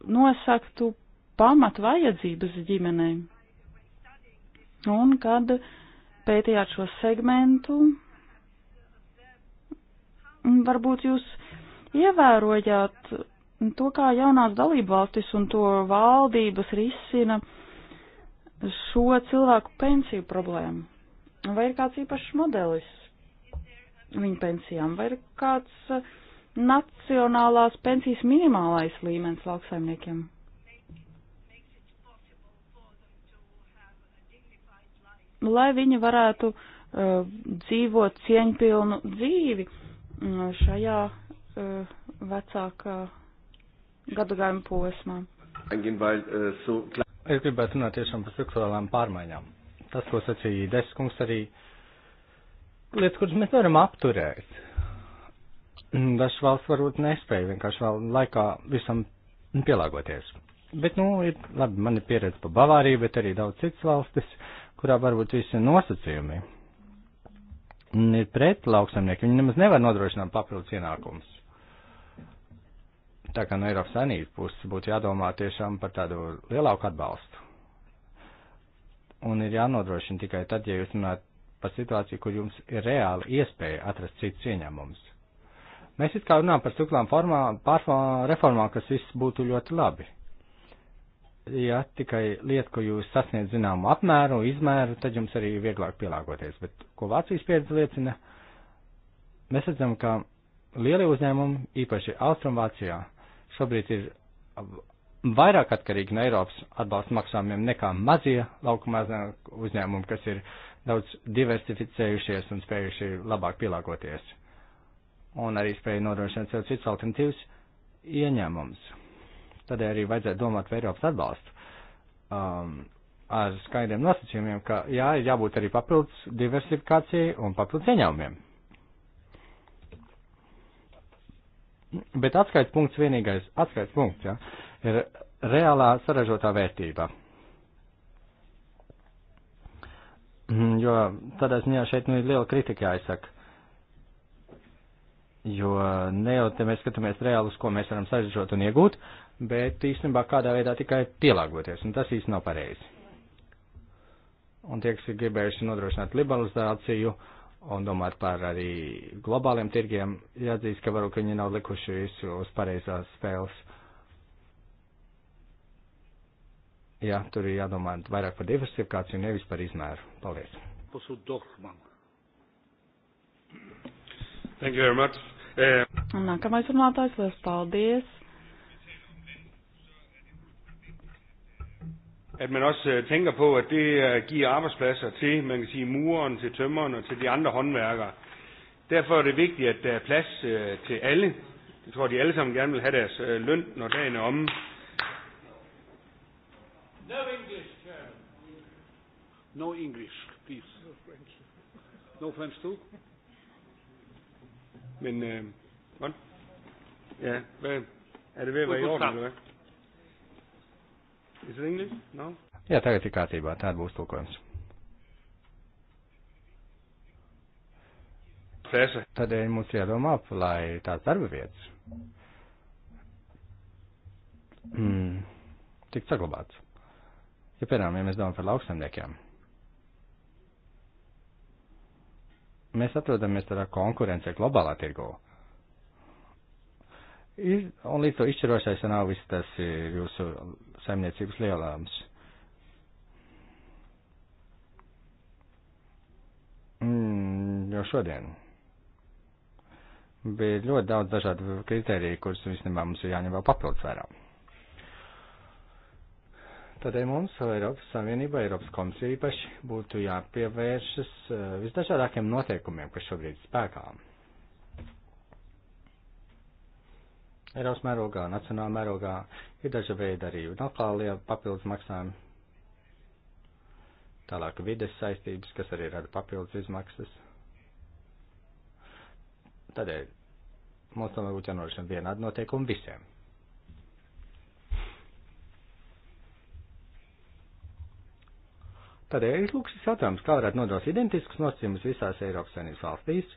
nosaktu pamat vajadzības ģimenēm. Un kad pētījāt šo segmentu, varbūt jūs ievērojāt to, kā jaunās dalībvalstis un to valdības risina šo cilvēku pensiju problēmu. Vai ir kāds īpašs modelis viņu pensijām, vai ir kāds uh, nacionālās pensijas minimālais līmenis lauksaimniekiem? Lai viņi varētu uh, dzīvot cieņpilnu dzīvi mm, šajā uh, vecākā gadagājuma posmā. Es gribētu runāt tiešām par struktūrālām pārmaiņām. Tas, ko sacīja Deskungs, arī lietas, kuras mēs varam apturēt Dažas valsts varbūt nespēja vienkārši vēl laikā visam pielāgoties. Bet, nu, ir labi, man ir pieredze pa Bavāriju, bet arī daudz citas valstis, kurā varbūt visi nosacījumi ir pret lauksamnieki. Viņi nemaz nevar nodrošināt papildus ienākumus. Tā kā no Eiropas Sanības puses būtu jādomā tiešām par tādu lielāku atbalstu. Un ir jānodrošina tikai tad, ja jūs runājat par situāciju, kur jums ir reāli iespēja atrast citus ieņēmumus. Mēs it kā runājam par struktūrām formā, pārformā, reformām, kas viss būtu ļoti labi. Ja tikai lieta, ko jūs sasniedz zināmu apmēru, izmēru, tad jums arī vieglāk pielāgoties. Bet ko Vācijas pieredze liecina, mēs redzam, ka lielie uzņēmumi, īpaši Austrumvācijā, šobrīd ir vairāk atkarīgi no Eiropas atbalsta maksājumiem nekā mazie laukuma uzņēmumi, kas ir daudz diversificējušies un spējuši labāk pielāgoties un arī spēja nodrošināt sev cits alternatīvs ieņēmums. Tādēļ arī vajadzētu domāt par Eiropas atbalstu um, ar skaidriem nosacījumiem, ka jā, ir jābūt arī papildus diversifikācijai un papildus ieņēmumiem. Bet atskaits punkts vienīgais, atskaits punkts, jā, ir reālā saražotā vērtība. Jo tādā ziņā šeit nu ir liela kritika jāizsaka Jo ne jau te mēs skatāmies reāli, uz ko mēs varam sarežģot un iegūt, bet īstenībā kādā veidā tikai pielāgoties, un tas īsti nav pareizi. Un tie, kas ir gribējuši nodrošināt liberalizāciju un domāt par arī globāliem tirgiem, jāatzīst, ka varbūt viņi nav likuši visu uz pareizās spēles. Jā, tur ir jādomā vairāk par diversifikāciju, nevis par izmēru. Paldies. Thank you very much. Un nākamais runātājs, liels paldies. at man også øh, tænker på, at det øh, giver arbejdspladser til, man kan sige, mureren, til tømmeren og til de andre håndværkere. Derfor er det vigtigt, at der er plads øh, til alle. Jeg tror, de alle sammen gerne vil have deres løn, når dagen er omme. No English, No English, please. No French. No French too? Men, øh, godt. Ja, hvad, er det ved at være i orden, eller hvad? Is it English? No? Jā, tagad ir kārtībā. Tāda būs tulkojums. Prese. Tādēļ mums jādomā, lai tās darba vietas mm, tiktu saglabātas. Ja, piemēram, ja mēs domājam par lauksaimniekiem, mēs atrodamies tādā konkurencē globālā tirgū. Ir, un līdz to izšķirošais nav viss tas jūsu saimniecības lielāms. Mm, jo šodien bija ļoti daudz dažādu kritēriju, kurus visnībā mums ir jāņem vēl papildus vairāk. Tādēļ mums, Eiropas Savienība, Eiropas komisija īpaši, būtu jāpievēršas eh, visdažādākiem noteikumiem, kas šobrīd spēkā. Eiropas mērogā, nacionālā mērogā ir daži veidi arī nokālie papildus maksājumi, tālāk vides saistības, kas arī rada papildus izmaksas. Tādēļ mums tomēr būtu jānorošina vienādi noteikumi visiem. Tādēļ lūk šis jautājums, kā varētu nodrošināt identiskus nosacījumus visās Eiropas Savienības valstīs,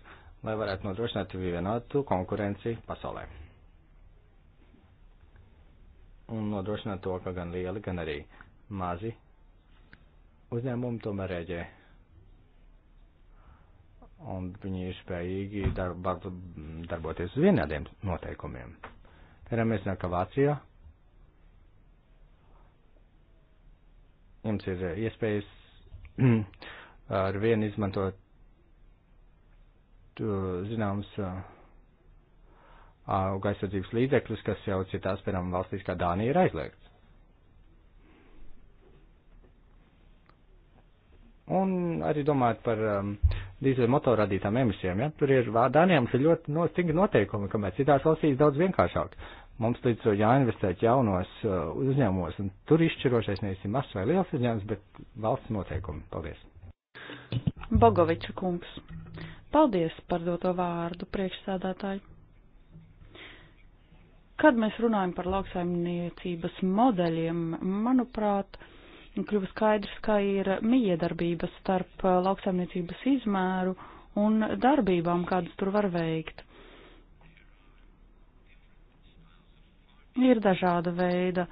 lai varētu nodrošināt vienādu konkurenci pasaulē. Un nodrošināt to, ka gan lieli, gan arī mazi uzņēmumi tomēr rēģē un viņi ir spējīgi darba, darboties uz vienādiem noteikumiem. Piemēram, mēs zinām, ka Vācijā jums ir iespējas ar vienu izmantot zināms auga aizsardzības līdzekļus, kas jau citās, piemēram, valstīs kā Dānija ir aizliegts. Un arī domājot par um, dīzeļu motoru radītām emisijām, ja, tur ir Dānijām ir ļoti no, stingri noteikumi, kamēr citās valstīs daudz vienkāršāk. Mums līdz to jāinvestē jaunos uh, uzņēmumos, un tur izšķirošais nevis ir mazs vai liels uzņēmums, bet valsts noteikumi. Paldies! Bogoviča kungs. Paldies par doto vārdu priekšsādātāji. Kad mēs runājam par lauksaimniecības modeļiem, manuprāt, kļuva skaidrs, ka ir miedarbība starp lauksaimniecības izmēru un darbībām, kādas tur var veikt. Ir dažāda veida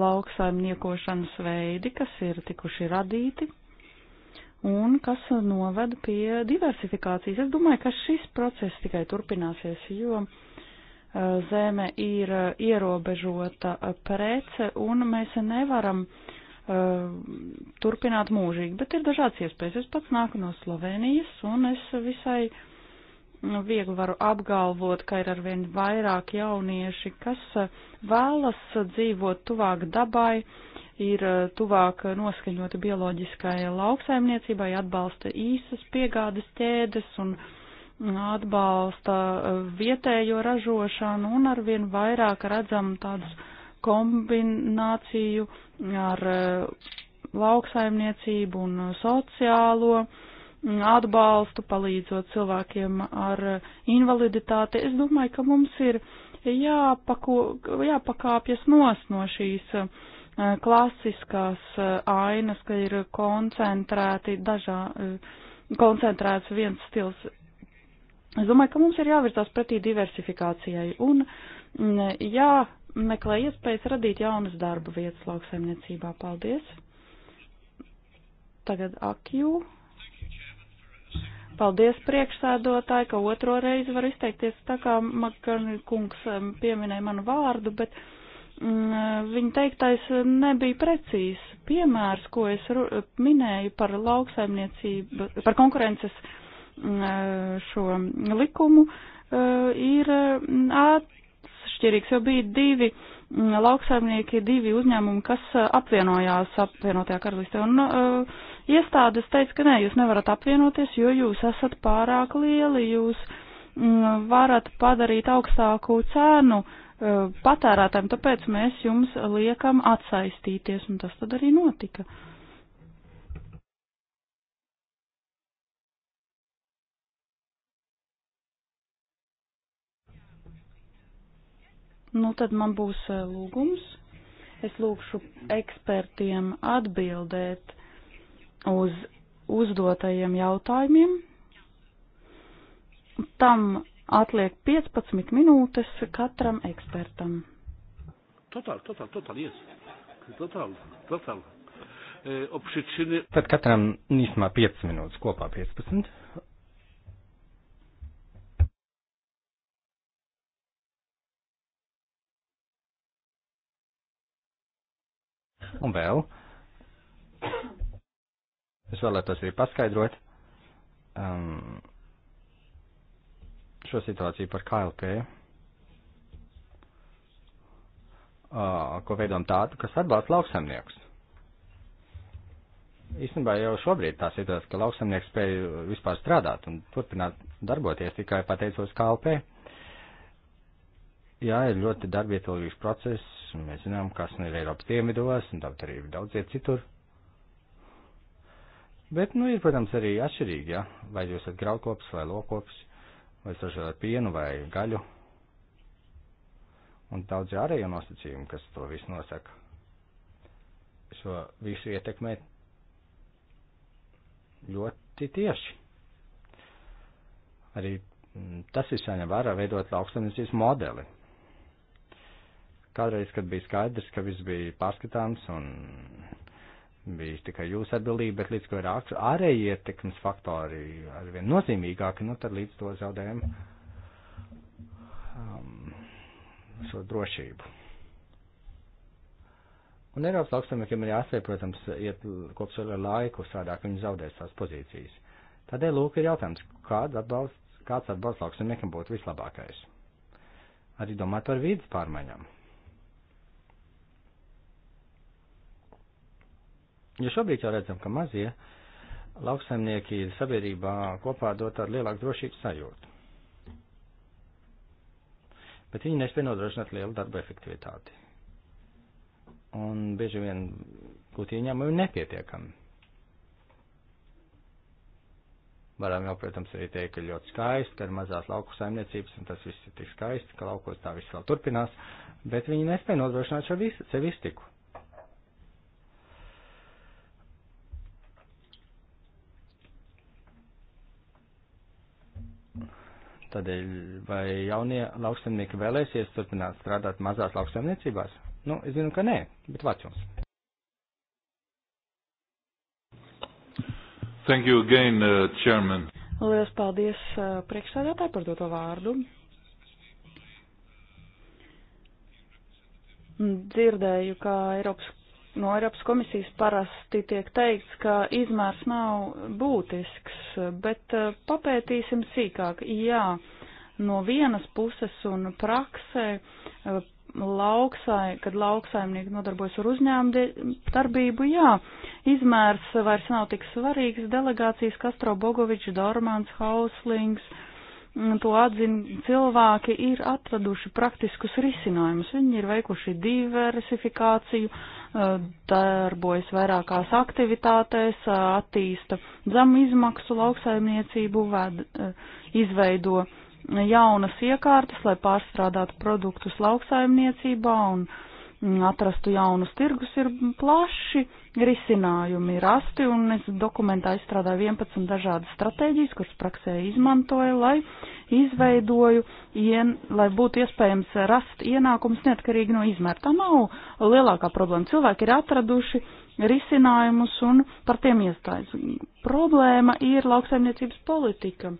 lauksaimniekošanas veidi, kas ir tikuši radīti un kas noved pie diversifikācijas. Es domāju, ka šis process tikai turpināsies, jo uh, zeme ir uh, ierobežota uh, prece un mēs nevaram turpināt mūžīgi, bet ir dažādas iespējas. Es pats nāku no Slovenijas un es visai uh, Nu, viegli varu apgalvot, ka ir arvien vairāk jaunieši, kas eh, vēlas eh, dzīvot tuvāk dabai, ir eh, tuvāk noskaņoti bioloģiskai lauksaimniecībai, atbalsta īsas piegādes ķēdes un mm, atbalsta vietējo ražošanu un arvien vairāk redzam tādus kombināciju ar lauksaimniecību un sociālo uh, atbalstu, palīdzot cilvēkiem ar invaliditāti. Es domāju, ka mums ir jāpako, jāpakāpjas nos no šīs eh, klasiskās eh, ainas, ka ir koncentrēti dažā, eh, koncentrēts viens stils. Es domāju, ka mums ir jāvirzās pretī diversifikācijai un mm, jāmeklē iespējas radīt jaunas darba vietas lauksaimniecībā. Paldies! Tagad akju Paldies priekšsēdotāji, ka otro reizi var izteikties tā kā Makarni kungs um, pieminēja manu vārdu, bet mm, viņa teiktais nebija precīzi. Piemērs, ko es minēju par lauksaimniecību, par konkurences mm, šo likumu, uh, ir mm, atšķirīgs, jo bija divi mm, lauksaimnieki, divi uzņēmumi, kas uh, apvienojās apvienotajā karalistē. Un, uh, Iestādes teica, ka nē, jūs nevarat apvienoties, jo jūs esat pārāk lieli, jūs mm, varat padarīt augstāku cēnu eh, patērētājiem, tāpēc mēs jums liekam atsaistīties, un tas tad arī notika. Nu, tad man būs eh, lūgums. Es lūgšu ekspertiem atbildēt uz uzdotajiem jautājumiem. Tam atliek 15 minūtes katram ekspertam. Totāli, totāli, totāli, yes. Totāli, totāli. E, Opšičini. Tad katram īsumā 5 minūtes, kopā 15. Un vēl Es vēlētos arī paskaidrot um, šo situāciju par KLP, uh, ko veidojam tādu, kas atbalsta lauksaimniekus. Īstenībā jau šobrīd tā situācija, ka lauksaimnieks spēja vispār strādāt un turpināt darboties tikai pateicoties KLP. Jā, ir ļoti darbietilīgs process, un mēs zinām, kas ir Eiropas dienvidos, un tāpat arī daudziet citur. Bet, nu, ir, protams, arī atšķirīgi, ja, vai jūs esat graudkops vai lokops, vai sažēlēt pienu vai gaļu. Un daudz ārējo nosacījumu, kas to visu nosaka. Šo visu ietekmē ļoti tieši. Arī mm, tas ir saņem vērā veidot lauksaimniecības modeli. Kādreiz, kad bija skaidrs, ka viss bija pārskatāms un bija tikai jūsu atbildība, bet līdz ko ir ārēji ietekmes faktori arvien nozīmīgāki, nu tad līdz to zaudējam um, šo drošību. Un Eiropas lauksaimniekiem ir jāsver, protams, iet kopsoļa laiku, sādāk viņi zaudēs tās pozīcijas. Tādēļ lūk ir jautājums, kāds atbalsts, kāds atbalsts lauksaimniekiem būtu vislabākais. Arī domāt par vīdes pārmaiņām. Jo šobrīd jau redzam, ka mazie lauksaimnieki sabiedrībā kopā dod ar lielāku drošības sajūtu. Bet viņi nespēja nodrošināt lielu darba efektivitāti. Un bieži vien gūt ieņēmumi nepietiekami. Varam jau, protams, arī teikt, ka ļoti skaisti, ka ir mazās lauku saimniecības, un tas viss ir tik skaisti, ka laukos tā viss vēl turpinās, bet viņi nespēja nodrošināt šo visu, sev iztiku. Tādēļ, vai jaunie lauksaimnieki vēlēsies turpināt strādāt mazās lauksaimniecībās? Nu, es zinu, ka nē, bet vārds jums. Thank you again, uh, Chairman. Lielas paldies uh, priekšsēdētāji par doto vārdu. Dzirdēju, kā Eiropas no Eiropas komisijas parasti tiek teikts, ka izmērs nav būtisks, bet eh, papētīsim sīkāk. Jā, no vienas puses un praksē, eh, lauksai, kad lauksaimnieki nodarbojas ar uzņēmumu darbību, jā, izmērs vairs nav tik svarīgs. Delegācijas Kastro Bogovičs, Dormans, Hauslings mm, to atzina cilvēki, ir atraduši praktiskus risinājumus. Viņi ir veikuši diversifikāciju, darbojas vairākās aktivitātēs, attīsta zemu izmaksu lauksaimniecību, ved, izveido jaunas iekārtas, lai pārstrādātu produktus lauksaimniecībā un atrastu jaunus tirgus, ir plaši risinājumi rasti, un es dokumentā izstrādāju 11 dažādas stratēģijas, kuras praksē izmantoju, lai izveidoju, ien, lai būtu iespējams rast ienākums neatkarīgi no izmēra. Tā nav lielākā problēma. Cilvēki ir atraduši risinājumus un par tiem iestājas. Problēma ir lauksaimniecības politika.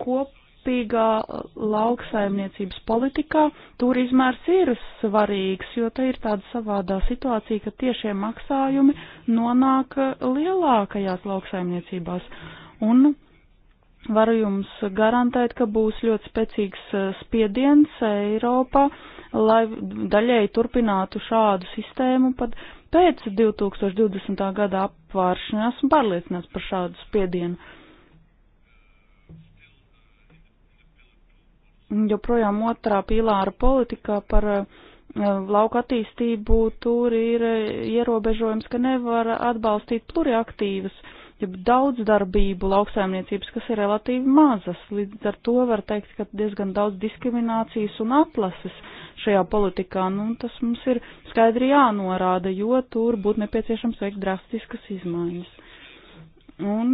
Kop kopīgā uh, lauksaimniecības politikā tur izmērs ir svarīgs, jo te ir tāda savādā situācija, ka tiešie maksājumi nonāk uh, lielākajās lauksaimniecībās. Un varu jums garantēt, ka būs ļoti spēcīgs uh, spiediens Eiropā, lai daļēji turpinātu šādu sistēmu pat pēc 2020. gada apvāršana. Esmu pārliecināts par šādu spiedienu joprojām otrā pīlāra politikā par eh, lauka attīstību, tur ir eh, ierobežojums, ka nevar atbalstīt pluriaktīvas, ja daudz darbību lauksaimniecības, kas ir relatīvi mazas. Līdz ar to var teikt, ka diezgan daudz diskriminācijas un atlases šajā politikā. Nu, tas mums ir skaidri jānorāda, jo tur būtu nepieciešams veikt drastiskas izmaiņas. Un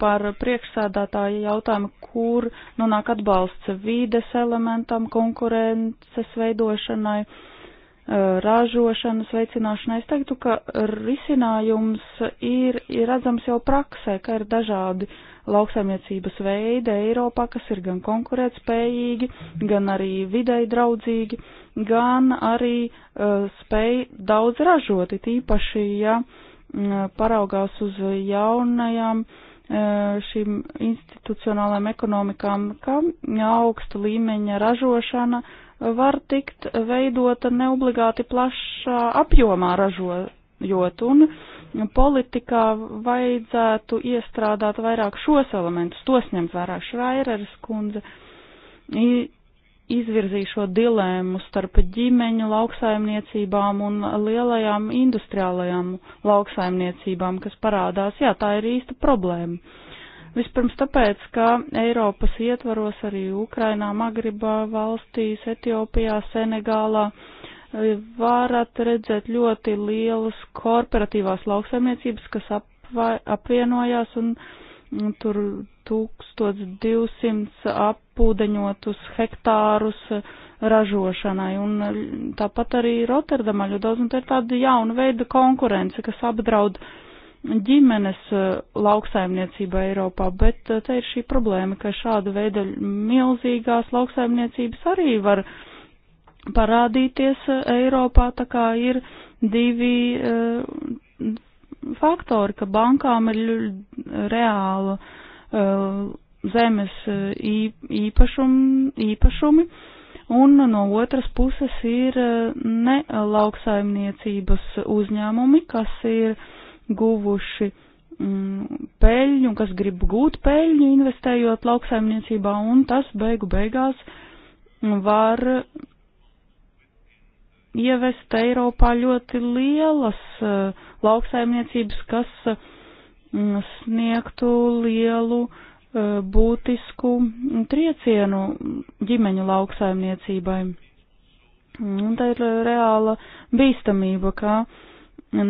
par priekšsēdētāja jautājumu, kur nonāk atbalsts vīdes elementam, konkurences veidošanai, eh, ražošanas veicināšanai. Es teiktu, ka risinājums ir, ir redzams jau praksē, ka ir dažādi lauksaimniecības veidi Eiropā, kas ir gan konkurētspējīgi, gan arī videi draudzīgi, gan arī uh, spēj daudz ražot, it īpaši, ja mm, paraugās uz jaunajām uh, Eh, šīm institucionālajām ekonomikām, ka augsta līmeņa ražošana var tikt veidota neobligāti plašā apjomā ražojot, un politikā vajadzētu iestrādāt vairāk šos elementus, tos ņemt vairāk Šraireres kundze izvirzīja šo dilēmu starp ģimeņu lauksaimniecībām un lielajām industriālajām lauksaimniecībām, kas parādās. Jā, tā ir īsta problēma. Vispirms tāpēc, ka Eiropas ietvaros arī Ukrainā, Magribā, valstīs, Etiopijā, Senegālā e, varat redzēt ļoti lielas korporatīvās lauksaimniecības, kas apvienojās un tur 1200 apūdeņotus hektārus ražošanai. Un tāpat arī Rotterdamā ļoti daudz, un tā ir tāda jauna veida konkurence, kas apdraud ģimenes e, lauksaimniecība Eiropā, bet e, te ir šī problēma, ka šāda veida milzīgās lauksaimniecības arī var parādīties e, Eiropā, tā kā ir divi uh, faktori, ka bankām ir reāla uh, Uh, zemes uh, īpašum, īpašumi, un no otras puses ir uh, ne lauksaimniecības uzņēmumi, kas ir guvuši mm, peļņu un kas grib gūt peļņu investējot lauksaimniecībā, un tas beigu beigās var ievest Eiropā ļoti lielas lauksaimniecības, kas Mm, sniegtu lielu e, būtisku triecienu ģimeņu lauksaimniecībai. Un tā ir reāla bīstamība, ka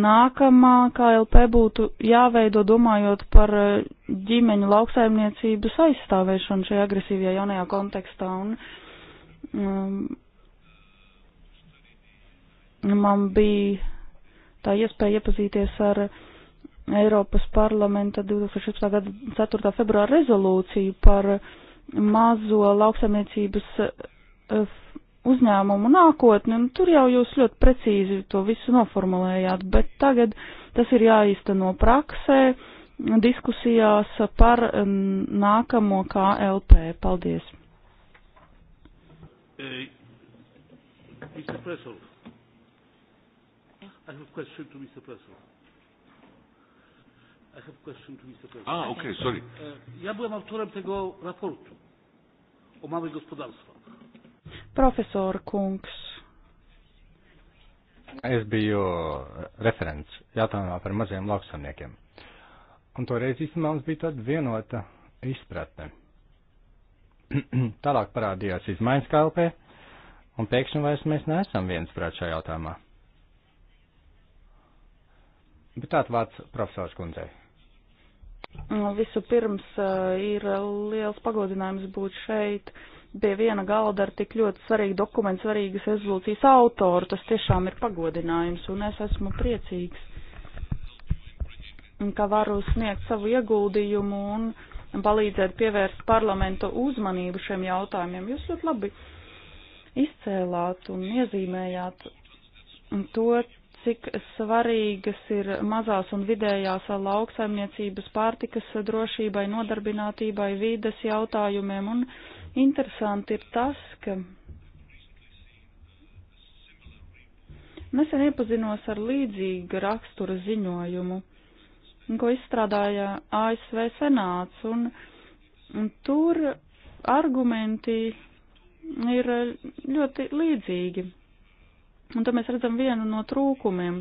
nākamā KLP būtu jāveido domājot par e, ģimeņu lauksaimniecības aizstāvēšanu šajā agresīvajā jaunajā kontekstā. Un, um, man bija tā iespēja iepazīties ar uh, Eiropas parlamenta 2016. gada 4. februāra rezolūciju par mazo lauksaimniecības eh, uzņēmumu nākotni, un tur jau jūs ļoti precīzi to visu noformulējāt, bet tagad tas ir jāīsteno praksē, diskusijās par eh, nākamo KLP. Paldies! Hey, eh, Mr. Pressel, I have a question to Mr. Pressel. I have a question to Mr. President. Ah, okay, e, sorry. Ja byłem autorem tego raportu o małych gospodarstwach. Profesor Kungs. Es biju referents jautājumā par maziem lauksaimniekiem. Un toreiz īstenībā mums bija tāda vienota izpratne. Tālāk parādījās izmaiņas kalpē, un pēkšņi vairs mēs neesam viens prāt šajā jautājumā. Bet tāds vārds profesors kundzei. Vispirms eh, ir liels pagodinājums būt šeit pie viena galda ar tik ļoti svarīgu dokumentu, svarīgas rezolūcijas autoru. Tas tiešām ir pagodinājums, un es esmu priecīgs, ka varu sniegt savu ieguldījumu un palīdzēt pievērst parlamentu uzmanību šiem jautājumiem. Jūs ļoti labi izcēlāt un iezīmējāt to, cik svarīgas ir mazās un vidējās lauksaimniecības pārtikas drošībai, nodarbinātībai, vīdes jautājumiem. Un interesanti ir tas, ka nesen iepazinos ar līdzīgu rakstura ziņojumu, ko izstrādāja ASV senāts, un, un tur argumenti ir ļoti līdzīgi Un tad mēs redzam vienu no trūkumiem.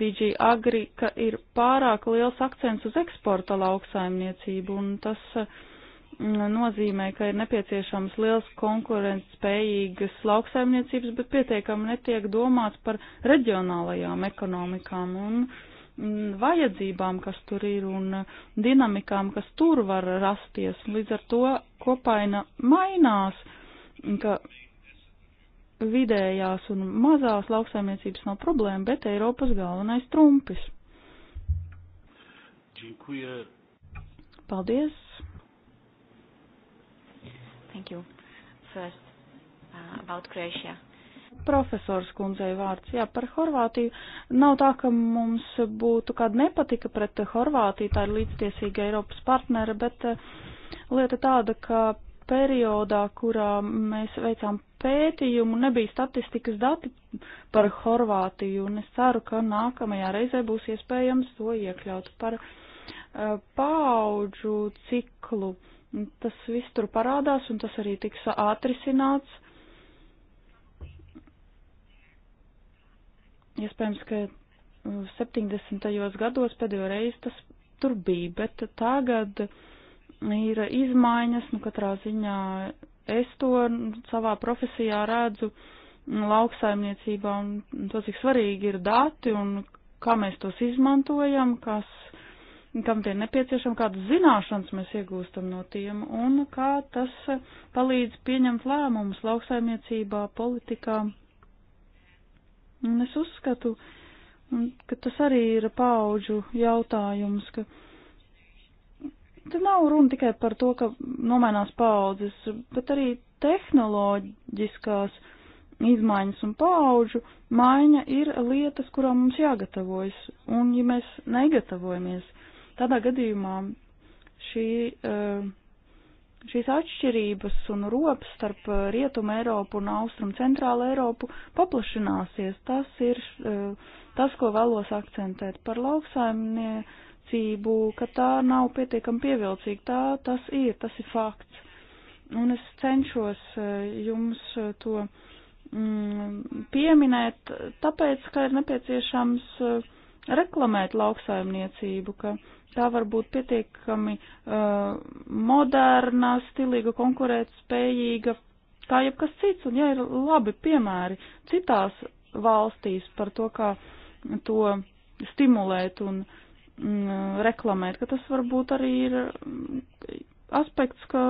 DG Agri, ka ir pārāk liels akcents uz eksporta lauksaimniecību, un tas mm, nozīmē, ka ir nepieciešams liels konkurents spējīgas lauksaimniecības, bet pietiekami netiek domāts par reģionālajām ekonomikām un mm, vajadzībām, kas tur ir, un dinamikām, kas tur var rasties. Līdz ar to kopaina mainās, ka vidējās un mazās lauksaimniecības nav problēma, bet Eiropas galvenais trumpis. Dziękuję. Paldies. Thank you. First, uh, about Croatia. Profesors kundzei vārds, jā, par Horvātiju. Nav tā, ka mums būtu kāda nepatika pret Horvātiju, tā ir līdztiesīga Eiropas partnera, bet uh, lieta tāda, ka periodā, kurā mēs veicām pētījumu, nebija statistikas dati par Horvātiju, un es ceru, ka nākamajā reizē būs iespējams to iekļaut par uh, eh, paauģu ciklu. Tas viss tur parādās, un tas arī tiks atrisināts. Iespējams, ka 70. Eh, gados pēdējo reizi tas tur bija, bet tagad uh, ir izmaiņas, nu katrā ziņā es to savā profesijā redzu nu, lauksaimniecībā un to, cik svarīgi ir dati un kā mēs tos izmantojam, kas, kam tie nepieciešami, kādas zināšanas mēs iegūstam no tiem un kā tas palīdz pieņemt lēmumus lauksaimniecībā, politikā. Un es uzskatu, ka tas arī ir paauģu jautājums, ka Te nav runa tikai par to, ka nomainās paudzes, bet arī tehnoloģiskās izmaiņas un paudžu maiņa ir lietas, kurām mums jāgatavojas, un ja mēs negatavojamies, tādā gadījumā šī, eh, šīs atšķirības un rops starp eh, Rietumu Eiropu un Austrumu Centrālu Eiropu paplašināsies. Tas ir eh, tas, ko vēlos akcentēt par lauksaimnieku rīcību, ka tā nav pietiekami pievilcīga. Tā tas ir, tas ir fakts. Un es cenšos e, jums to mm, pieminēt, tāpēc, ka ir nepieciešams e, reklamēt lauksaimniecību, ka tā var būt pietiekami uh, moderna, stilīga, konkurētspējīga, kā jebkas cits, un ja ir labi piemēri citās valstīs par to, kā to stimulēt un uh, Mm, reklamēt, ka tas varbūt arī ir mm, aspekts, ka,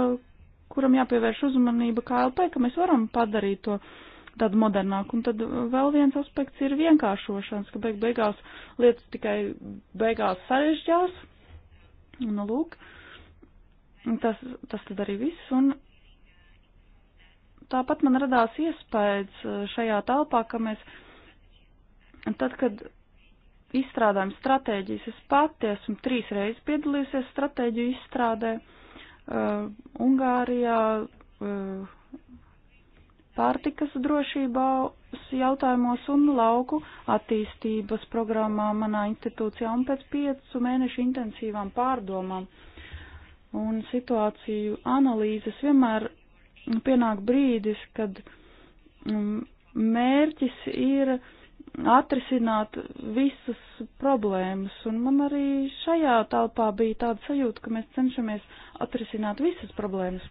kuram jāpievērš uzmanība KLP, ka mēs varam padarīt to tādu modernāku. Un tad vēl viens aspekts ir vienkāršošanas, ka beig beigās lietas tikai beigās sarežģās. Nu, lūk, tas, tas tad arī viss. Un tāpat man radās iespējas šajā telpā, ka mēs tad, kad izstrādājam stratēģijas. Es pati esmu trīs reizes piedalījusies stratēģiju izstrādē uh, Ungārijā, uh, pārtikas drošībās jautājumos un lauku attīstības programmā manā institūcijā un pēc piecu mēnešu intensīvām pārdomām un situāciju analīzes vienmēr pienāk brīdis, kad mm, mērķis ir uh, atrisināt visas problēmas. Un man arī šajā telpā bija tāda sajūta, ka mēs cenšamies atrisināt visas problēmas.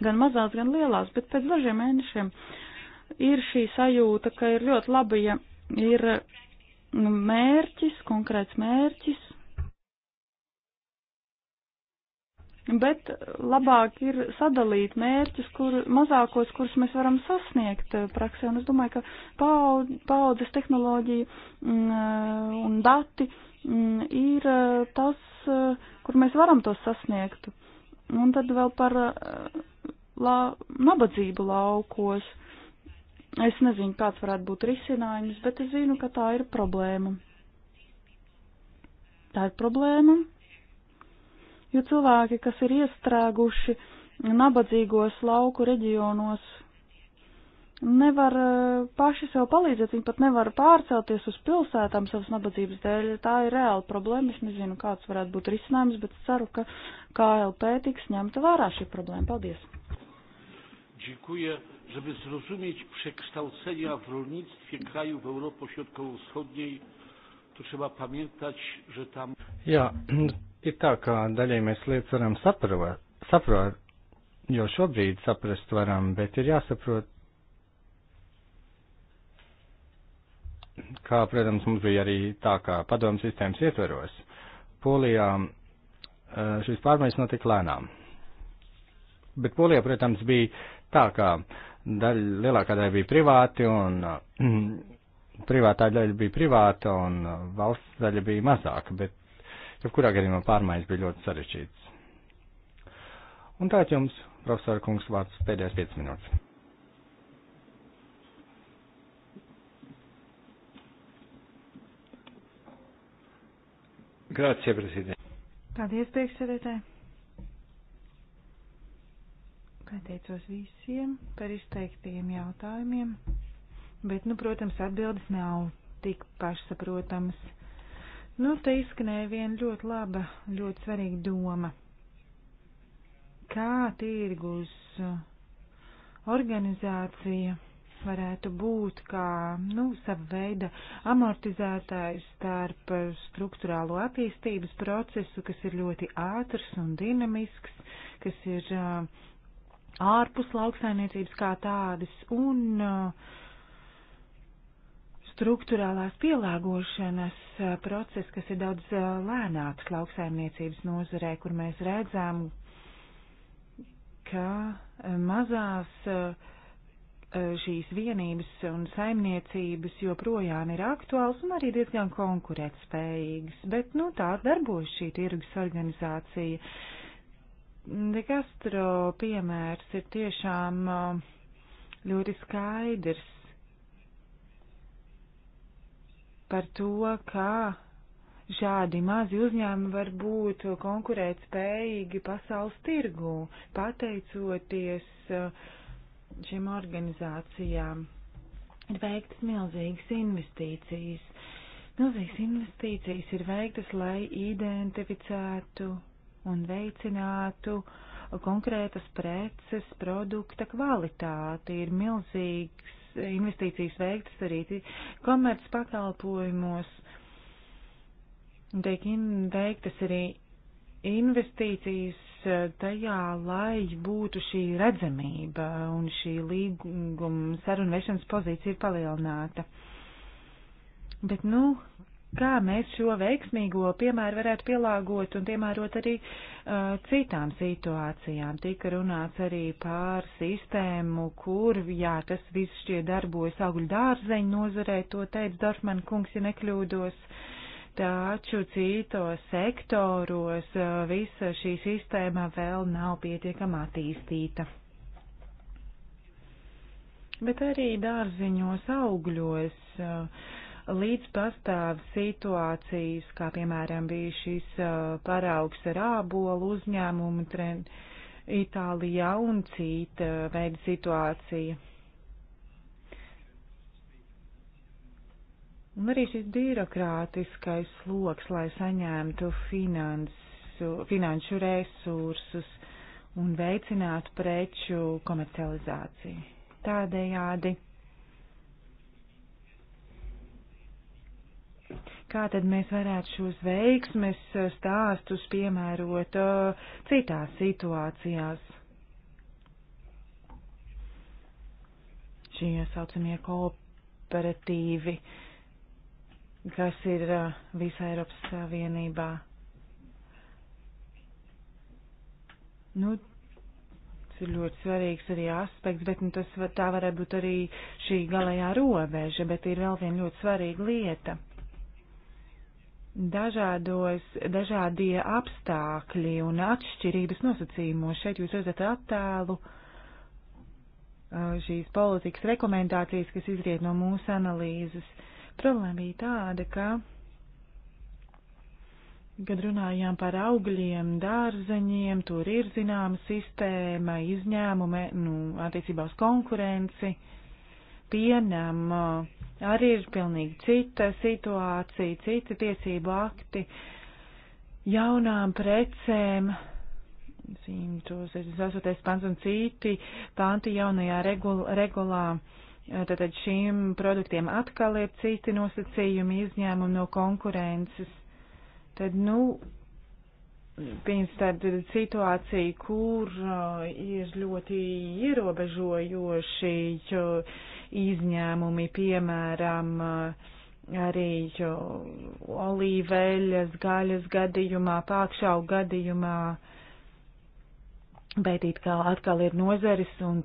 Gan mazās, gan lielās, bet pēc dažiem mēnešiem ir šī sajūta, ka ir ļoti labi, ja ir nu, mērķis, konkrēts mērķis, bet labāk ir sadalīt mērķus, kur, mazākos, kurus mēs varam sasniegt eh, praksē. Un es domāju, ka paud, paudzes tehnoloģija mm, eh, un dati mm, ir eh, tas, kur mēs varam to sasniegt. Un tad vēl par la, nabadzību laukos. Es nezinu, kāds varētu būt risinājums, bet es zinu, ka tā ir problēma. Tā ir problēma, jo cilvēki, kas ir iestrēguši nabadzīgos lauku reģionos, nevar e, paši sev palīdzēt, viņi pat nevar pārcelties uz pilsētām savas nabadzības dēļ. Tā ir reāla problēma. Es nezinu, kāds varētu būt risinājums, bet ceru, ka KLP tiks ņemta vērā šī problēma. Paldies! Dziękuję. Żeby zrozumieć przekształcenia w rolnictwie krajów Europy Środkowo-Wschodniej, to trzeba pamiętać, że tam. Ja, ir tā, ka daļai mēs lietas varam saprot, saprot, jo šobrīd saprast varam, bet ir jāsaprot, kā, protams, mums bija arī tā kā padomu sistēmas ietveros. Polijā šīs pārmaiņas notika lēnām. Bet Polijā, protams, bija tā, ka daļa, lielākā daļa bija privāti un privātā daļa bija privāta un valsts daļa bija mazāka, bet jebkurā gadījumā pārmaiņas bija ļoti sarežģītas. Un tā jums, profesora kungs, vārds pēdējais 5 minūtes. Grācie, prezident. Paldies, priekšsēdētāji. Pateicos visiem par izteiktajiem jautājumiem, bet, nu, protams, atbildes nav tik pašsaprotamas. Nu, te izskanēja viena ļoti laba, ļoti svarīga doma. Kā tirgus uh, organizācija varētu būt kā, nu, sava veida amortizētājs starp uh, struktūrālo attīstības procesu, kas ir ļoti ātrs un dinamisks, kas ir uh, ārpus lauksainiecības kā tādas un uh, struktūrālās pielāgošanas eh, process, kas ir daudz eh, lēnāks lauksaimniecības nozarē, kur mēs redzam, ka eh, mazās šīs vienības un saimniecības joprojām ir aktuāls un arī diezgan konkurētspējīgas, bet, nu, tā darbojas šī tirgus organizācija. De Castro piemērs ir tiešām ļoti skaidrs par to, kā šādi mazi uzņēmumi var būt konkurēt spējīgi pasaules tirgū, pateicoties uh, šīm organizācijām. Ir veiktas milzīgas investīcijas. Milzīgas investīcijas ir veiktas, lai identificētu un veicinātu konkrētas preces produkta kvalitāti. Ir milzīgs investīcijas veiktas arī komerc pakalpojumos. Tiek veiktas arī investīcijas eh, tajā, lai būtu šī redzamība un šī līguma sarunu vešanas pozīcija palielināta. Bet, nu, kā mēs šo veiksmīgo piemēru varētu pielāgot un piemērot arī uh, citām situācijām. Tika runāts arī pār sistēmu, kur, jā, tas viss šie darbojas augļu dārzeņu nozarē, to teica Dorfman kungs, ja nekļūdos. Taču citos sektoros uh, visa šī sistēma vēl nav pietiekama attīstīta. Bet arī dārziņos augļos. Uh, līdz pastāv situācijas, kā piemēram bija šis paraugs ar ābolu uzņēmumu tren Itālijā un cita veida situācija. Un arī šis birokrātiskais sloks, lai saņemtu finansu, finanšu resursus un veicinātu preču komercializāciju. Tādējādi Kā tad mēs varētu šos veiksmes stāstus piemērot citās situācijās? Šie saucamie kooperatīvi, kas ir visā Eiropas Savienībā. Nu, ir ļoti svarīgs arī aspekts, bet nu, tas var, tā varētu būt arī šī galējā robeža, bet ir vēl viena ļoti svarīga lieta dažādos, dažādie apstākļi un atšķirības nosacījumos. Šeit jūs redzat attēlu šīs politikas rekomendācijas, kas izriet no mūsu analīzes. Problēma bija tāda, ka, kad runājām par augļiem, dārzeņiem, tur ir zināma sistēma, izņēmumi, nu, attiecībā uz konkurenci, pienam, uh, arī ir pilnīgi cita situācija, citi tiesību akti jaunām precēm. 168. pants un citi panti jaunajā regul regulā. Tātad šīm produktiem atkal ir citi nosacījumi, izņēmumi no konkurences. Tad, nu, Pieņems tādu situāciju, kur uh, ir ļoti ierobežojoši izņēmumi, piemēram, uh, arī uh, olīveļas, gaļas gadījumā, pākšau gadījumā, bet it kā atkal ir nozeris un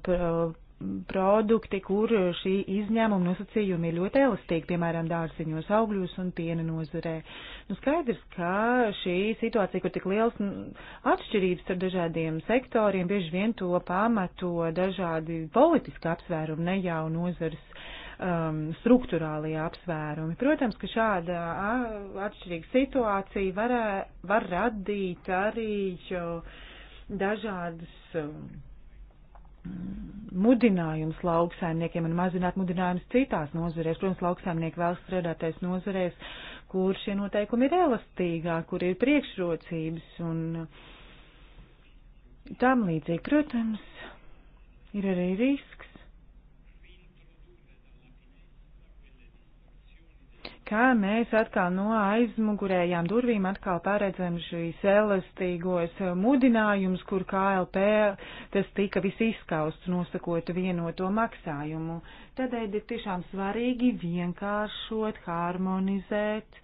produkti, kur šī izņēmuma nosacījumi ir ļoti elastīgi, piemēram, dārziņos, augļos un piena nozarē. Nu, skaidrs, ka šī situācija, kur tik liels atšķirības ar dažādiem sektoriem, bieži vien to pamato dažādi politiski apsvērumi, ne jau nozars um, struktūrālie apsvērumi. Protams, ka šāda atšķirīga situācija var, var radīt arī dažādas. Um, mudinājums lauksaimniekiem un mazināt mudinājums citās nozarēs. Protams, lauksaimnieki vēl strādātais nozarēs, kur šie noteikumi ir elastīgāk, kur ir priekšrocības un tam līdzīgi. Protams, ir arī risks kā mēs atkal no aizmugurējām durvīm atkal paredzam šīs elastīgos mudinājumus, kur KLP tas tika viss izskausts, nosakot vienoto maksājumu. Tādēļ ir tiešām svarīgi vienkāršot, harmonizēt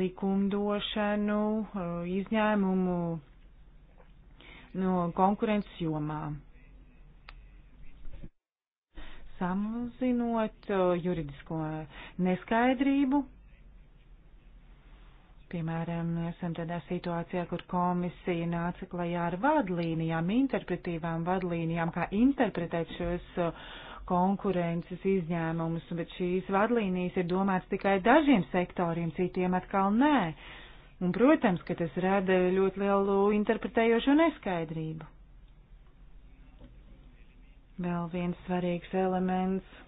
likumdošanu, eh, izņēmumu no konkurences jomām samazinot uh, juridisko neskaidrību. Piemēram, esam tādā situācijā, kur komisija nāca klajā ar vadlīnijām, interpretīvām vadlīnijām, kā interpretēt šos uh, konkurences izņēmumus, bet šīs vadlīnijas ir domāts tikai dažiem sektoriem, citiem atkal nē. Un, protams, ka tas rada ļoti lielu interpretējošo neskaidrību. Vēl viens svarīgs elements.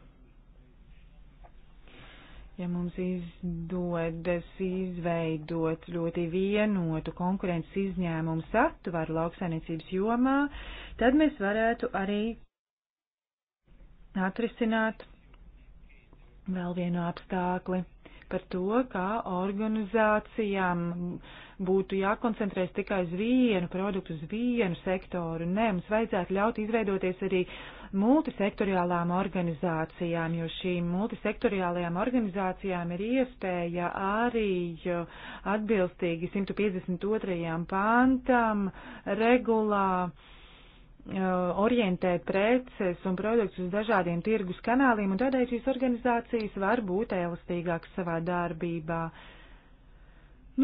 Ja mums izdodas izveidot ļoti vienotu konkurences izņēmumu satvaru lauksainicības jomā, tad mēs varētu arī atrisināt vēl vienu apstākli par to, kā organizācijām būtu jākoncentrēs tikai uz vienu produktu, uz vienu sektoru. Nē, mums vajadzētu ļaut izveidoties arī multisektoriālām organizācijām, jo šīm multisektoriālajām organizācijām ir iespēja arī atbilstīgi 152. pantam regulā Uh, orientēt preces un produktus uz dažādiem tirgus kanāliem, un tādēļ šīs organizācijas var būt elastīgākas savā darbībā.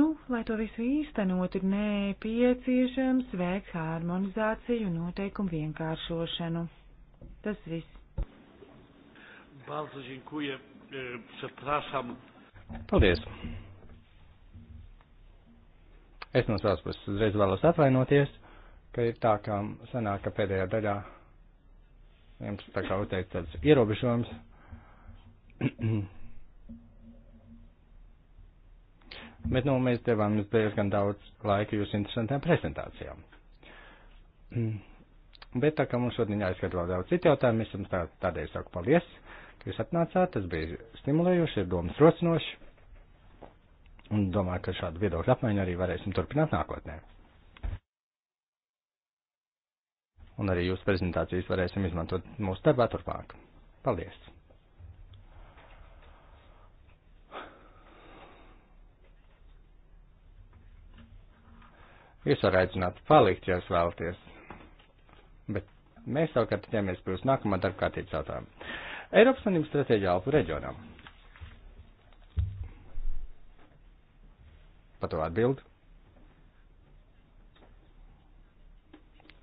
Nu, lai to visu īstenot, ir nepieciešams veikt harmonizāciju un noteikumu vienkāršošanu. Tas viss. Bardzo dziękuję. E, przepraszam. Paldies. Es no savas puses uzreiz vēlos atvainoties ka ir tā, ka sanāk, ka pēdējā daļā jums tā kā uzteikt tāds ierobežojums. Bet, nu, mēs devām jums diezgan daudz laika jūsu interesantām prezentācijām. Bet tā kā mums šodien jāizskat vēl daudz citu jautājumu, es jums tā, tādēļ saku paldies, ka jūs atnācāt, tas bija stimulējoši, ir domas rocinoši. Un domāju, ka šādu viedokļu apmaiņu arī varēsim turpināt nākotnē. un arī jūsu prezentācijas varēsim izmantot mūsu darbā turpmāk. Paldies! Jūs varat aicināt palikt, ja jūs vēlaties, bet mēs savukārt ķeramies pie jūsu nākamā darba kārtības jautājuma. Eiropas Savienības stratēģija Alpu reģionam. Par to atbildi.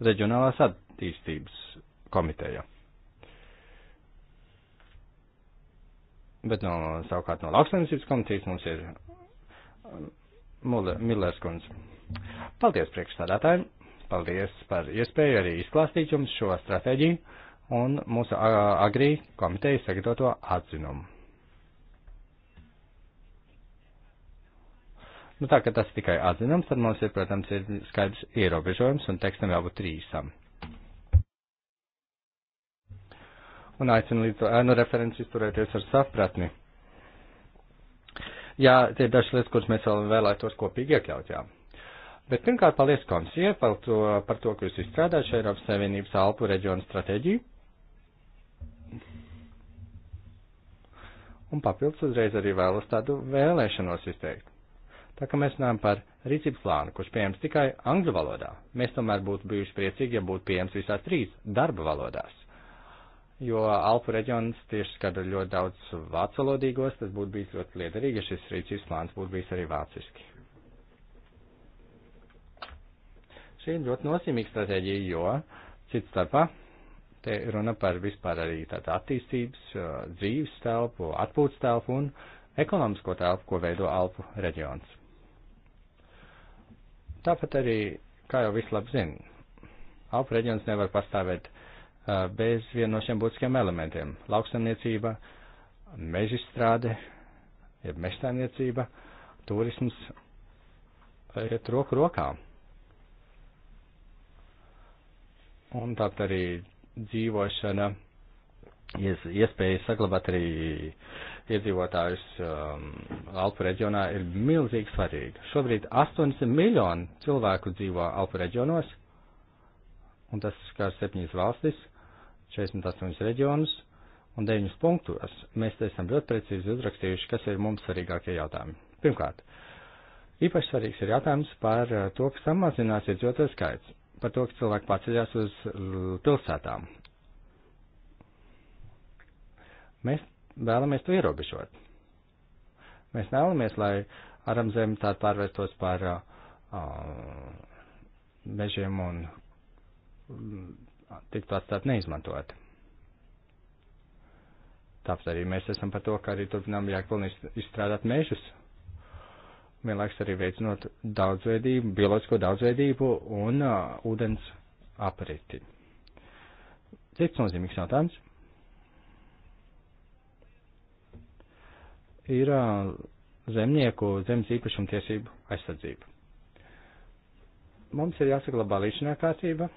reģionālās atbildības attīstības komiteja. Bet no, savukārt no lauksaimniecības komitejas mums ir um, Millers kundze. Paldies priekšstādātājiem, paldies par iespēju arī izklāstīt jums šo stratēģiju un mūsu agrī komitejas sagatavoto atzinumu. Nu tā, ka tas tikai atzinums, tad mums ir, protams, ir skaidrs ierobežojums un tekstam jābūt trīsam. un aicinu līdz ēnu referents izturēties ar sapratni. Jā, tie ir dažas lietas, kuras mēs vēl vēlētos kopīgi iekļaut, jā. Bet pirmkārt, paldies komisijai par to, par to, ka jūs izstrādājat šo Eiropas Savienības Alpu reģionu stratēģiju. Un papildus uzreiz arī vēlas tādu vēlēšanos izteikt. Tā kā mēs runājam par rīcības plānu, kurš pieejams tikai angļu valodā, mēs tomēr būtu bijuši priecīgi, ja būtu pieejams visās trīs darba valodās jo Alpu reģions tieši skar ļoti daudz vācolodīgos, tas būtu bijis ļoti liederīgi, ja šis rīcības plāns būtu bijis arī vāciski. Šī ir ļoti nozīmīga stratēģija, jo cits starpā te runa par vispār arī tādu attīstības, dzīves telpu, atpūtas telpu un ekonomisko telpu, ko veido Alpu reģions. Tāpat arī, kā jau vislab zina, Alpu reģions nevar pastāvēt bez viena no šiem būtiskiem elementiem - lauksaimniecība, mežstrāde, jeb mežsaimniecība, turisms iet roku rokā. Un tāpat arī dzīvošana, ies, iespēja saglabāt arī iedzīvotājus um, Alpu reģionā ir milzīgi svarīga. Šobrīd 80 miljoni cilvēku dzīvo Alpu reģionos, un tas skar septiņas valstis 48 reģionus un 9 punktus, mēs esam ļoti precīzi uzrakstījuši, kas ir mums svarīgākie jautājumi. Pirmkārt, īpaši svarīgs ir jautājums par eh, to, ka samazinās iedzīvotāju skaits, par to, ka cilvēki paceļās uz eh, pilsētām. Mēs vēlamies to ierobežot. Mēs vēlamies, lai aramzēm tāda pārvērstos par uh, mežiem un tiktu atstāt neizmantot. Tāpēc arī mēs esam par to, ka arī turpinām jākpilnīgi izstrādāt mežus, vienlaiks arī veicinot daudzveidību, bioloģisko daudzveidību un uh, ūdens apriti. Cits nozīmīgs jautājums ir uh, zemnieku zemes īpašumtiesību aizsardzība. Mums ir jāsaglabā līdzinā kārtība,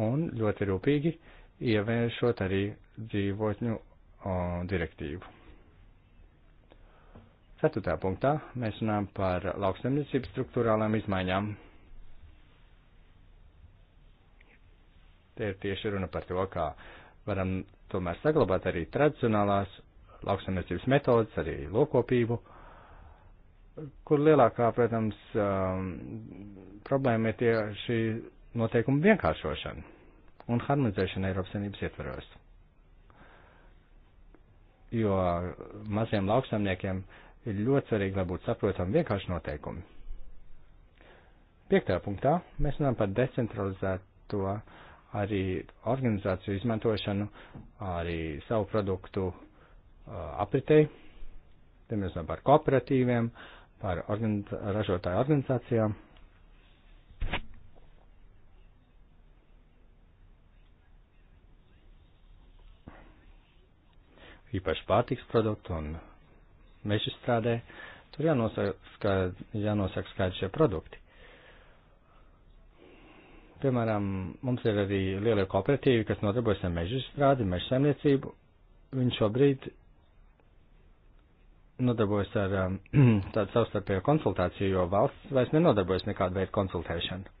un ļoti rūpīgi ievēršot arī dzīvotņu o, direktīvu. Ceturtā punktā mēs runājam par lauksaimniecības struktūrālām izmaiņām. Te ir tieši runa par to, kā varam tomēr saglabāt arī tradicionālās lauksaimniecības metodas, arī lokopību, kur lielākā, protams, um, problēma ir tie šī noteikumu vienkāršošanu un harmonizēšanu Eiropas Savienības ietveros. Jo maziem lauksamniekiem ir ļoti svarīgi, lai būtu saprotami vienkārši noteikumi. Piektā punktā mēs runājam par decentralizēto arī organizāciju izmantošanu, arī savu produktu apritei. Te mēs runājam par kooperatīviem, par organiz ražotāju organizācijām. īpaši pārtiks produktu un meža strādē, tur jānosaka, jānosaka skaidri šie produkti. Piemēram, mums ir arī lielie kooperatīvi, kas nodarbojas ar meža strādi, meža saimniecību. Viņi šobrīd nodarbojas ar um, tādu savstarpēju konsultāciju, jo valsts vairs nenodarbojas nekādu veidu konsultēšanu.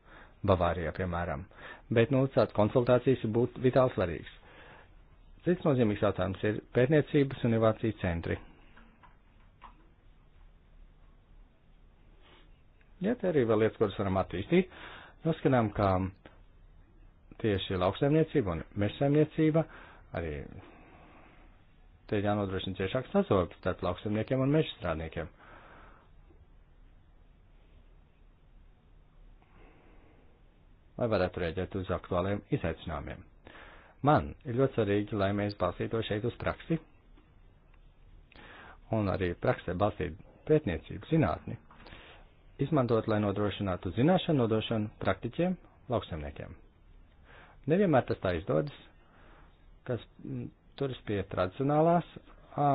Bavārijā, piemēram. Bet, nu, tāds konsultācijas būtu vitāli svarīgs. Cits nozīmīgs jautājums ir pētniecības un inovāciju centri. Ja te arī vēl lietas, kuras varam attīstīt, noskatām, kā tieši lauksaimniecība un mežsaimniecība arī te ir jānodrošina ciešāks sazobs starp lauksaimniekiem un mežstrādniekiem. Lai varētu rēģēt uz aktuāliem izaicinājumiem. Man ir ļoti svarīgi, lai mēs balstītu šeit uz praksi un arī praksē balstīt pētniecību zinātni, izmantot, lai nodrošinātu zināšanu nodošanu praktiķiem, lauksemniekiem. Nevienmēr tas tā izdodas, kas turas pie tradicionālās ā,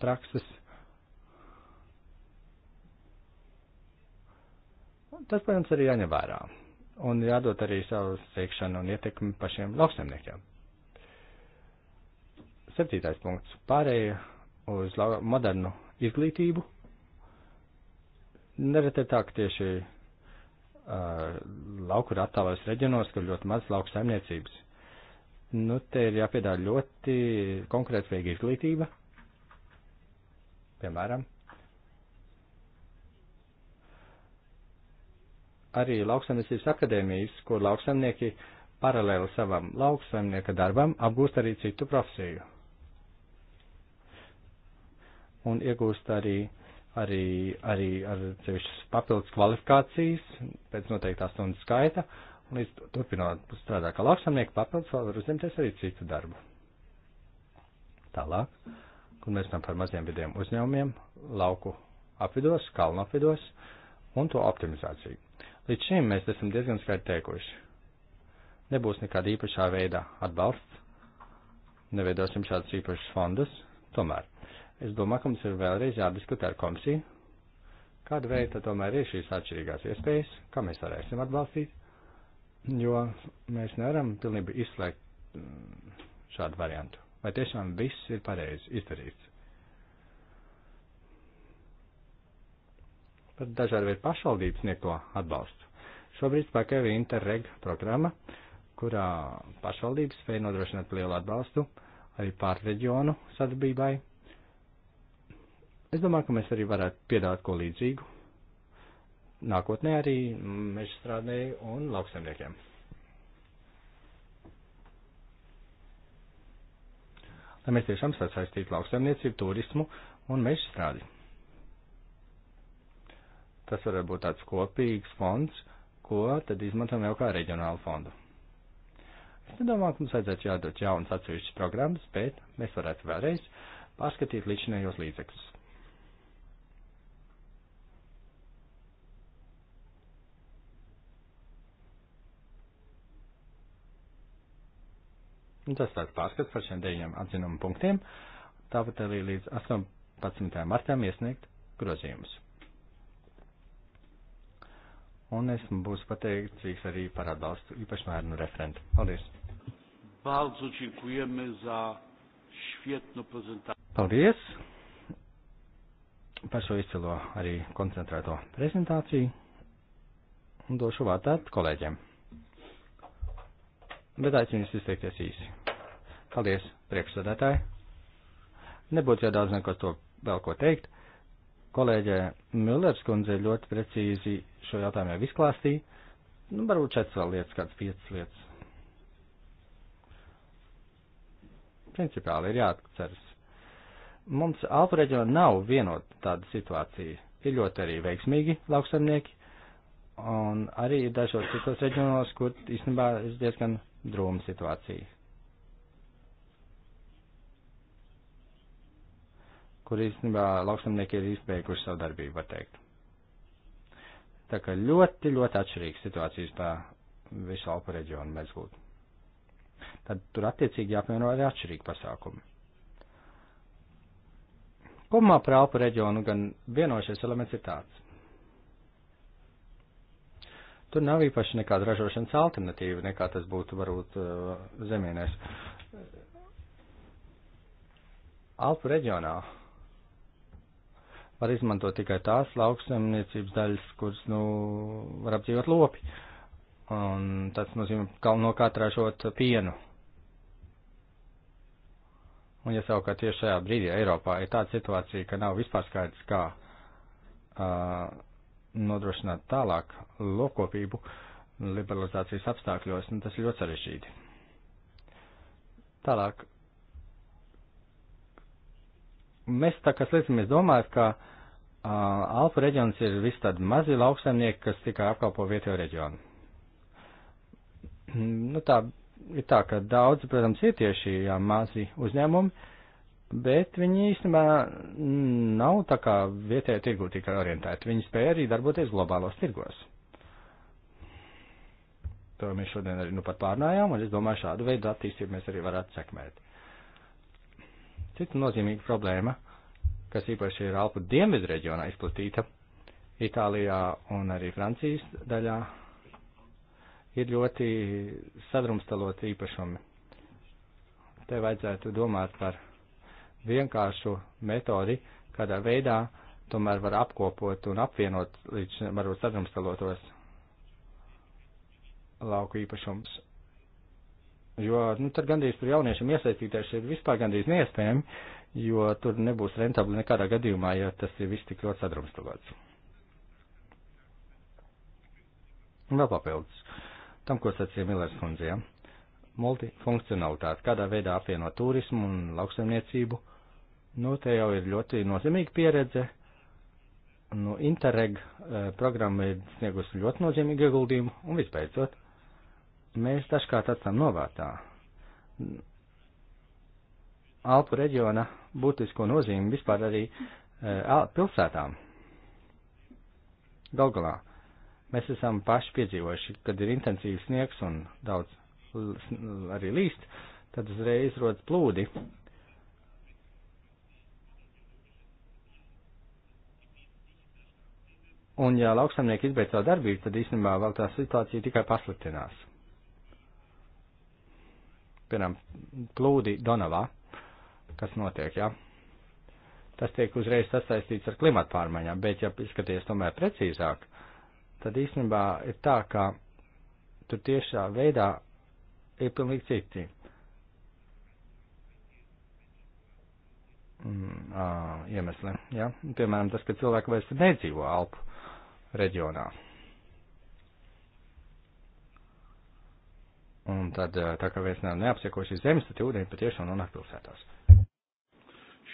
prakses. Tas, protams, arī jāņem vērā un jādod arī savu teikšanu un ietekmi pašiem lauksaimniekiem. Septītais punkts - pārēja uz modernu izglītību. Nereti tā, ka tieši uh, lauku ir attālās reģionos, kur ļoti maz lauku saimniecības. Nu, te ir jāpiedāvā ļoti konkrētspējīga izglītība, piemēram, arī lauksaimniecības akadēmijas, kur lauksaimnieki paralēli savam lauksaimnieka darbam apgūst arī citu profesiju. Un iegūst arī, arī, arī ar cevišķas papildus kvalifikācijas pēc noteiktā stundu skaita, un līdz turpinot strādāt kā lauksaimnieki, papildus vēl var uzņemties arī citu darbu. Tālāk, kur mēs runājam par maziem vidiem uzņēmumiem, lauku apvidos, kalnu apvidos un to optimizāciju. Līdz šim mēs esam diezgan skaidri teikuši. Nebūs nekāda īpašā veidā atbalsts, neveidosim šādus īpašus fondus, tomēr es domāju, ka mums ir vēlreiz jādiskutē ar komisiju, kāda veida tomēr ir šīs atšķirīgās iespējas, kā mēs varēsim atbalstīt, jo mēs nevaram pilnībā izslēgt mm, šādu variantu. Vai tiešām viss ir pareizi izdarīts? par dažādu veidu pašvaldības sniegto atbalstu. Šobrīd spēkā ir Interreg programma, kurā pašvaldības spēja nodrošināt lielu atbalstu arī pārreģionu sadarbībai. Es domāju, ka mēs arī varētu piedāvāt ko līdzīgu nākotnē arī mežstrādēju un lauksaimniekiem. Lai mēs tiešām sasaistītu lauksaimniecību, turismu un mežstrādi. Tas var būt tāds kopīgs fonds, ko tad izmantojam jau kā reģionālu fondu. Es nedomāju, ka mums vajadzētu jādod jaunas atsevišķas programmas, bet mēs varētu vēlreiz pārskatīt līdzinējos līdzekļus. Un tas tāds pārskats par šiem deviņiem atzinumu punktiem. Tāpat arī līdz 18. martām iesniegt grozījumus un esmu būs pateicīgs arī par atbalstu īpaši mērnu referentu. Paldies! Bardzo dziękujemy za świetną prezentację. Paldies par šo izcilo arī koncentrēto prezentāciju un došu vārtāt kolēģiem. Bet aicinu jūs izteikties īsi. Paldies, priekšsēdētāji. Nebūtu jau daudz neko to vēl ko teikt kolēģe Millers kundze ļoti precīzi šo jautājumu jau izklāstīja. Nu, varbūt četras vēl lietas, kādas piecas lietas. Principāli ir jāatceras. Mums Alpu reģionā nav vienota tāda situācija. Ir ļoti arī veiksmīgi lauksamnieki, un arī dažos citos reģionos, kur īstenībā ir diezgan drūma situācija. kur īstenībā lauksamnieki ir izbeiguši savu darbību, var teikt. Tā kā ļoti, ļoti atšķirīgas situācijas pa visu Alpu reģionu mēs būtu. Tad tur attiecīgi jāpiemēro arī atšķirīgi pasākumi. Kopumā par Alpu reģionu gan vienošais elements ir tāds. Tur nav īpaši nekāda ražošanas alternatīva, nekā tas būtu varbūt uh, zemienēs. Alpu reģionā var izmantot tikai tās lauksaimniecības daļas, kuras, nu, var apdzīvot lopi. Un tas nozīmē, ka no katrā šot pienu. Un ja savukārt tieši šajā brīdī Eiropā ir tāda situācija, ka nav vispār skaidrs, kā uh, nodrošināt tālāk lopkopību liberalizācijas apstākļos, nu, tas ir ļoti sarežģīti. Tālāk mēs tā kā slēdzamies domāt, ka uh, Alpu reģions ir viss tādi mazi lauksaimnieki, kas tikai apkalpo vietējo reģionu. Nu tā, ir tā, ka daudz, protams, ir tieši jā, mazi uzņēmumi, bet viņi īstenībā nav tā kā vietējā tirgu tikai orientēti. Viņi spēja arī darboties globālos tirgos. To mēs šodien arī nu pat pārnājām, un es domāju, šādu veidu attīstību mēs arī varētu sekmēt. Cita nozīmīga problēma, kas īpaši ir Alpu dienvidu reģionā izplatīta, Itālijā un arī Francijas daļā, ir ļoti sadrumstalot īpašumi. Te vajadzētu domāt par vienkāršu metodi, kādā veidā tomēr var apkopot un apvienot līdz varbūt sadrumstalotos lauku īpašums jo nu, tad gandrīz par jauniešiem iesaistīties ir vispār gandrīz neiespējami, jo tur nebūs rentabli nekādā gadījumā, ja tas ir viss tik ļoti sadrumstalots. Vēl papildus tam, ko sacīja Milers kundze, ja? multifunkcionalitāte, kādā veidā apvienot turismu un lauksaimniecību, nu, te jau ir ļoti nozīmīga pieredze. Nu, Interreg eh, programma ir sniegusi ļoti nozīmīgu ieguldījumu un vispēcot mēs dažkārt atstām novārtā Alpu reģiona būtisko nozīmi vispār arī e, pilsētām. Galgalā mēs esam paši piedzīvojuši, kad ir intensīvs sniegs un daudz arī līst, tad uzreiz rodas plūdi. Un ja lauksamnieki izbeidz savu darbību, tad īstenībā vēl tā situācija tikai pasliktinās piemēram, plūdi Donavā, kas notiek, jā. Ja? Tas tiek uzreiz sasaistīts ar klimatu pārmaiņām, bet, ja skaties tomēr precīzāk, tad īstenībā ir tā, ka tur tiešā veidā ir pilnīgi citi. Mm, iemesli, ja? piemēram, tas, ka cilvēki vairs nedzīvo Alpu reģionā. Un tad, tā kā viens nav neapsiekoši zemes, tad ūdeņi patiešām nonāk pilsētās.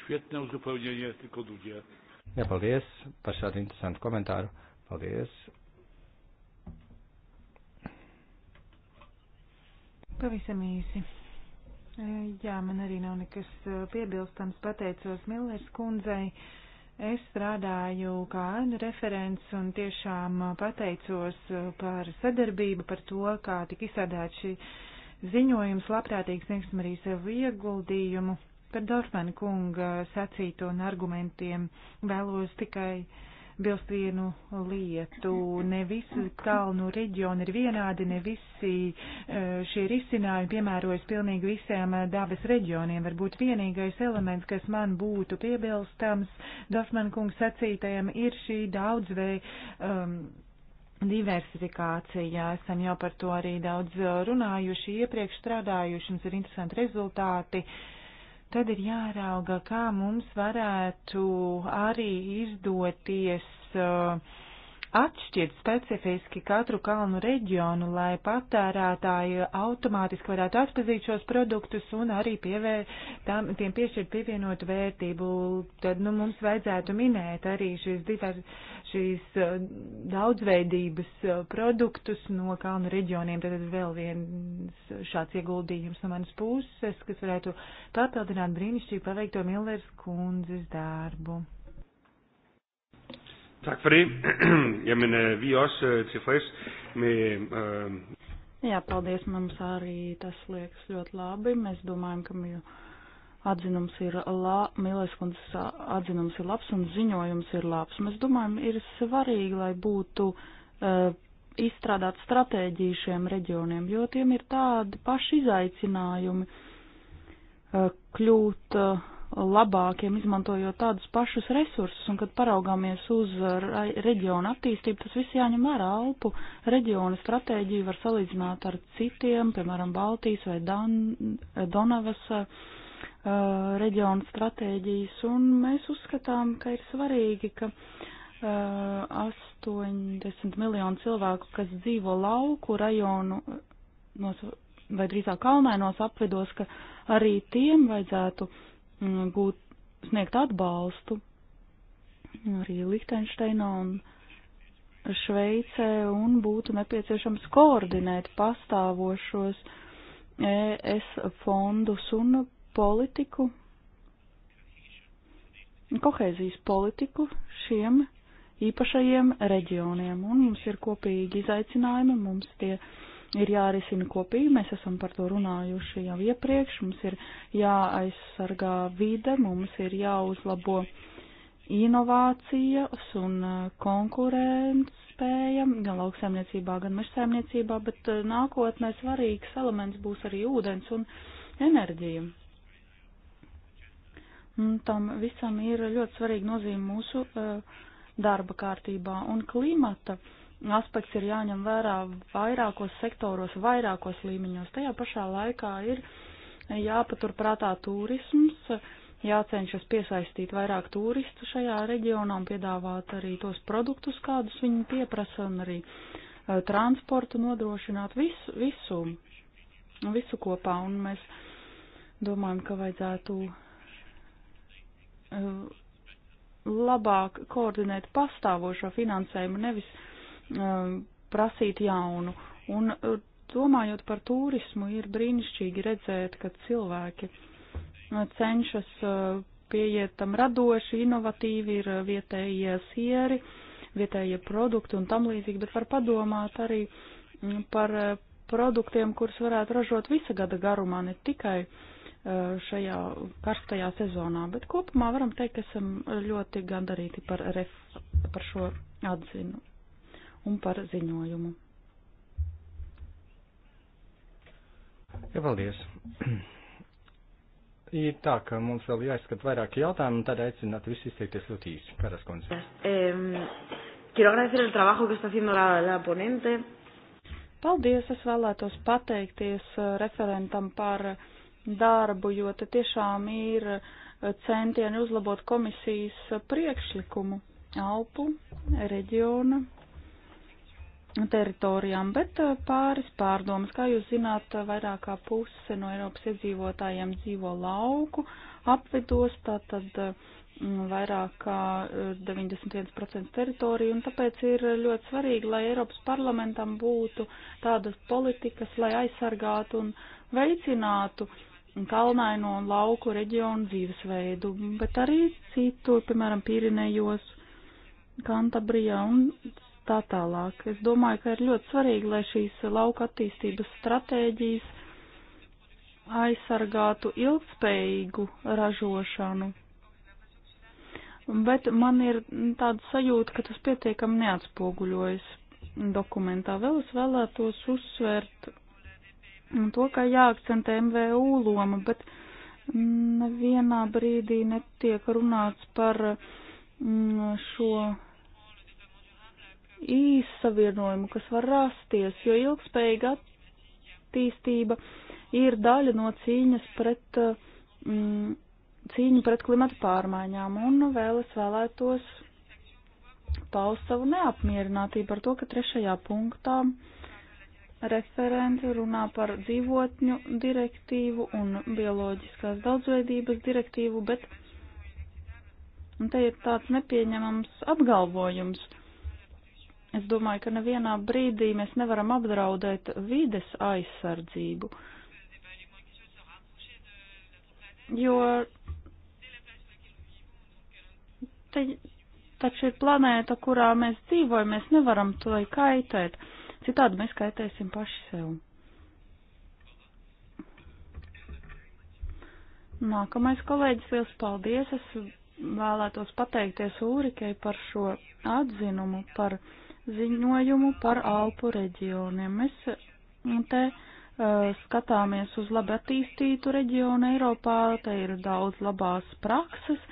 Švietne uzupełnienie, tylko drugie. Jā, paldies par šādu interesantu komentāru. Paldies. Pavisam īsi. Jā, man arī nav nekas piebilstams. Pateicos Millers kundzei. Uh, Es strādāju kā ēnu referents un tiešām uh, pateicos uh, par sadarbību, par to, kā tika izsādāt šī ziņojums. Labprātīgi sniegsim arī savu ieguldījumu par Dorfmanu kunga sacīto un argumentiem. Vēlos tikai uh, bilstienu lietu. Ne visi kalnu reģioni ir vienādi, ne visi e, šie risinājumi piemērojas pilnīgi visiem e, dabas reģioniem. Varbūt vienīgais elements, kas man būtu piebilstams Dafman kungs sacītajam, ir šī daudzvei. Um, Diversifikācija, esam jau par to arī daudz e, runājuši, iepriekš strādājuši, mums ir interesanti rezultāti, uh, tad ir jārauga, kā mums varētu arī izdoties uh, atšķirt specifiski katru kalnu reģionu, lai patērētāji automātiski varētu atpazīt šos produktus un arī pievē, tam, tiem piešķirt pievienotu vērtību. Tad nu, mums vajadzētu minēt arī šīs, divas, šīs uh, daudzveidības uh, produktus no kalnu reģioniem. Tad vēl viens šāds ieguldījums no manas puses, kas varētu papildināt brīnišķīgi paveikto Millers kundzes darbu. Tak for det. Jamen, øh, vi er også øh, tilfredse med... Øh... Jā, paldies. Mums arī tas liekas ļoti labi. Mēs domājam, ka mīl, atzinums ir la, Mīlēs kundzes atzinums ir labs un ziņojums ir labs. Mēs domājam, ir svarīgi, lai būtu uh, izstrādāt stratēģiju šiem reģioniem, jo tiem ir tādi paši izaicinājumi uh, kļūt. Uh, labākiem, izmantojot tādus pašus resursus, un kad paraugāmies uz reģionu attīstību, tas viss jāņem vērā. Alpu reģiona stratēģiju var salīdzināt ar citiem, piemēram, Baltijas vai Dan Donavas uh, reģiona stratēģijas, un mēs uzskatām, ka ir svarīgi, ka uh, 80 miljonu cilvēku, kas dzīvo lauku rajonu, uh, nos, vai drīzāk kalnainos apvidos, ka arī tiem vajadzētu uh, Mm, gūt, sniegt atbalstu arī Lihtenšteinā un Šveicē un būtu nepieciešams koordinēt pastāvošos ES fondus un politiku, kohēzijas politiku šiem īpašajiem reģioniem. Un mums ir kopīgi izaicinājumi, mums tie ir ir jārisina kopīgi. Mēs esam par to runājuši jau iepriekš. Mums ir jāaizsargā vide, mums ir jāuzlabo inovācijas un uh, konkurētspēja gan lauksaimniecībā, gan mežsaimniecībā, bet uh, nākotnē svarīgs elements būs arī ūdens un enerģija. Un tam visam ir ļoti svarīga nozīme mūsu uh, darba kārtībā un klimata uh, aspekts ir jāņem vērā vairākos sektoros, vairākos līmeņos. Tajā pašā laikā ir jāpaturprātā turisms, jācenšas piesaistīt vairāk turistu šajā reģionā un piedāvāt arī tos produktus, kādus viņi pieprasa, un arī eh, transportu nodrošināt visu, visu, visu kopā. Un mēs domājam, ka vajadzētu eh, labāk koordinēt pastāvošo finansējumu, nevis uh, Um, prasīt jaunu. Un uh, domājot par turismu, ir brīnišķīgi redzēt, ka cilvēki uh, cenšas uh, pieiet tam radoši, inovatīvi ir vietējie sieri, vietējie produkti un tam līdzīgi, bet var padomāt arī mm, par produktiem, kurus varētu ražot visa gada garumā, ne tikai šajā karstajā sezonā, bet kopumā varam teikt, ka esam ļoti gandarīti par, ref, par šo atzinu, un par ziņojumu. Jā, paldies. Ir tā, ka mums vēl jāizskat vairāki jautājumi, un tad aicināt visus izteikties ļoti īsi. Kādas koncertas? Quiero agradecer el trabajo que está haciendo la, la ponente. Paldies, es vēlētos pateikties eh, referentam par darbu, jo te tiešām ir eh, centieni uzlabot komisijas eh, priekšlikumu Alpu reģiona teritorijām, bet uh, pāris pārdomas. Kā jūs zināt, uh, vairāk kā puse no Eiropas iedzīvotājiem dzīvo lauku apvidos, tātad uh, mm, vairāk kā 91% teritoriju, un tāpēc ir ļoti svarīgi, lai Eiropas parlamentam būtu tādas politikas, lai aizsargātu un veicinātu kalnaino un lauku reģionu dzīvesveidu, bet arī citur, piemēram, Pirinejos, Kantabrijā un tā tālāk. Es domāju, ka ir ļoti svarīgi, lai šīs lauka attīstības stratēģijas aizsargātu ilgspējīgu ražošanu. Bet man ir tāda sajūta, ka tas pietiekami neatspoguļojas dokumentā. Vēl es vēlētos uzsvērt to, ka jāakcentē MVU loma, bet nevienā brīdī netiek runāts par mm, šo īssavienojumu, kas var rasties, jo ilgspējīga attīstība ir daļa no cīņas pret, mm, cīņa pret klimata pārmaiņām, un vēl es vēlētos paust savu neapmierinātību ar to, ka trešajā punktā referenti runā par dzīvotņu direktīvu un bioloģiskās daudzveidības direktīvu, bet un te ir tāds nepieņemams apgalvojums – Es domāju, ka nevienā brīdī mēs nevaram apdraudēt vides aizsardzību, jo te, taču ir planēta, kurā mēs dzīvojam, mēs nevaram to kaitēt. Citādi mēs kaitēsim paši sev. Nākamais kolēģis, liels paldies! Es vēlētos pateikties Ūrikai par šo atzinumu, par ziņojumu par Alpu reģioniem. Mēs mm, te skatāmies uz labi attīstītu reģionu Eiropā, te ir daudz labās prakses,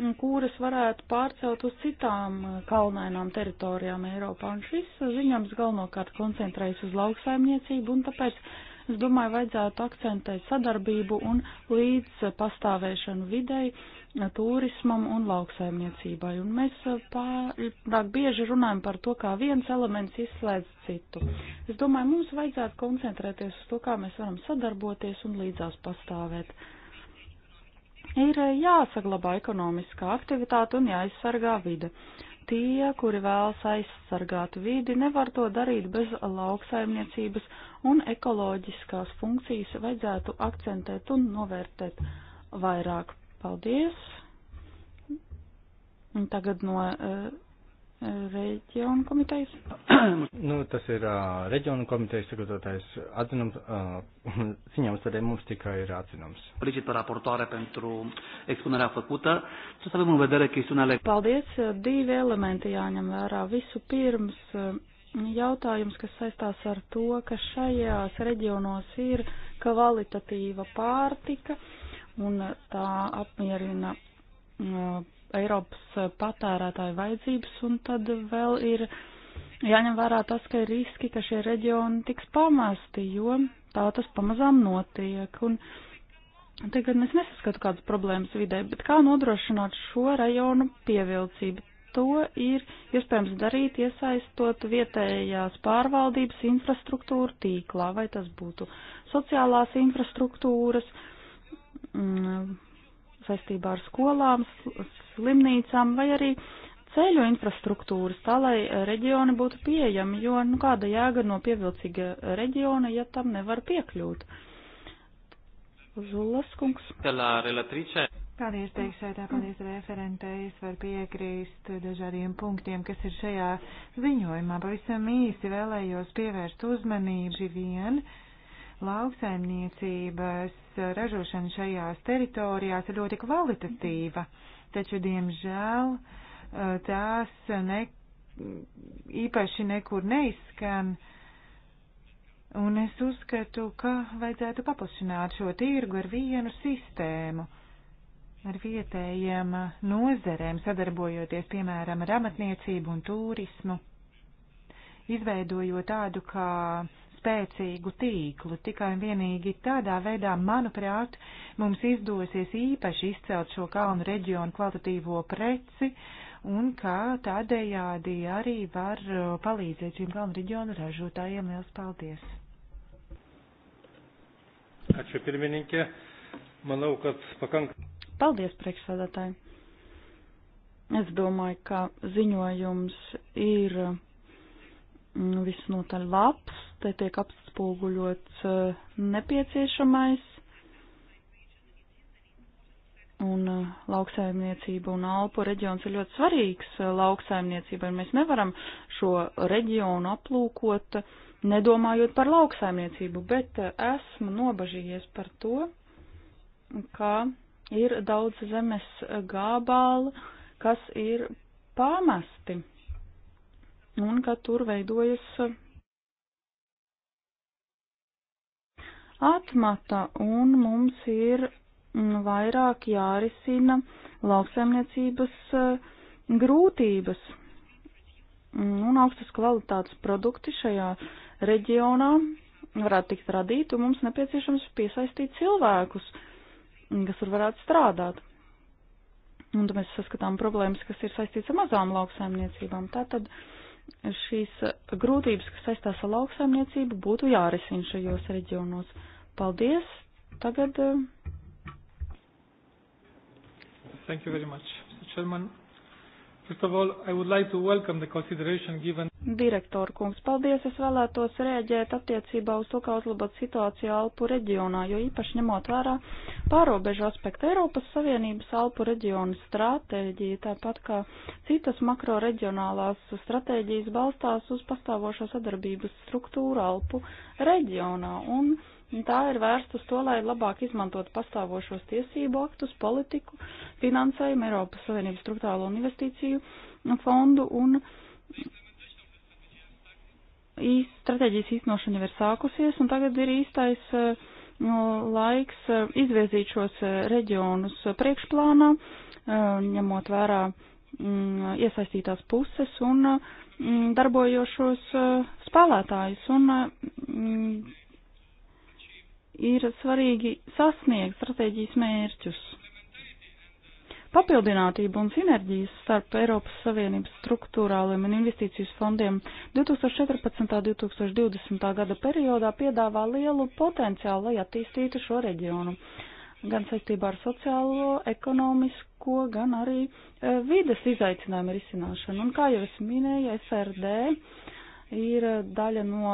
mm, kuras varētu pārcelt uz citām kalnainām teritorijām Eiropā. Un šis ziņojums galvenokārt koncentrējas uz lauksaimniecību, un tāpēc es domāju, vajadzētu akcentēt sadarbību un līdz pastāvēšanu videi turismam un lauksaimniecībai. Un mēs pārāk eh, bieži runājam par to, kā viens elements izslēdz citu. Es domāju, mums vajadzētu koncentrēties uz to, kā mēs varam sadarboties un līdzās pastāvēt. Ir eh, jāsaglabā ekonomiskā aktivitāte un jāizsargā vide. Tie, kuri vēlas aizsargāt vidi, nevar to darīt bez lauksaimniecības un ekoloģiskās funkcijas vajadzētu akcentēt un novērtēt vairāk Paldies. Un tagad no uh, reģionu komitejas. nu, tas ir uh, reģionu komitejas sagatavotais atzinums. Uh, ziņams, tad mums tikai ir atzinums. Felicit par raportoare pentru expunerea făcută. Să avem în vedere chestiunile. Paldies. Divi elementi jāņem vērā. Visu pirms jautājums, kas saistās ar to, ka šajās reģionos ir kvalitatīva pārtika. Uh, un tā apmierina uh, Eiropas patērētāju vajadzības, un tad vēl ir jāņem vērā tas, ka ir riski, ka šie reģioni tiks pamesti, jo tā tas pamazām notiek. Un tagad es nesaskatu kādas problēmas vidē, bet kā nodrošināt šo rajonu pievilcību? To ir iespējams darīt, iesaistot vietējās pārvaldības infrastruktūru tīklā, vai tas būtu sociālās infrastruktūras, uh, mm, saistībā ar skolām, slimnīcām vai arī ceļu infrastruktūras, tā lai reģioni būtu pieejami, jo nu, kāda jēga no pievilcīga reģiona, ja tam nevar piekļūt. Zulas kungs. Paldies, teiksētā, paldies referentei. Es varu piekrīst dažādiem punktiem, kas ir šajā ziņojumā. Pavisam īsi vēlējos pievērst uzmanību vien lauksaimniecības Eh, ražošana šajās teritorijās ir ļoti kvalitatīva, taču, diemžēl, eh, tās ne, īpaši nekur neizskan. Un es uzskatu, ka vajadzētu paplašināt šo tirgu ar vienu sistēmu, ar vietējiem nozerēm, sadarbojoties, piemēram, ar amatniecību un turismu, izveidojot tādu kā spēcīgu tīklu. Tikai un vienīgi tādā veidā, manuprāt, mums izdosies īpaši izcelt šo kalnu reģionu kvalitatīvo preci un kā tādējādi arī var uh, palīdzēt šīm kalnu reģionu ražotājiem. Liels paldies! Ačiū pirmininkė. Manau, kad pakankamai. Paldies, priekšsēdētāji. Es domāju, ka ziņojums ir Nu, visnotaļ labs, te tiek apspoguļots eh, nepieciešamais un eh, lauksaimniecība un Alpu reģions ir ļoti svarīgs eh, lauksaimniecībai. Mēs nevaram šo reģionu aplūkot, nedomājot par lauksaimniecību, bet esmu nobažījies par to, ka ir daudz zemes gābāla, kas ir pamesti un ka tur veidojas eh, atmata, un mums ir mm, vairāk jārisina lauksaimniecības eh, grūtības. Mm, un augstas kvalitātes produkti šajā reģionā varētu tikt radīti, un mums nepieciešams piesaistīt cilvēkus, mm, kas tur varētu strādāt. Un tad mēs saskatām problēmas, kas ir saistīts ar mazām lauksaimniecībām. Tātad uh, šīs grūtības, kas saistās ar lauksaimniecību, būtu jārisina šajos reģionos. Paldies! Tagad. Eh, Thank you very much, Mr. Chairman. First of all, I would like to welcome the consideration given. Direktor kungs, paldies, es vēlētos rēģēt attiecībā uz to, kā uzlabot situāciju Alpu reģionā, jo īpaši ņemot vērā pārobežu aspektu Eiropas Savienības Alpu reģionu stratēģija, tāpat kā citas makro reģionālās stratēģijas balstās uz pastāvošo sadarbības struktūru Alpu reģionā. Un Un tā ir vērsta uz to, lai labāk izmantot pastāvošos tiesību aktus, politiku, finansējumu, Eiropas Savienības struktūrālo investīciju fondu un īst, strateģijas īstenošana jau ir sākusies, un tagad ir īstais eh, nu, laiks eh, izviezīt šos eh, reģionus priekšplānā, ņemot vērā mm, iesaistītās puses un mm, darbojošos spēlētājus. Un mm, ir svarīgi sasniegt stratēģijas mērķus. Papildinātība un sinerģijas starp Eiropas Savienības struktūrāliem un investīcijas fondiem 2014. un 2020. gada periodā piedāvā lielu potenciālu, lai attīstītu šo reģionu, gan saistībā ar sociālo, ekonomisko, gan arī e, vides izaicinājumu risināšanu. Un kā jau es minēju, SRD ir daļa no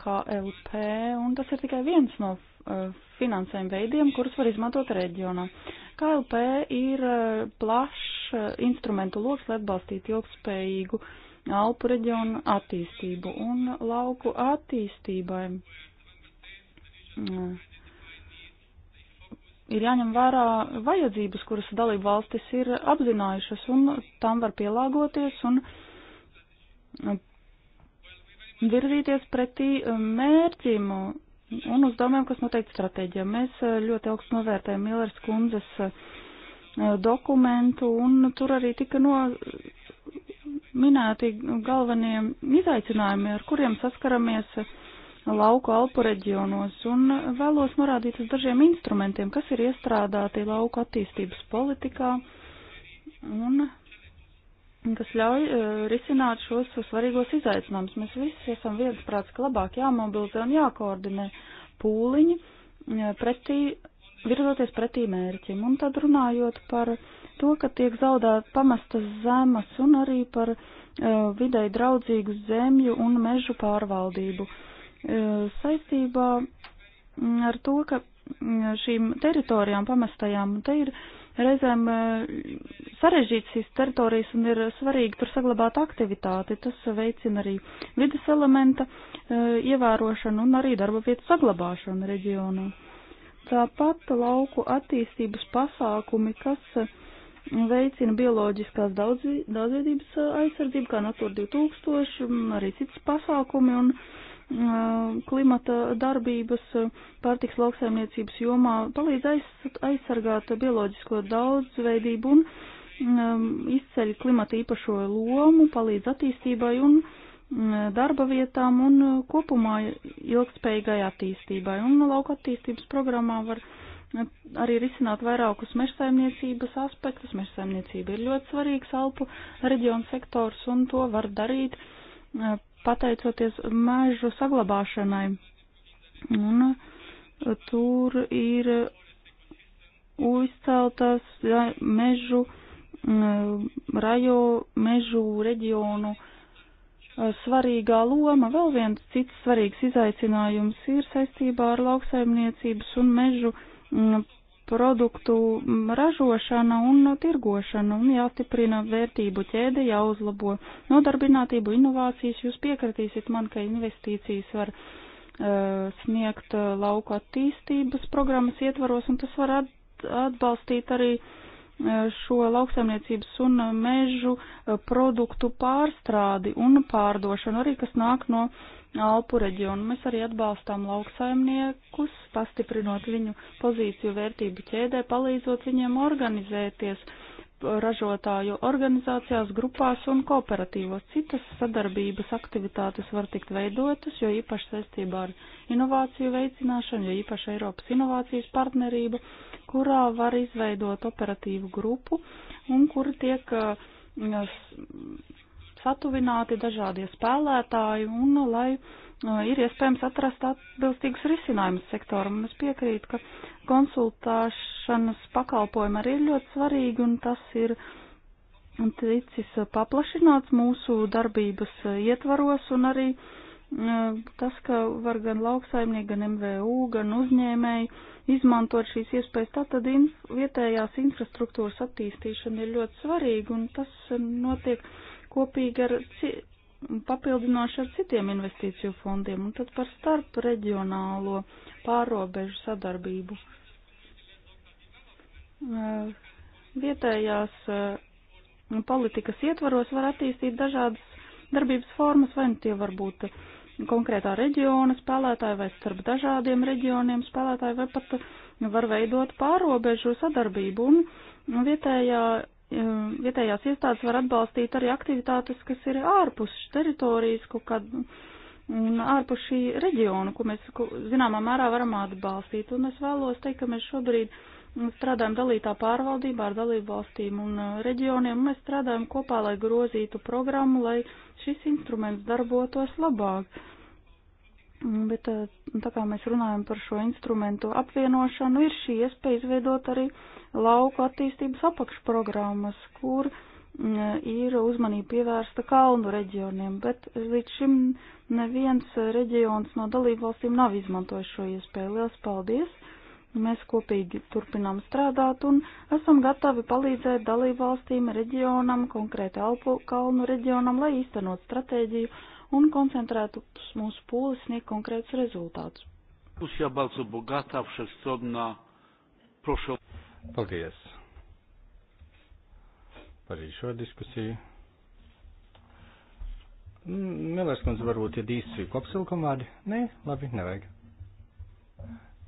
KLP, un tas ir tikai viens no Uh, finansējuma veidiem, kurus var izmantot reģionā. KLP ir uh, plašs uh, instrumentu loks, lai atbalstītu ilgspējīgu Alpu reģionu attīstību un lauku attīstībai. Mm. Ir jāņem vērā vajadzības, kuras dalību valstis ir apzinājušas, un tam var pielāgoties un virzīties pretī mērķim un uzdevumiem, kas noteikti stratēģijā. Mēs eh, ļoti augstu novērtējam Milleras kundzes eh, dokumentu, un tur arī tika no minēti galvenie izaicinājumi, ar kuriem saskaramies lauku alpu reģionos, un vēlos norādīt uz dažiem instrumentiem, kas ir iestrādāti lauku attīstības politikā, un kas ļauj e, risināt šos svarīgos izaicinājumus. Mēs visi esam viensprāts, ka labāk jāmobilizē un jākoordinē pūliņi e, pretī, virzoties pretī mērķim. Un tad runājot par to, ka tiek zaudēt pamestas zemes un arī par uh, videi draudzīgu zemju un mežu pārvaldību. Uh, saistībā mm, ar to, ka mm, šīm teritorijām pamestajām te ir uh, reizēm eh, sarežģītas šīs teritorijas un ir svarīgi tur saglabāt aktivitāti. Tas veicina arī vidas elementa eh, ievērošanu un arī darba vietu saglabāšanu reģionā. Tāpat lauku attīstības pasākumi, kas eh, veicina bioloģiskās daudz, daudzveidības aizsardzību, kā Natura 2000, arī citas pasākumi, un klimata darbības pārtiks lauksaimniecības jomā palīdz aizsargāt bioloģisko daudzveidību un izceļ klimata īpašo lomu, palīdz attīstībai un darba vietām un kopumā ilgspējīgai attīstībai. Un lauka attīstības programmā var arī risināt vairākus mežsaimniecības aspektus. Mežsaimniecība ir ļoti svarīgs alpu reģionu sektors un to var darīt pateicoties mežu saglabāšanai. Un e, tur ir uzceltas ja, mežu rajo, mežu reģionu e, svarīgā loma. Vēl viens cits svarīgs izaicinājums ir saistībā ar lauksaimniecības un mežu produktu mm, ražošana un tirgošana un jāstiprina vērtību ķēde, jāuzlabo nodarbinātību, inovācijas. Jūs piekritīsiet man, ka investīcijas var uh, sniegt uh, lauku attīstības programmas ietvaros un tas var at atbalstīt arī uh, šo lauksaimniecības un mežu produktu pārstrādi un pārdošanu arī, kas nāk no uh, Alpu reģionu. Mēs arī atbalstām lauksaimniekus, pastiprinot viņu pozīciju vērtību ķēdē, palīdzot viņiem organizēties ražotāju organizācijās, grupās un kooperatīvos. Citas sadarbības aktivitātes var tikt veidotas, jo īpaši saistībā ar inovāciju veicināšanu, jo īpaši Eiropas inovācijas partnerība, kurā var izveidot operatīvu grupu un kur tiek uh, satuvināti dažādie spēlētāji un nu, lai nu, ir iespējams atrast atbilstīgus risinājumus sektoram. Es piekrītu, ka konsultāšanas pakalpojumi arī ir ļoti svarīgi un tas ir ticis paplašināts mūsu darbības ietvaros un arī nu, tas, ka var gan lauksaimnieki, gan MVU, gan uzņēmēji izmantot šīs iespējas, tātad inf vietējās infrastruktūras attīstīšana ir ļoti svarīga un tas notiek kopīgi ar papildinoši ar citiem investīciju fondiem un tad par starp reģionālo pārobežu sadarbību. Eh, vietējās eh, politikas ietvaros var attīstīt dažādas darbības formas, vai nu tie var būt konkrētā reģiona spēlētāji vai starp dažādiem reģioniem spēlētāji, vai pat var veidot pārobežu sadarbību un vietējā vietējās iestādes var atbalstīt arī aktivitātes, kas ir ārpus teritorijas, kaut kad un ārpus šī reģiona, ko mēs ko, zināmā mērā varam atbalstīt. Un es vēlos teikt, ka mēs šobrīd strādājam dalītā pārvaldībā ar dalību valstīm un reģioniem, un mēs strādājam kopā, lai grozītu programmu, lai šis instruments darbotos labāk. Uh, Bet eh, tā kā mēs runājam par šo instrumentu apvienošanu, ir šī iespēja izveidot arī lauku attīstības apakšprogrammas, kur mm, ir uzmanība pievērsta kalnu reģioniem, bet līdz šim neviens reģions no dalību valstīm nav izmantojis šo iespēju. Lielas paldies! Mēs kopīgi turpinām strādāt un esam gatavi palīdzēt dalībvalstīm, reģionam, konkrēti Alpu kalnu reģionam, lai īstenot stratēģiju un koncentrētus mūsu pūles sniegt konkrētus rezultātus. Diskusija bardzo bogata, všestronna. Prošu. Paldies par šo diskusiju. Milērs mm, kundze, varbūt ir īsi kopsilkuma vārdi? Nē, labi, nevajag.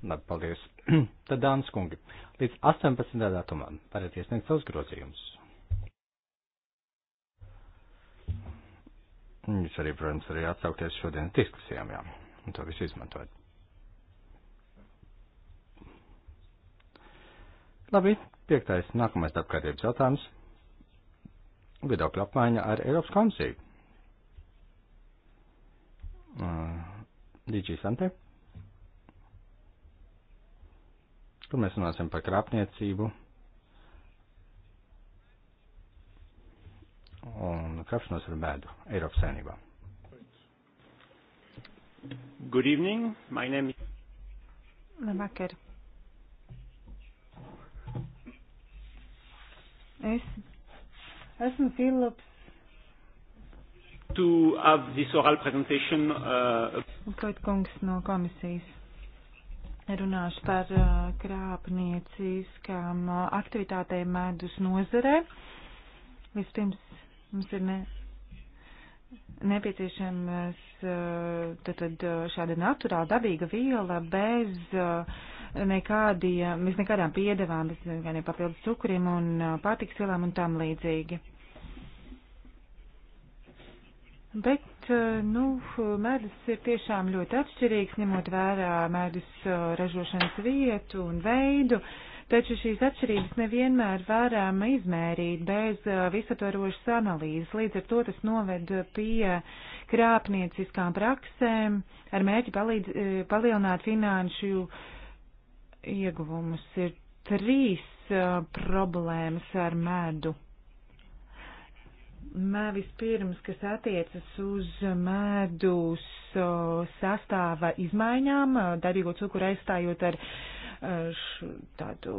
Labi, paldies. Tad, dāmas kungi, līdz 18. datumam varat iesniegt savus grozījumus. Jūs arī, protams, arī atsaukties šodien diskusijām, jā, un to visu izmantot. Labi, piektais, nākamais apkārtības jautājums. Viedokļa apmaiņa ar Eiropas komisiju. Uh, DG Sante. Tur mēs runāsim par krāpniecību. un krapšanos ar medu Eiropas saimnībā. Good evening, my name is. Labvakar. Es esmu Filips. To have this oral presentation. Uh, Kaut kungs no komisijas. Runāšu par uh, krāpnieciskām uh, aktivitātēm medus nozarē. Vispirms Mums ir ne, nepieciešams tātad eh, eh, šāda naturāla, dabīga viela bez eh, nekādiem, bez nekādām piedevām, bez nekādiem papildus cukuriem un pārtiks vielām un tam līdzīgi. Bet, nu, medus ir tiešām ļoti atšķirīgs, ņemot vērā medus ražošanas vietu un veidu. Uh, Taču šīs atšķirības nevienmēr varam izmērīt bez uh, visaptvarošas analīzes. Līdz ar to tas noved pie krāpnieciskām praksēm ar mērķi palīdz, uh, palielināt finanšu ieguvumus. Ir trīs uh, problēmas ar medu. Mē vispirms, kas attiecas uz medus sastāva izmaiņām, darīgo cukuru aizstājot ar uh, š, tādu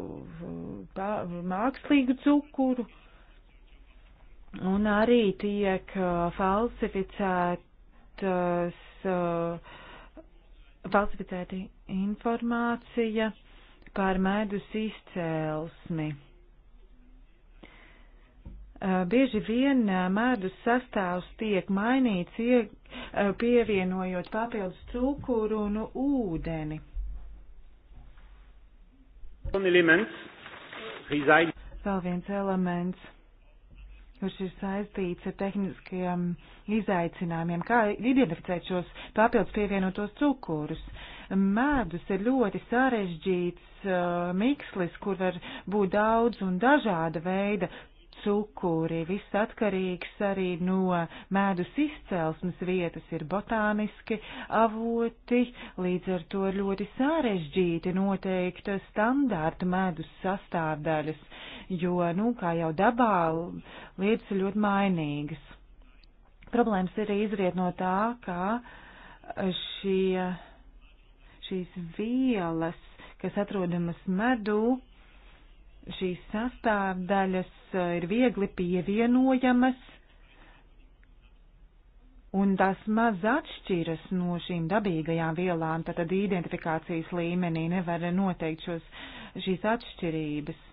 pā, mākslīgu cukuru. Un arī tiek falsificētas, falsificēta informācija par medus izcēlesmi. Bieži vien medus sastāvs tiek mainīts, pievienojot papildus cukuru un ūdeni. Vēl viens elements, kurš ir saistīts ar tehniskajiem izaicinājumiem, kā identificēt šos papildus pievienotos cukurus. Mēdus ir ļoti sarežģīts uh, mikslis, kur var būt daudz un dažāda veida cukuri. Viss atkarīgs arī no medus izcelsmes vietas, ir botāniski avoti, līdz ar to ļoti sarežģīti noteikta standārta medus sastāvdaļas, jo, nu, kā jau dabā, lietas ir ļoti mainīgas. Problēmas ir izriet no tā, ka šie, šīs vielas, kas atrodamas medū, šīs sastāvdaļas eh, ir viegli pievienojamas, un tās maz atšķiras no šīm dabīgajām vielām, tātad identifikācijas līmenī nevar noteikt šos, šīs atšķirības.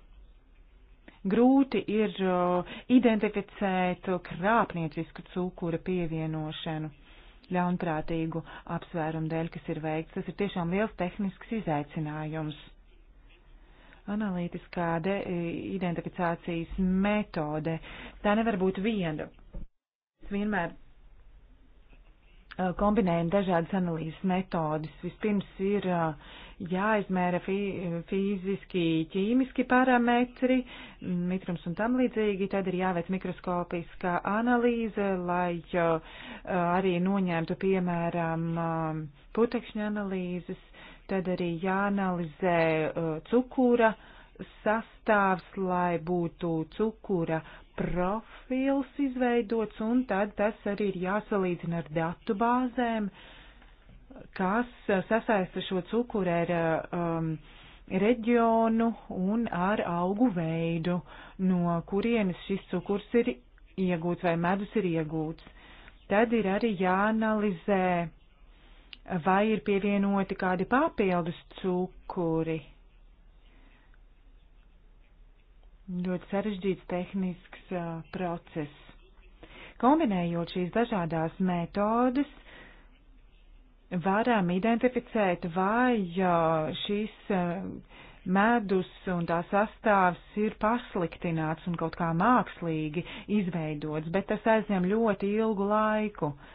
Grūti ir eh, identificēt krāpniecisku cukura pievienošanu ļaunprātīgu apsvērumu dēļ, kas ir veikts. Tas ir tiešām liels tehnisks izaicinājums analītiskā identifikācijas metode. Tā nevar būt viena. Es vienmēr kombinējam dažādas analīzes metodas. Vispirms ir jāizmēra fiziski, ķīmiski parametri, mitrums un tam līdzīgi, tad ir jāveic mikroskopiskā analīze, lai arī noņemtu, piemēram, putekšņa analīzes Tad arī jāanalizē uh, cukura sastāvs, lai būtu cukura profils izveidots, un tad tas arī ir jāsalīdzina ar datu bāzēm, kas uh, sasaista šo cukuru ar uh, um, reģionu un ar augu veidu, no kurienes šis cukurs ir iegūts vai medus ir iegūts. Tad ir arī jāanalizē vai ir pievienoti kādi papildus cukuri. Ļoti sarežģīts tehnisks uh, process. Kombinējot šīs dažādās metodas, varam identificēt, vai uh, šis uh, medus un tā sastāvs ir pasliktināts un kaut kā mākslīgi izveidots, bet tas aizņem ļoti ilgu laiku. Uh,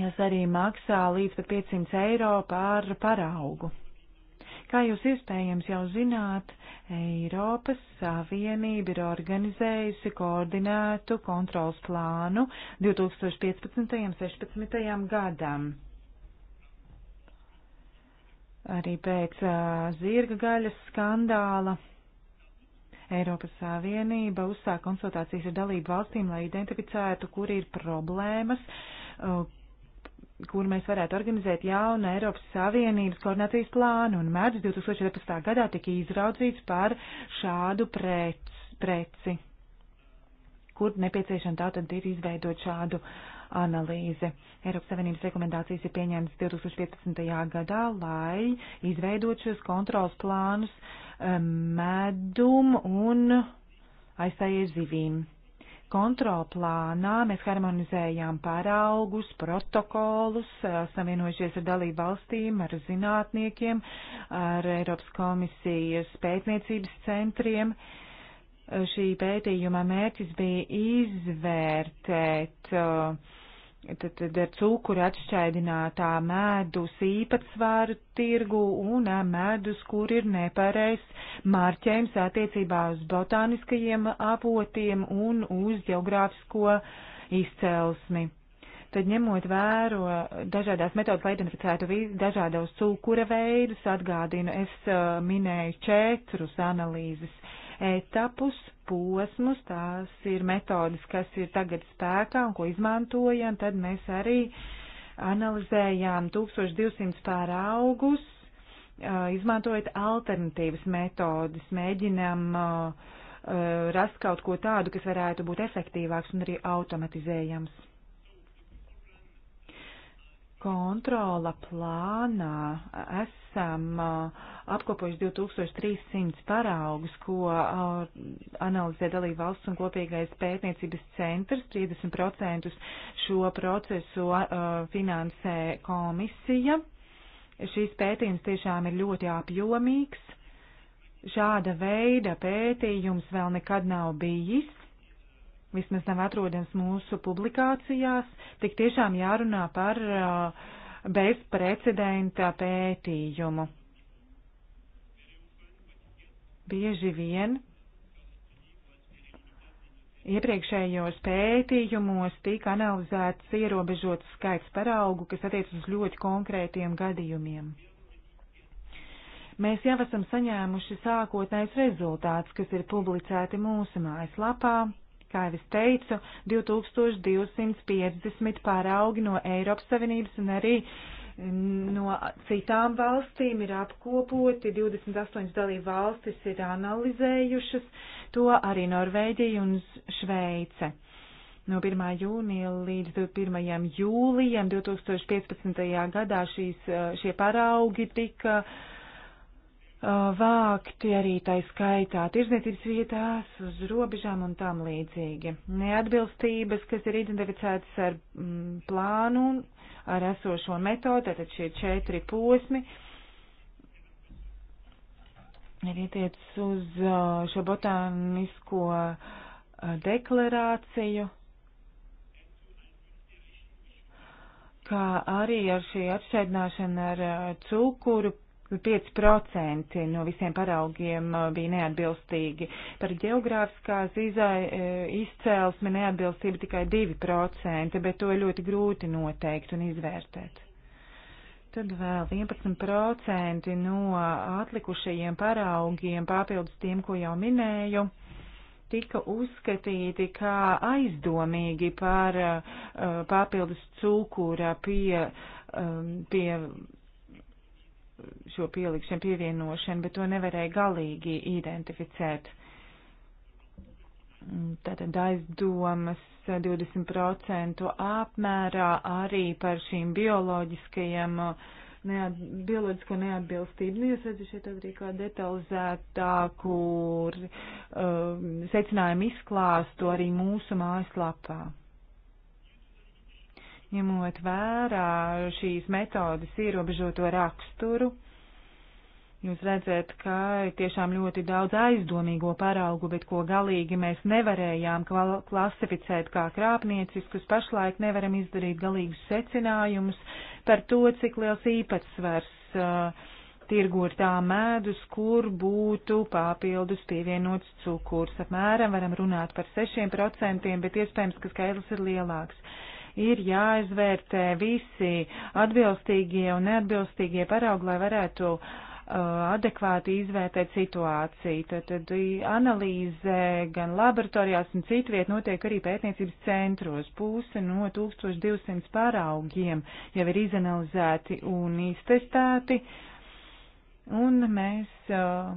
Jūs arī maksā līdz pat 500 eiro par paraugu. Kā jūs iespējams jau zināt, Eiropas Savienība ir organizējusi koordinētu kontrols plānu 2015.16. gadam. Arī pēc uh, zirga gaļas skandāla Eiropas Savienība uzsāk konsultācijas ar dalību valstīm, lai identificētu, kur ir problēmas, uh, kur mēs varētu organizēt jaunu Eiropas Savienības koordinācijas plānu, un mērķis 2014. gadā tika izraudzīts par šādu prec, preci, kur nepieciešama tātad ir izveidot šādu analīzi. Eiropas Savienības rekomendācijas ir pieņemtas 2015. gadā, lai izveidot šos kontrols plānus eh, medum un aizstājies zivīm kontrolplānā mēs harmonizējām pāraugus, protokolus, savienojušies ar dalību valstīm, ar zinātniekiem, ar Eiropas komisijas pētniecības centriem. Šī pētījuma mērķis bija izvērtēt uh, tad, tad ar cukuru atšķaidinātā medus īpatsvāru tirgu un medus, kur ir nepareizs mārķējums attiecībā uz botāniskajiem avotiem un uz geogrāfisko izcelsmi. Tad ņemot vēro dažādās metodas, lai identificētu dažādos cukura veidus, atgādinu, es minēju četrus analīzes uh, etapus, posmus, tās ir metodas, kas ir tagad spēkā un ko izmantojam, tad mēs arī analizējām 1200 pāraugus, izmantojot alternatīvas metodas, mēģinām rast kaut ko tādu, kas varētu būt efektīvāks un arī automatizējams kontrola plānā esam apkopojuši 2300 paraugus, ko analizē dalība valsts un kopīgais pētniecības centrs. 30% šo procesu finansē komisija. Šis pētījums tiešām ir ļoti apjomīgs. Šāda veida pētījums vēl nekad nav bijis vismaz nav atrodams mūsu publikācijās, tik tiešām jārunā par uh, bezprecedenta pētījumu. Bieži vien iepriekšējos pētījumos tika analizēts ierobežots skaits paraugu, kas attiec uz ļoti konkrētiem gadījumiem. Mēs jau esam saņēmuši sākotnējs rezultāts, kas ir publicēti mūsu mājaslapā. lapā Kā jau es teicu, 2250 pāraugi no Eiropas Savienības un arī mm, no citām valstīm ir apkopoti, 28 dalību valstis ir analizējušas, to arī Norvēģija un Šveice. No 1. jūnija līdz 1. jūlijam 2015. gadā šīs, šie paraugi tika uh, Uh, vākti arī tai skaitā tirzniecības vietās, uz robežām un tam līdzīgi. Neatbilstības, kas ir identificētas ar mm, plānu, ar esošo metodu, tad šie četri posmi ir ietiec uz uh, šo botānisko uh, deklarāciju, kā arī ar šī atšķaidināšana ar cukuru 5% no visiem paraugiem uh, bija neatbilstīgi. Par geogrāfiskās uh, izcēlesmi neatbilstība tikai 2%, bet to ir ļoti grūti noteikt un izvērtēt. Tad vēl 11% no atlikušajiem paraugiem papildus tiem, ko jau minēju tika uzskatīti kā aizdomīgi par uh, uh papildus cukura pie, um, pie šo pielikšanu, pievienošanu, bet to nevarēja galīgi identificēt. Tātad aizdomas 20% apmērā arī par šīm bioloģiskajiem, uh, neat, bioloģisko neatbilstību. Nu, jūs redzat šeit arī kā detalizētāku uh, secinājumu izklāstu arī mūsu mājaslapā. lapā ņemot vērā šīs metodas ierobežoto raksturu. Jūs redzat, ka ir tiešām ļoti daudz aizdomīgo paraugu, bet ko galīgi mēs nevarējām klasificēt kā krāpnieciskus, pašlaik nevaram izdarīt galīgus secinājumus par to, cik liels īpatsvars uh, tirgu ir tā mēdus, kur būtu papildus pievienots cukurs. Apmēram varam runāt par 6%, bet iespējams, ka skaidrs ir lielāks ir jāizvērtē visi atbilstīgie un neatbilstīgie paraugi, lai varētu uh, adekvāti izvērtēt situāciju. Tad, tad analīze gan laboratorijās un citviet notiek arī pētniecības centros. Puse no 1200 paraugiem jau ir izanalizēti un iztestēti. Un mēs uh,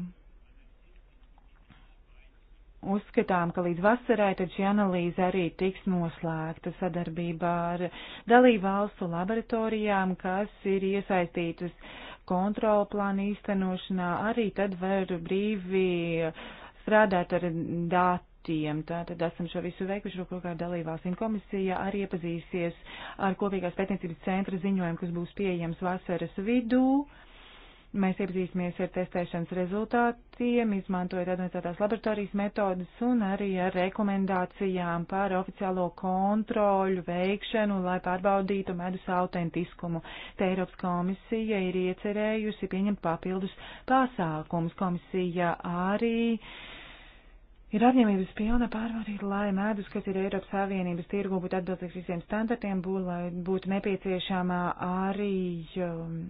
uzskatām, ka līdz vasarai tad šī analīze arī tiks noslēgta sadarbībā ar dalību valstu laboratorijām, kas ir iesaistītas kontrola plāna īstenošanā, arī tad var brīvi strādāt ar datiem. Tātad esam šo visu veikuši rokā ar dalībvalstīm komisija, arī iepazīsies ar kopīgās pētniecības centra ziņojumu, kas būs pieejams vasaras vidū. Uh, Mēs iepazīsimies ar testēšanas rezultātiem, izmantojot administrētās laboratorijas metodas un arī ar rekomendācijām par oficiālo kontroļu veikšanu, lai pārbaudītu medus autentiskumu. Te Eiropas komisija ir iecerējusi pieņemt papildus pasākumus. Komisija arī ir apņēmības pilna pārvarīt, lai medus, kas ir Eiropas Savienības tirgu, būtu atbilstīgs visiem standartiem, būtu, būtu nepieciešama arī. Um,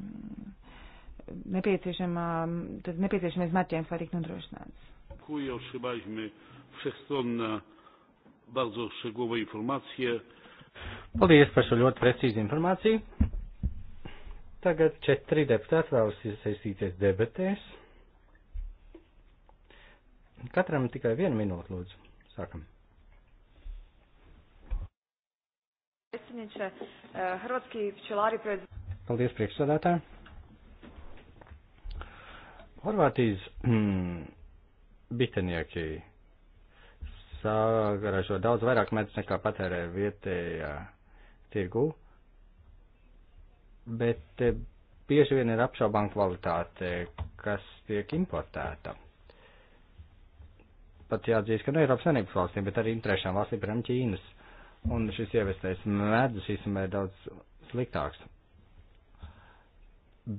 nepieciešamais marķējums, lai tiktu nodrošināts. Dziękuję. Otrzymaliśmy wszechstronna, bardzo szczegółowe informacje. Paldies par šo ļoti precīzu informāciju. Tagad četri deputāti vēlas iesaistīties debatēs. Katram tikai vienu minūtu, lūdzu. Sākam. Eh, Paldies, priekšsādātāji. Horvātijas bitenieki sāražo daudz vairāk medus nekā patērē vietējā tirgu, bet eh, bieži vien ir apšaubām kvalitāte, kas tiek importēta. Pat jāatzīst, ka ne Eiropas Savienības valstīm, bet arī trešām valstīm, piemēram, Ķīnas. Un šis ievestais medus īstenībā ir daudz sliktāks.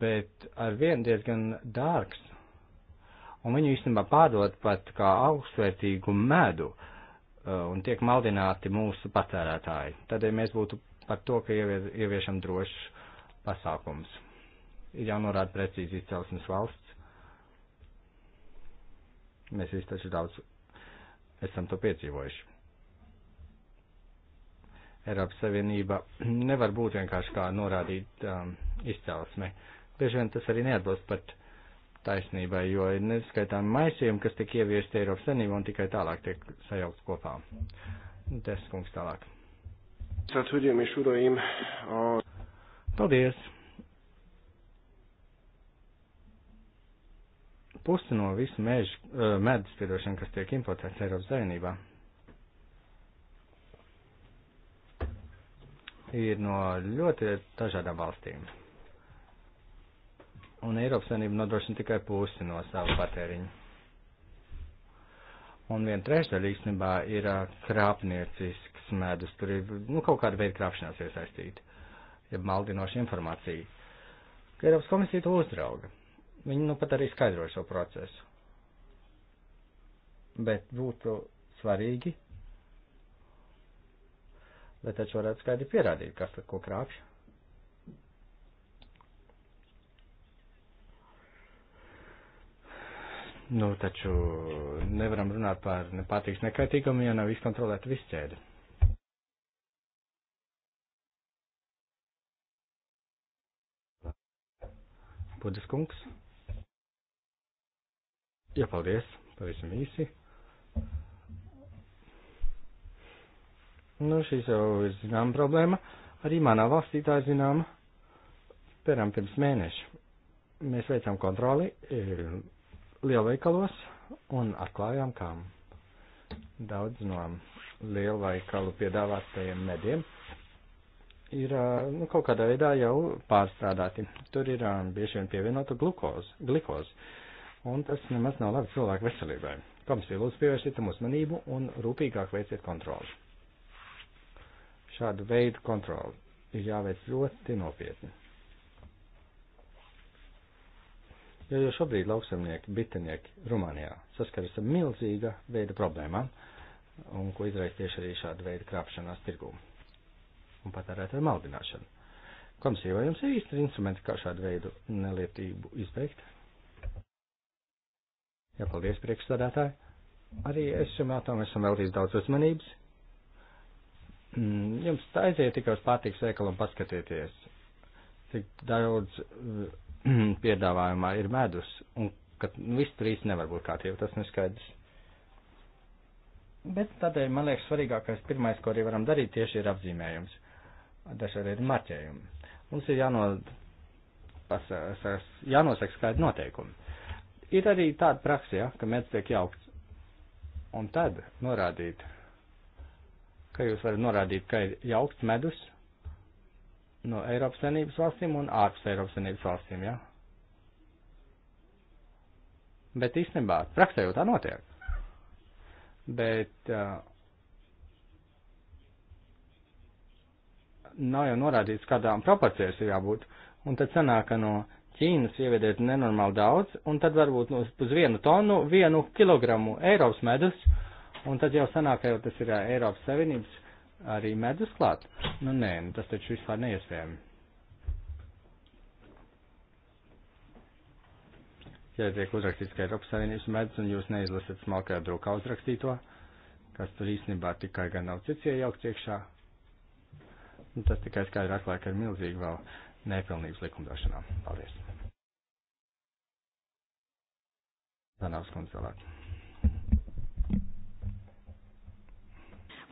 Bet ar vienu diezgan dārgs un viņu īstenībā pārdod pat kā augstvērtīgu medu uh, un tiek maldināti mūsu patērētāji. Tādēļ ja mēs būtu par to, ka ieviešam drošs pasākums. Ir jānorāda precīzi izcelsmes valsts. Mēs visi taču daudz esam to piedzīvojuši. Eiropas Savienība nevar būt vienkārši kā norādīt um, izcelsme. Bieži vien tas arī neatbilst pat taisnībai, jo ir neskaitām maisījumi, kas tiek ieviesti Eiropas senībā un tikai tālāk tiek sajaukt kopā. Deskungs tālāk. Paldies! Pusi no visu mēžu eh, medus, piedošana, kas tiek importēts Eiropas Savienībā, ir no ļoti dažādām valstīm un Eiropas Savienība nodrošina tikai pusi no savu patēriņu. Un viena trešdaļa īstenībā ir krāpniecisks medus, tur ir nu, kaut kāda veida krāpšanās iesaistīta, ja maldinoša informācija. Eiropas komisija to uzrauga. Viņi nu pat arī skaidroja šo procesu. Bet būtu svarīgi, lai taču varētu skaidri pierādīt, kas tad ko krāpšana. Nu, taču nevaram runāt par nepārtīgs nekaitīgumu, ja nav izkontrolēta viss ķēde. Budas kungs. Jā, paldies, pavisam īsi. Nu, šīs jau ir zināma problēma. Arī manā valstī tā ir zināma. Pēram pirms mēneša mēs veicam kontroli, eh, lielveikalos un atklājām, kā daudz no lielveikalu piedāvātajiem mediem ir nu, kaut kādā veidā jau pārstrādāti. Tur ir bieži vien pievienota glukoze, glikoze, un tas nemaz nav labi cilvēku veselībai. Komisija lūdzu pievērsiet tam uzmanību un rūpīgāk veiciet kontroli. Šādu veidu kontroli ir jāveic ļoti nopietni. jo jau šobrīd lauksamnieki, bitenieki Rumānijā saskaras ar milzīga veida problēmām, un ko izraisa tieši arī šāda veida krāpšanās tirgū un patērētāju maldināšana. Komisija, vai jums ir īsti instrumenti, kā šādu veidu nelietību izbeigt? Jā, paldies, priekšstādātāji. Arī es šim jautājumam esmu veltījis daudz uzmanības. Mm, jums aiziet tikai uz pārtiks veikalu un paskatieties, cik daudz piedāvājumā ir medus, un ka viss trīs nevar būt kārtībā, tas neskaidrs. Bet tādēļ, man liekas, svarīgākais pirmais, ko arī varam darīt, tieši ir apzīmējums. Dažādi ir marķējumi. Mums ir jāno, pasas, jānosaka skaidri noteikumi. Ir arī tāda praksa, ja, ka mēdz tiek jaukts. Un tad norādīt, ka jūs varat norādīt, ka ir jaukts medus, no Eiropas Savienības valstīm un ārpus Eiropas Savienības valstīm, jā. Ja? Bet īstenībā, praksē jau tā notiek. Bet uh, nav jau norādīts, kādām proporcijās ir jābūt. Un tad sanāk, ka no Ķīnas ievediet nenormāli daudz, un tad varbūt uz, uz vienu tonu, vienu kilogramu Eiropas medus, un tad jau sanāk, ka jau tas ir Eiropas Savienības arī medus klāt. Nu, nē, nu, tas taču vispār neiespējami. Ja tiek uzrakstīts, ka Eiropas Savienības medus un jūs neizlasat smalkajā drukā uzrakstīto, kas tur īstenībā tikai gan nav cits iejaukts iekšā, nu, tas tikai skaidri atklāja, ka ir milzīgi vēl nepilnības likumdošanā. Paldies! Zanavs kundze vēlāk.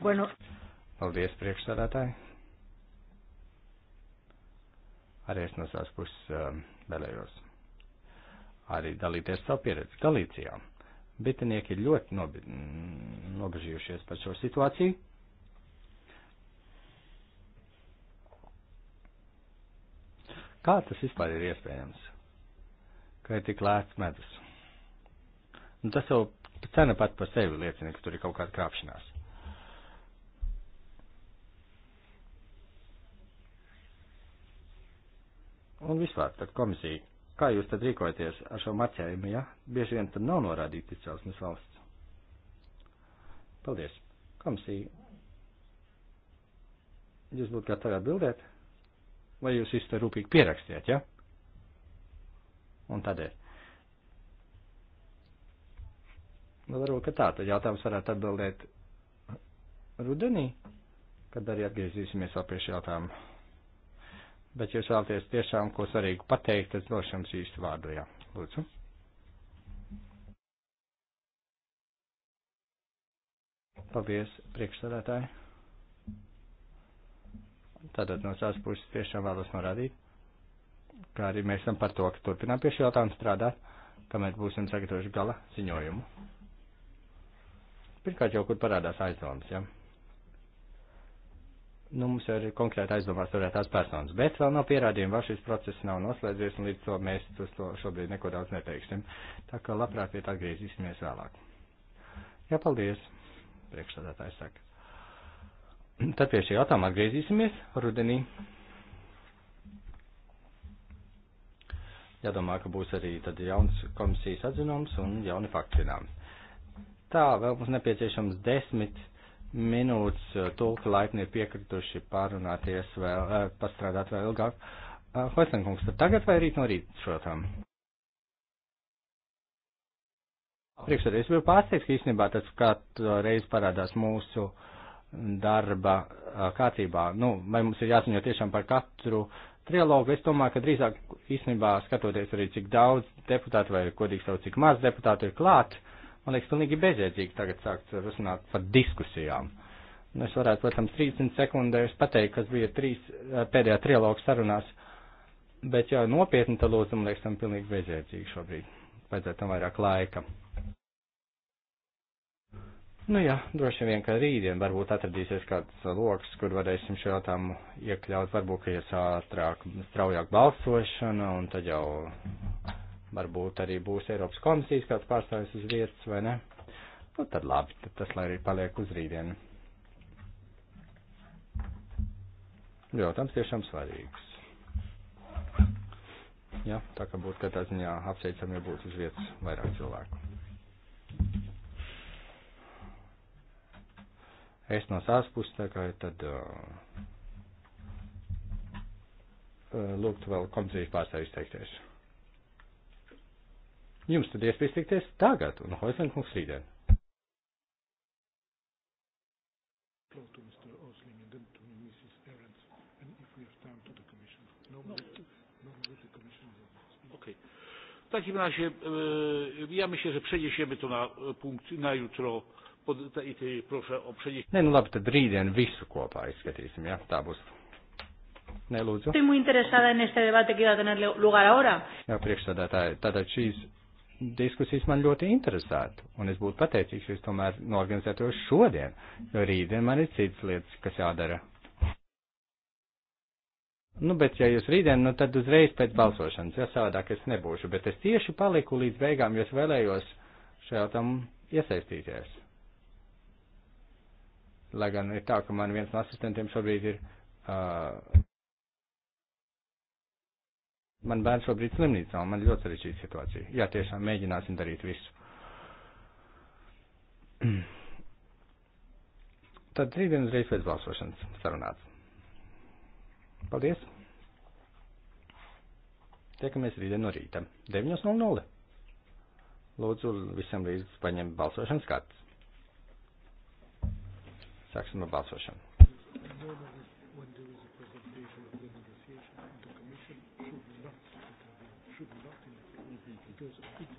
Bueno. Paldies, priekšsādātāji. Arī es no savas puses um, vēlējos arī dalīties savu pieredzi Galīcijā. Bitinieki ir ļoti nobi, nobežījušies par šo situāciju. Kā tas vispār ir iespējams, ka ir tik lēts medus? Nu, tas jau cena pat par sevi liecina, ka tur ir kaut kāda krāpšanās. Un vispār, tad komisija, kā jūs tad rīkojaties ar šo marķējumu, ja bieži vien tad nav norādīta izcelsmes valsts? Paldies. Komisija, jūs būtu gatavi atbildēt? Vai jūs visu te rūpīgi pierakstījāt, ja? Un tādēļ. Nu, varbūt, ka tā, tad jautājums varētu atbildēt rudenī, kad arī atgriezīsimies vēl pie šī jautājuma bet ja jūs vēlaties tiešām ko svarīgu pateikt, tad došu jums īstu vārdu, jā. Lūdzu. Paldies, priekšsādātāji. Tātad no savas puses tiešām vēlos norādīt, kā arī mēs esam par to, ka turpinām pie šī jautājuma strādāt, kamēr būsim sagatavojuši gala ziņojumu. Pirmkārt jau, kur parādās aizdomas, jā. Ja? nu, mums ir konkrēti aizdomās turētās personas, bet vēl nav pierādījumi, vai šis process nav noslēdzies, un līdz to mēs uz to šobrīd neko daudz neteiksim. Tā kā labprāt iet atgriezīsimies vēlāk. Jā, paldies, priekšstādātājs saka. Tad pie šī jautājuma atgriezīsimies rudenī. Jādomā, ka būs arī tad jauns komisijas atzinums un jauni fakti zināms. Tā, vēl mums nepieciešams desmit minūtes eh, tulka laipni ir piekrituši pārunāties vēl, eh, pastrādāt vēl ilgāk. Eh, Hoisenkungs, tad tagad vai rīt no rīta šotām? Priekšsēdē, es biju pārsteigts, ka īstenībā tas katru reizi parādās mūsu darba kārtībā. Nu, vai mums ir jāziņo tiešām par katru trilogu? Es domāju, ka drīzāk īstenībā skatoties arī, cik daudz deputātu vai, kodīgi savu, cik maz deputātu ir klāt, uh, Man liekas, pilnīgi bezjēdzīgi tagad sākt runāt par diskusijām. Un nu, es varētu, protams, 30 sekundēs pateikt, kas bija trīs, eh, pēdējā trialoga sarunās, bet jau nopietni tad lūdzu, man liekas, tam pilnīgi bezjēdzīgi šobrīd. Vajadzētu tam vairāk laika. Nu jā, droši vien, ka rītdien varbūt atradīsies kāds loks, kur varēsim šo jautājumu iekļaut, varbūt, ka ies ātrāk, straujāk balsošana, un tad jau Varbūt arī būs Eiropas komisijas kāds pārstāvis uz vietas, vai ne? Nu, tad labi, tad tas lai arī paliek uz rītdienu. Jautājums tiešām svarīgs. Jā, ja, tā kā būtu katrā ziņā apsveicam, ja būtu uz vietas vairāk cilvēku. Es no savas puses tā kā tad uh, uh lūgtu vēl komisijas pārstāvis teikties. Jums tad iespējas tikties tagad un Hoisenkungs rītdien. W takim razie e, ja myślę, że przeniesiemy to na e, punkt na jutro. Pod, te, te, proszę o przeniesienie. Nē, nu labi, tad rītdien visu kopā izskatīsim, jā, ja? tā būs. Nē, lūdzu. Estoy muy interesada en este debate que iba a tener lugar ahora. Jā, priekšsādātāji, tātad šīs diskusijas man ļoti interesētu, un es būtu pateicīgs, ja jūs tomēr norganizētos šodien, jo rītdien man ir citas lietas, kas jādara. Nu, bet ja jūs rītdien, nu tad uzreiz pēc balsošanas, ja savādāk es nebūšu, bet es tieši paliku līdz beigām, jo es vēlējos šajā tam iesaistīties. Lai gan ir tā, ka man viens no asistentiem šobrīd ir. Uh, man bērns šobrīd slimnīcā, un man ļoti sarežģīta situācija. Jā, tiešām mēģināsim darīt visu. Tad rītdien uzreiz pēc balsošanas sarunāts. Paldies! Tiekamies rītdien no rīta, 9.00. Lūdzu, visam līdz paņem balsošanas kārtas. Sāksim ar balsošanu. Thank you. because it